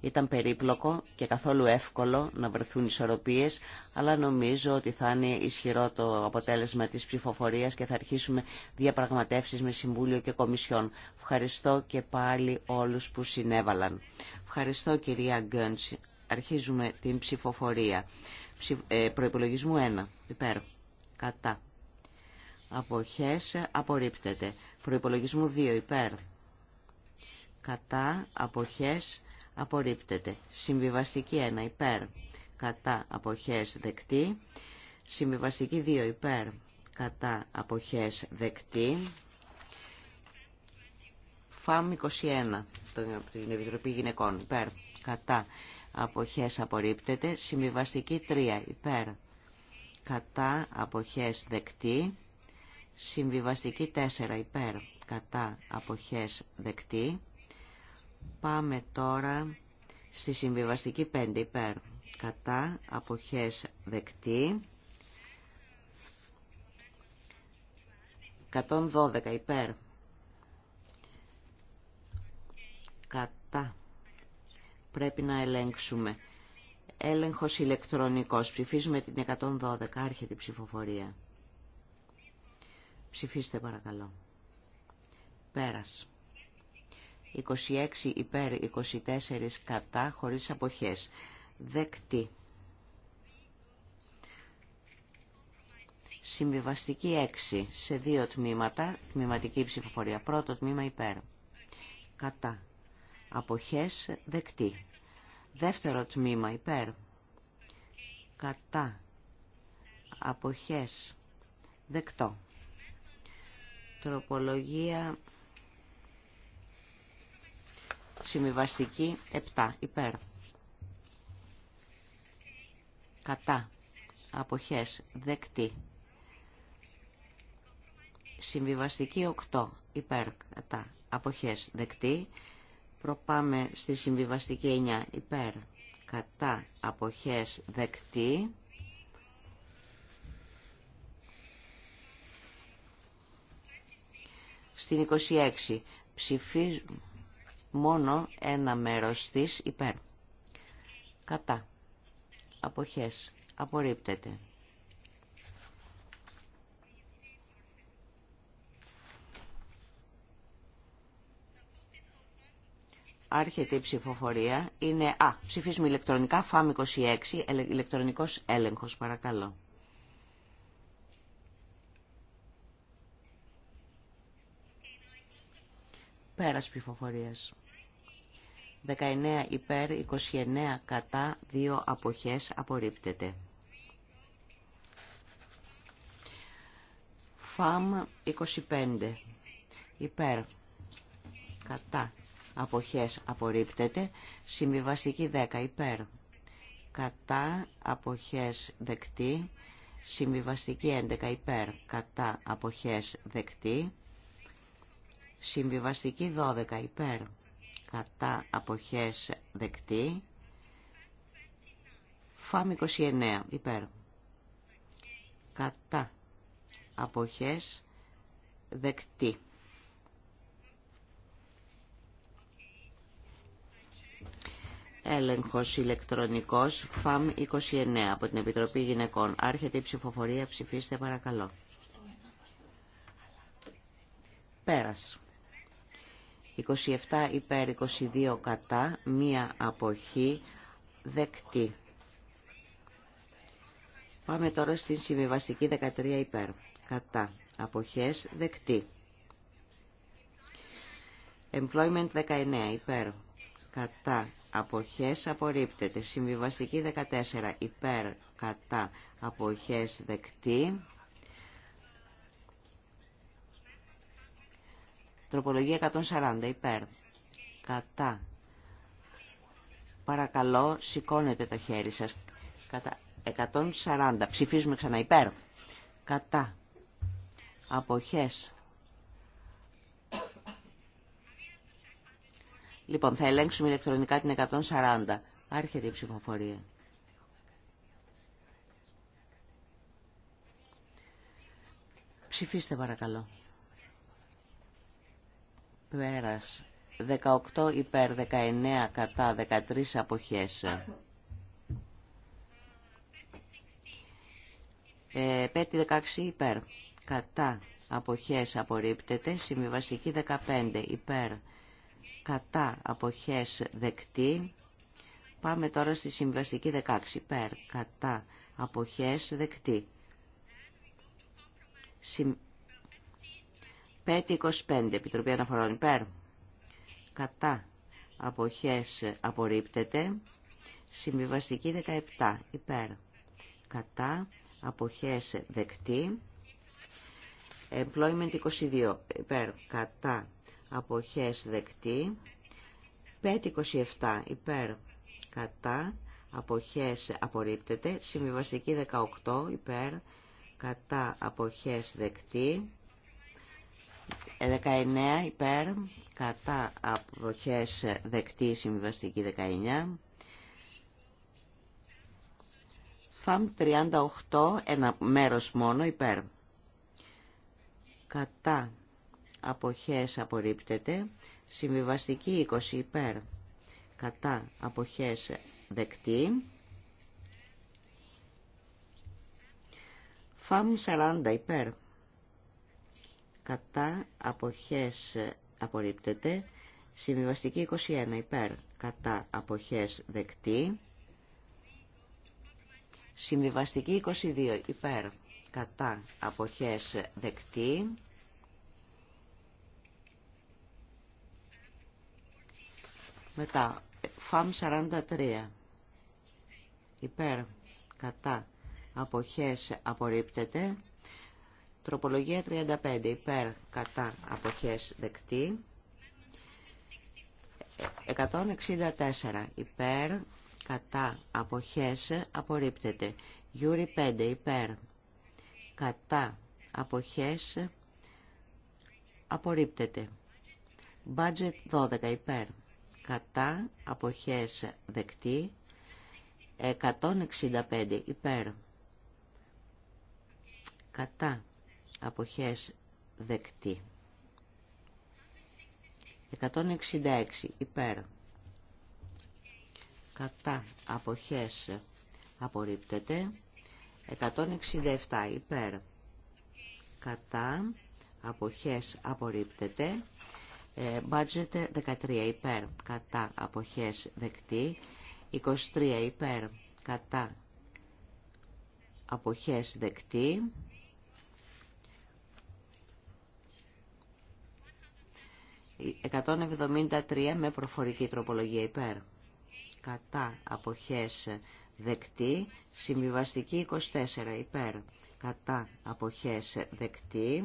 Ήταν περίπλοκο και καθόλου εύκολο να βρεθούν ισορροπίες, αλλά νομίζω ότι θα είναι ισχυρό το αποτέλεσμα της ψηφοφορίας και θα αρχίσουμε διαπραγματεύσεις με Συμβούλιο και Κομισιόν. Ευχαριστώ και πάλι όλους που συνέβαλαν. Ευχαριστώ κυρία Γκέντσι. Αρχίζουμε την ψηφοφορία. Ε, προϋπολογισμού 1. Υπέρ. Κατά αποχές απορρίπτεται. Προϋπολογισμού 2 υπέρ. Κατά αποχές απορρίπτεται. Συμβιβαστική 1 υπέρ. Κατά αποχές δεκτή. Συμβιβαστική 2 υπέρ. Κατά αποχές δεκτή. ΦΑΜ 21, την Επιτροπή Γυναικών, υπέρ, κατά, αποχές απορρίπτεται, συμβιβαστική 3, υπέρ, κατά, αποχές δεκτή, Συμβιβαστική 4 υπέρ κατά αποχές δεκτή. Πάμε τώρα στη συμβιβαστική 5 υπέρ κατά αποχές δεκτή. 112 υπέρ κατά πρέπει να ελέγξουμε έλεγχος ηλεκτρονικός ψηφίζουμε την 112 άρχεται η ψηφοφορία Ψηφίστε παρακαλώ. Πέρας. 26 υπέρ 24 κατά χωρίς αποχές. Δεκτή. Συμβιβαστική 6 σε δύο τμήματα, τμηματική ψηφοφορία. Πρώτο τμήμα υπέρ. Κατά. Αποχές δεκτή. Δεύτερο τμήμα υπέρ. Κατά. Αποχές. Δεκτό. Τροπολογία συμβιβαστική 7 υπέρ. Κατά. Αποχές. Δεκτή. Συμβιβαστική 8 υπέρ. Κατά. Αποχές. Δεκτή. Προπάμε στη συμβιβαστική 9 υπέρ. Κατά. Αποχές. Δεκτή. στην 26. Ψηφίζουμε μόνο ένα μέρος της υπέρ. Κατά. Αποχές. Απορρίπτεται. Άρχεται η ψηφοφορία. Είναι, α, ψηφίζουμε ηλεκτρονικά, ΦΑΜ 26, ηλεκτρονικός έλεγχος, παρακαλώ. Πέρας ψηφοφορία. 19 υπέρ, 29 κατά, 2 αποχές απορρίπτεται. ΦΑΜ 25 υπέρ, κατά, αποχές απορρίπτεται. Συμβιβαστική 10 υπέρ, κατά, αποχές δεκτή. Συμβιβαστική 11 υπέρ, κατά, αποχές δεκτή. Συμβιβαστική 12 υπέρ κατά αποχές δεκτή. ΦΑΜ 29 υπέρ κατά αποχές δεκτή. Έλεγχος ηλεκτρονικός ΦΑΜ 29 από την Επιτροπή Γυναικών. Άρχεται η ψηφοφορία. Ψηφίστε παρακαλώ. Πέρας. 27 υπέρ 22 κατά, μία αποχή δεκτή. Πάμε τώρα στην συμβιβαστική 13 υπέρ. Κατά. Αποχές δεκτή. Employment 19 υπέρ. Κατά. Αποχές απορρίπτεται. Συμβιβαστική 14 υπέρ. Κατά. Αποχές δεκτή. Τροπολογία 140 υπέρ. Κατά. Παρακαλώ, σηκώνετε το χέρι σας. Κατά 140. Ψηφίζουμε ξανά υπέρ. Κατά. Αποχές. Λοιπόν, θα ελέγξουμε ηλεκτρονικά την 140. Άρχεται η ψηφοφορία. Ψηφίστε παρακαλώ. Πέρας. 18 υπέρ 19 κατά 13 αποχές. Ε, 5 16 υπέρ κατά αποχές απορρίπτεται. Συμβιβαστική 15 υπέρ κατά αποχές δεκτή. Πάμε τώρα στη συμβιβαστική 16 υπέρ κατά αποχές δεκτή. Συμ... 525 25, Επιτροπή Αναφορών υπέρ. Κατά. Αποχές απορρίπτεται. Συμβιβαστική 17, υπέρ. Κατά. Αποχές δεκτή. Employment 22, υπέρ. Κατά. Αποχές δεκτή. 527, υπέρ. Κατά. Αποχές απορρίπτεται. Συμβιβαστική 18, υπέρ. Κατά. Αποχές δεκτή. 19 υπέρ, κατά αποχές δεκτή συμβιβαστική 19. ΦΑΜ 38, ένα μέρος μόνο υπέρ. Κατά αποχές απορρίπτεται. Συμβιβαστική 20 υπέρ. Κατά αποχές δεκτή. ΦΑΜ 40 υπέρ κατά αποχές ε, απορρίπτεται συμβιβαστική 21 υπέρ κατά αποχές δεκτή συμβιβαστική 22 υπέρ κατά αποχές δεκτή μετά φαμ 43 υπέρ κατά αποχές απορρίπτεται Τροπολογία 35 υπέρ κατά αποχές δεκτή. 164 υπέρ κατά αποχές απορρίπτεται. Γιούρι 5 υπέρ κατά αποχές απορρίπτεται. Budget 12 υπέρ κατά αποχές δεκτή. 165 υπέρ κατά αποχές δεκτή 166 υπέρ κατά αποχές απορρίπτεται 167 υπέρ κατά αποχές απορρίπτεται ε, budget 13 υπέρ κατά αποχές δεκτή 23 υπέρ κατά αποχές δεκτή 173 με προφορική τροπολογία υπέρ. Κατά αποχές δεκτή. Συμβιβαστική 24 υπέρ. Κατά αποχές δεκτή.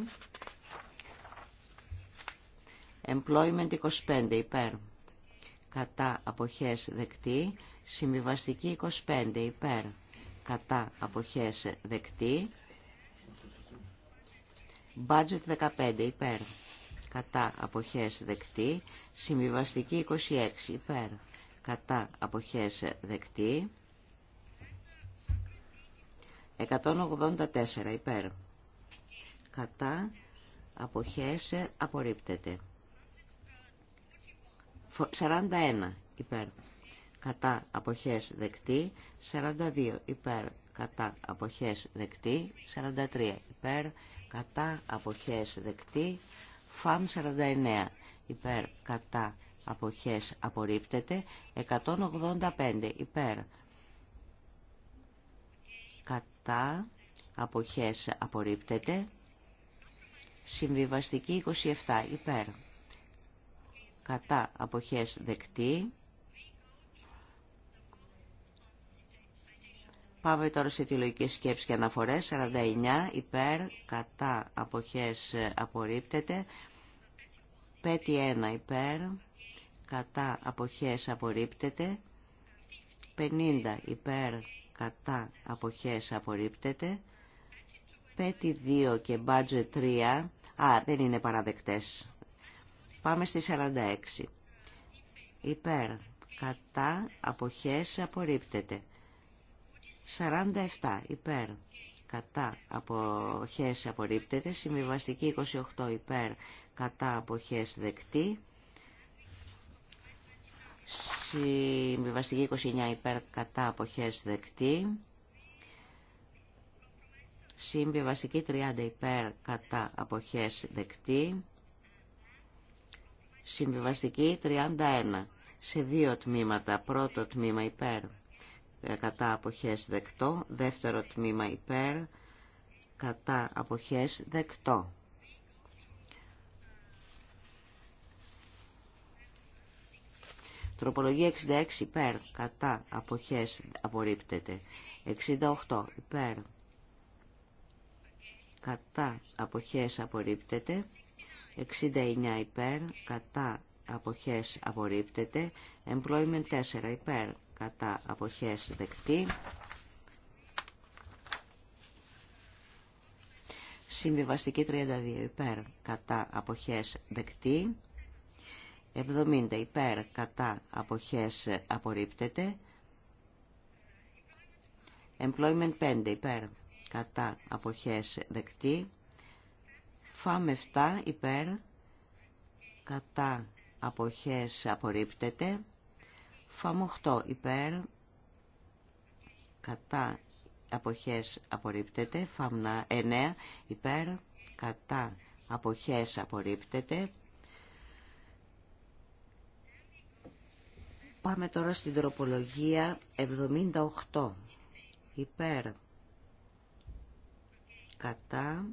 Employment 25 υπέρ. Κατά αποχές δεκτή. Συμβιβαστική 25 υπέρ. Κατά αποχές δεκτή. Budget 15 υπέρ κατά αποχές δεκτή, συμβιβαστική 26 υπέρ, κατά αποχές δεκτή, 184 υπέρ, κατά αποχές απορρίπτεται, 41 υπέρ, κατά αποχές δεκτή, 42 υπέρ, κατά αποχές δεκτή, 43 υπέρ, κατά αποχές δεκτή, ΦΑΜ 49 υπέρ κατά αποχές απορρίπτεται 185 υπέρ κατά αποχές απορρίπτεται συμβιβαστική 27 υπέρ κατά αποχές δεκτή Πάμε τώρα σε αιτιολογικές σκέψεις και αναφορές. 49 ε, υπέρ, κατά αποχές απορρίπτεται. 51 υπέρ, κατά αποχές απορρίπτεται. 50 υπέρ, κατά αποχές απορρίπτεται. 52 και budget 3. Α, δεν είναι παραδεκτές. Πάμε στη 46. Υπέρ, κατά αποχές απορρίπτεται. 47 υπέρ κατά αποχές απορρίπτεται, συμβιβαστική 28 υπέρ κατά αποχές δεκτή, συμβιβαστική 29 υπέρ κατά αποχές δεκτή, συμβιβαστική 30 υπέρ κατά αποχές δεκτή, συμβιβαστική 31 σε δύο τμήματα, πρώτο τμήμα υπέρ κατά αποχές δεκτό, δεύτερο τμήμα υπέρ, κατά αποχές δεκτό. Τροπολογία 66 υπέρ, κατά αποχές απορρίπτεται. 68 υπέρ, κατά αποχές απορρίπτεται. 69 υπέρ, κατά αποχές απορρίπτεται. Employment 4 υπέρ, κατά αποχές δεκτή. Συμβιβαστική 32 υπέρ κατά αποχές δεκτή. 70 υπέρ κατά αποχές απορρίπτεται. Employment 5 υπέρ κατά αποχές δεκτή. ΦΑΜ 7 υπέρ κατά αποχές απορρίπτεται. ΦΑΜ 8 υπέρ κατά αποχές απορρίπτεται. ΦΑΜ 9 ε, ναι, υπέρ κατά αποχές απορρίπτεται. Πάμε τώρα στην τροπολογία 78 υπέρ κατά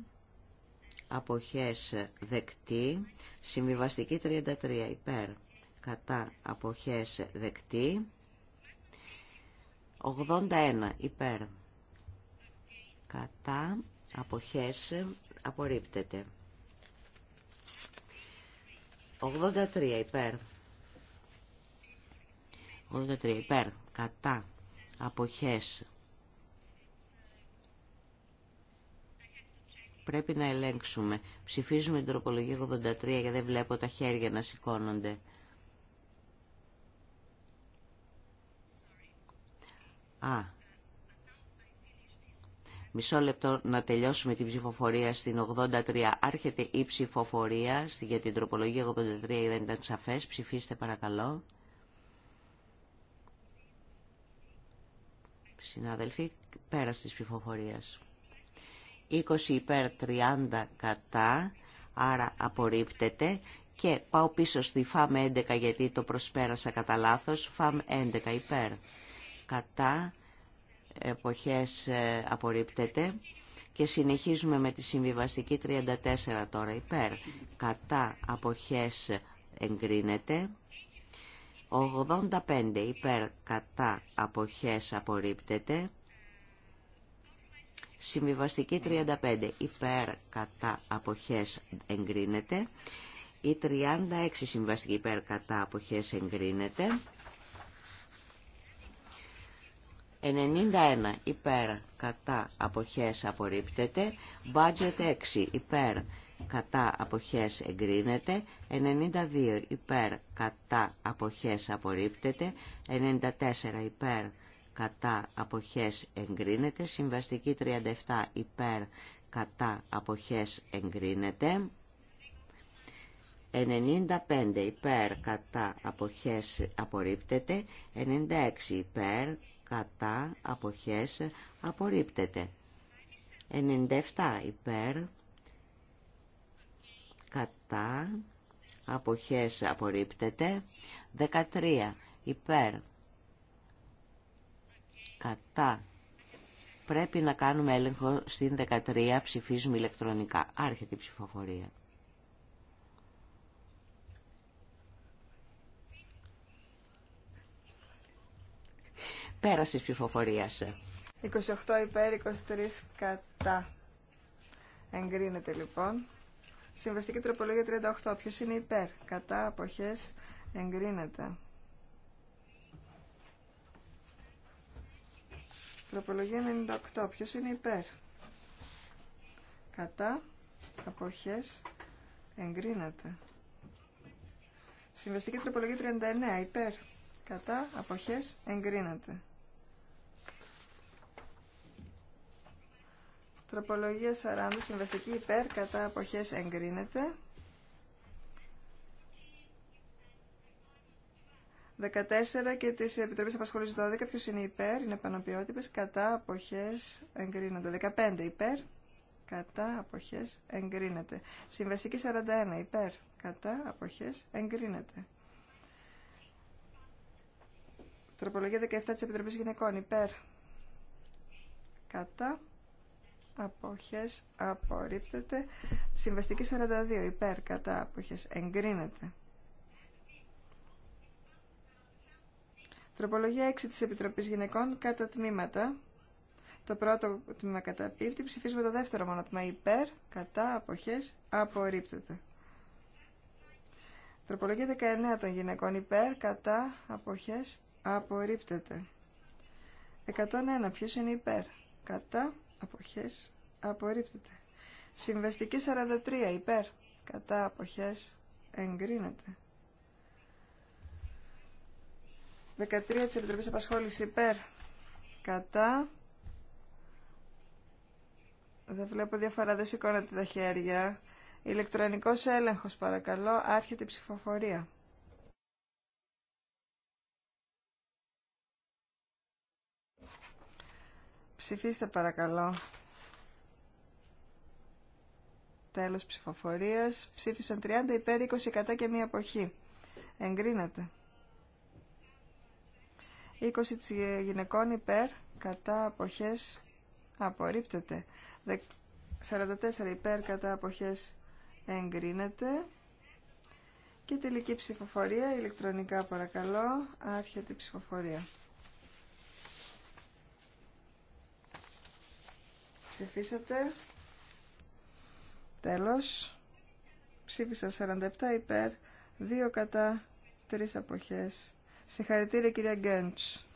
αποχές δεκτή συμβιβαστική 33 υπέρ κατά αποχές δεκτή 81 υπέρ κατά αποχές απορρίπτεται 83 υπέρ 83 υπέρ κατά αποχές πρέπει να ελέγξουμε ψηφίζουμε την τροπολογία 83 γιατί δεν βλέπω τα χέρια να σηκώνονται Α, μισό λεπτό να τελειώσουμε την ψηφοφορία στην 83. Άρχεται η ψηφοφορία για την τροπολογία 83 δεν ήταν σαφές. Ψηφίστε παρακαλώ. Συνάδελφοι, πέρα της ψηφοφορίας. 20 υπέρ 30 κατά, άρα απορρίπτεται και πάω πίσω στη ΦΑΜ 11 γιατί το προσπέρασα κατά λάθο. ΦΑΜ 11 υπέρ κατά εποχές ε, απορρίπτεται και συνεχίζουμε με τη συμβιβαστική 34 τώρα υπέρ κατά αποχές εγκρίνεται 85 υπέρ κατά αποχές απορρίπτεται Συμβιβαστική 35 υπέρ κατά αποχές εγκρίνεται. Η 36 συμβαστική υπέρ κατά αποχές εγκρίνεται. 91 υπέρ κατά αποχές απορρίπτεται, budget 6 υπέρ κατά αποχές εγκρίνεται, 92 υπέρ κατά αποχές απορρίπτεται, 94 υπέρ κατά αποχές εγκρίνεται, συμβαστική 37 υπέρ κατά αποχές εγκρίνεται, 95 υπέρ κατά αποχές απορρίπτεται, 96 υπέρ κατά αποχές απορρίπτεται. 97 υπέρ κατά αποχές απορρίπτεται. 13 υπέρ κατά πρέπει να κάνουμε έλεγχο στην 13 ψηφίζουμε ηλεκτρονικά. Άρχεται η ψηφοφορία. Πέρασε τη ψηφοφορία. 28 υπέρ, 23 κατά. Εγκρίνεται λοιπόν. Συμβαστική τροπολογία 38. Ποιο είναι υπέρ. Κατά απόχέ. εγκρίνεται. Τροπολογία 98. Ποιο είναι υπέρ. Κατά αποχές εγκρίνεται. Συμβαστική τροπολογία 39. Υπέρ. Κατά απόχέ, εγκρίνεται. Τροπολογία 40, συμβαστική υπέρ, κατά αποχές εγκρίνεται. 14 και τη Επιτροπή Απασχόληση 12. Ποιο είναι υπέρ, είναι πανοπιότυπε. Κατά αποχέ εγκρίνονται. 15 υπέρ. Κατά αποχέ εγκρίνεται. Συμβαστική 41 υπέρ. Κατά αποχέ εγκρίνεται. Τροπολογία 17 τη Επιτροπή Γυναικών υπέρ. Κατά αποχές απορρίπτεται. Συμβαστική 42 υπέρ κατά αποχές εγκρίνεται. Τροπολογία 6 της Επιτροπής Γυναικών κατά τμήματα. Το πρώτο τμήμα καταπίπτει, ψηφίζουμε το δεύτερο μόνο υπέρ, κατά, αποχές, απορρίπτεται. Τροπολογία 19 των γυναικών υπέρ, κατά, αποχές, απορρίπτεται. 101. Ποιος είναι υπέρ, κατά, αποχές απορρίπτεται. Συμβεστική 43 υπέρ κατά αποχές εγκρίνεται. 13 της Επιτροπής Απασχόληση, υπέρ κατά δεν βλέπω διαφορά, δεν σηκώνατε τα χέρια. Ηλεκτρονικός έλεγχος παρακαλώ, άρχεται η ψηφοφορία. Ψηφίστε παρακαλώ. Τέλος ψηφοφορίας. Ψήφισαν 30 υπέρ, 20 κατά και μία αποχή. Εγκρίνεται. 20 γυναικών υπέρ, κατά αποχές απορρίπτεται. 44 υπέρ, κατά αποχές εγκρίνεται. Και τελική ψηφοφορία, ηλεκτρονικά παρακαλώ, άρχεται η ψηφοφορία. ψηφίσατε. Τέλος. Ψήφισα 47 υπέρ, 2 κατά, 3 αποχές. Συγχαρητήρια κυρία Γκέντς.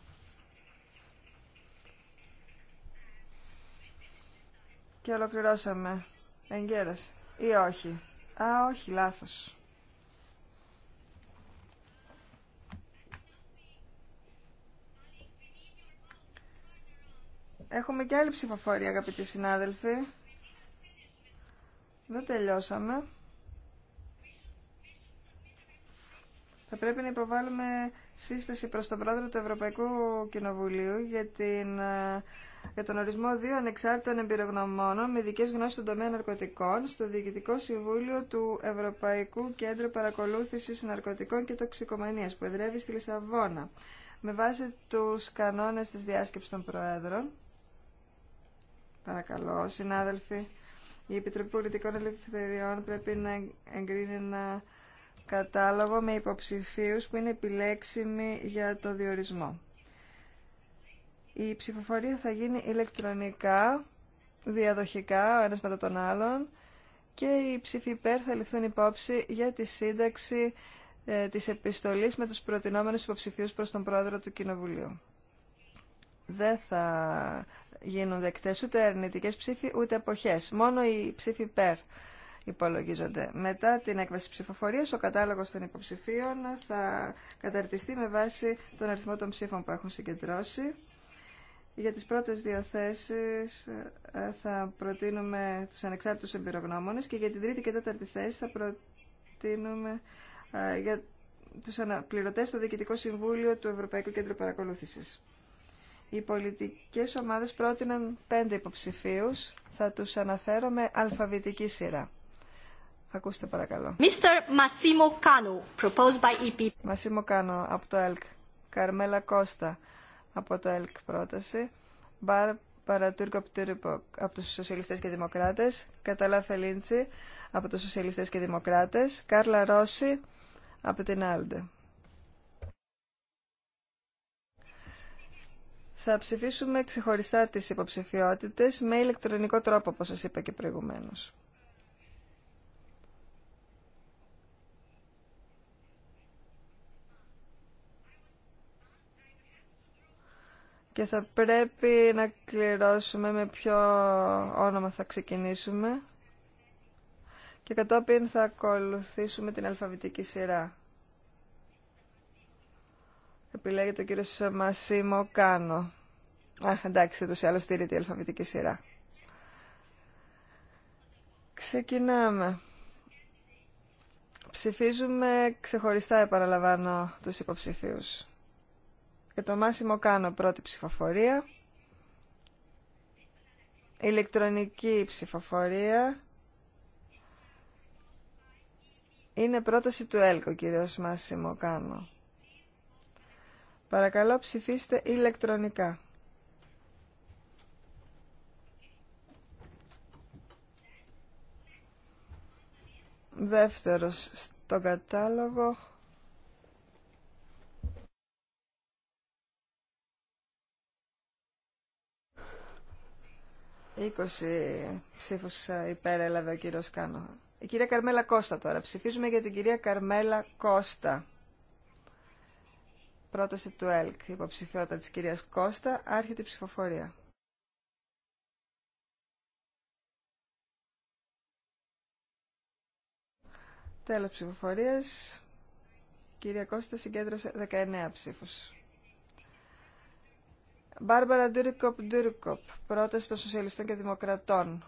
Και ολοκληρώσαμε. Εγκαίρος. Ή όχι. Α, όχι, λάθος. Έχουμε και άλλη ψηφοφορία, αγαπητοί συνάδελφοι. Δεν τελειώσαμε. Θα πρέπει να υποβάλουμε σύσταση προς τον πρόεδρο του Ευρωπαϊκού Κοινοβουλίου για, την, ε, για τον ορισμό δύο ανεξάρτητων εμπειρογνωμόνων με ειδικέ γνώσεις στον τομέα ναρκωτικών στο Διοικητικό Συμβούλιο του Ευρωπαϊκού Κέντρου Παρακολούθησης Ναρκωτικών και Τοξικομανίας που εδρεύει στη Λισαβόνα με βάση τους κανόνες της διάσκεψης των Προέδρων. Παρακαλώ, συνάδελφοι, η Επιτροπή Πολιτικών Ελευθεριών πρέπει να εγκρίνει ένα κατάλογο με υποψηφίους που είναι επιλέξιμοι για το διορισμό. Η ψηφοφορία θα γίνει ηλεκτρονικά, διαδοχικά, ο ένας μετά τον άλλον και οι ψήφοι υπέρ θα ληφθούν υπόψη για τη σύνταξη ε, της επιστολής με τους προτινόμενους υποψηφίους προς τον πρόεδρο του Κοινοβουλίου. Δεν θα γίνουν δεκτές ούτε αρνητικέ ψήφοι ούτε εποχέ. Μόνο οι ψήφοι περ υπολογίζονται. Μετά την έκβαση ψηφοφορία, ο κατάλογο των υποψηφίων θα καταρτιστεί με βάση τον αριθμό των ψήφων που έχουν συγκεντρώσει. Για τις πρώτες δύο θέσεις ε, θα προτείνουμε τους ανεξάρτητους εμπειρογνώμονες και για την τρίτη και τέταρτη θέση θα προτείνουμε ε, για τους αναπληρωτές στο Διοικητικό Συμβούλιο του Ευρωπαϊκού Κέντρου Παρακολούθησης. Οι πολιτικές ομάδες πρότειναν πέντε υποψηφίους. Θα τους αναφέρω με αλφαβητική σειρά. Ακούστε παρακαλώ. Mr. Massimo Cano, proposed by EP. Massimo Cano από το ΕΛΚ. Καρμέλα Κώστα από το ΕΛΚ πρόταση. Μπαρ Παρατούρκο από τους Σοσιαλιστές και Δημοκράτες. Καταλά Φελίντσι από τους Σοσιαλιστές και Δημοκράτες. Κάρλα Ρώση από την Άλντε. Θα ψηφίσουμε ξεχωριστά τις υποψηφιότητες με ηλεκτρονικό τρόπο, όπως σας είπα και προηγουμένως. και θα πρέπει να κληρώσουμε με ποιο όνομα θα ξεκινήσουμε και κατόπιν θα ακολουθήσουμε την αλφαβητική σειρά. Επιλέγεται ο κύριο Μασίμο Κάνο. Α, εντάξει, ούτως ή άλλως στηρείται η αλφαβητική Ξεκινάμε. Ψηφίζουμε ξεχωριστά, επαναλαμβάνω, τους υποψηφίους. Και το Μάσιμο Κάνο πρώτη ψηφοφορία. Ηλεκτρονική ψηφοφορία. Είναι πρόταση του ΕΛΚΟ, κύριος Μάσιμο Κάνο. Παρακαλώ ψηφίστε ηλεκτρονικά. Δεύτερος στο κατάλογο. Είκοσι ψήφους ε, υπέρ έλαβε ο κύριος Κάνο. Η κυρία Καρμέλα Κώστα τώρα. Ψηφίζουμε για την κυρία Καρμέλα Κώστα πρόταση του ΕΛΚ, υποψηφιότητα της κυρίας Κώστα, άρχεται η ψηφοφορία. Τέλος ψηφοφορίας. κυρία Κώστα συγκέντρωσε 19 ψήφους. Μπάρμπαρα Ντούρικοπ Ντούρικοπ, πρόταση των Σοσιαλιστών και Δημοκρατών.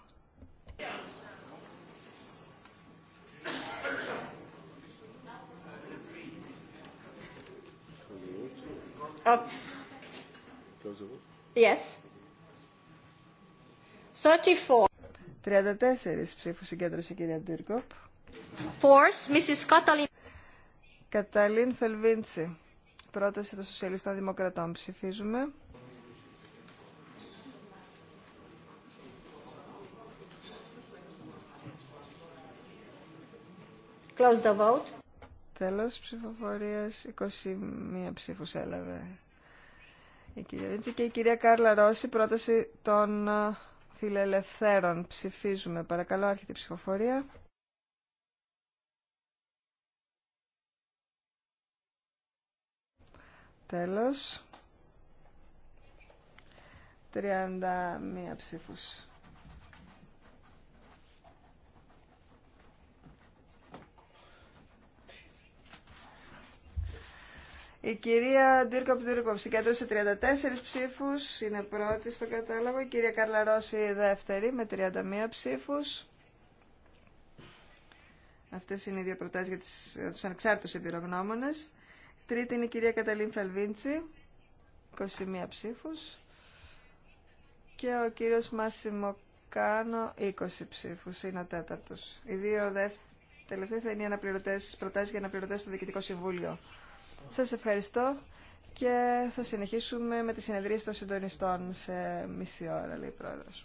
Yes. 34. 34 ψήφου συγκέντρωση, η κυρία Ντύρκοπ. Force, Mrs. Katalin. Καταλήν Φελβίντσι. Πρόταση των Σοσιαλιστών Δημοκρατών. Ψηφίζουμε. Close the vote. Τέλος ψηφοφορίας, 21 ψήφους έλαβε η κυρία Βίτση και η κυρία Κάρλα Ρώση, πρόταση των ε, φιλελευθέρων. Ψηφίζουμε, παρακαλώ, άρχεται η ψηφοφορία. Τέλος. 31 ψήφους Η κυρία Ντύρκο Πτύρκο συγκέντρωσε 34 ψήφου, είναι πρώτη στο κατάλογο. Η κυρία Καρλαρώση δεύτερη με 31 ψήφου. Αυτέ είναι οι δύο προτάσει για, για τους ανεξάρτητου Τρίτη είναι η κυρία Καταλήν Φαλβίντσι, 21 ψήφου. Και ο κύριο Μάσιμο Κάνο, 20 ψήφου, είναι ο τέταρτος. Οι δύο τελευταία θα είναι οι προτάσει για αναπληρωτέ στο Διοικητικό Συμβούλιο. Σας ευχαριστώ και θα συνεχίσουμε με τη συνεδρία των συντονιστών σε μισή ώρα, λέει η Πρόεδρος.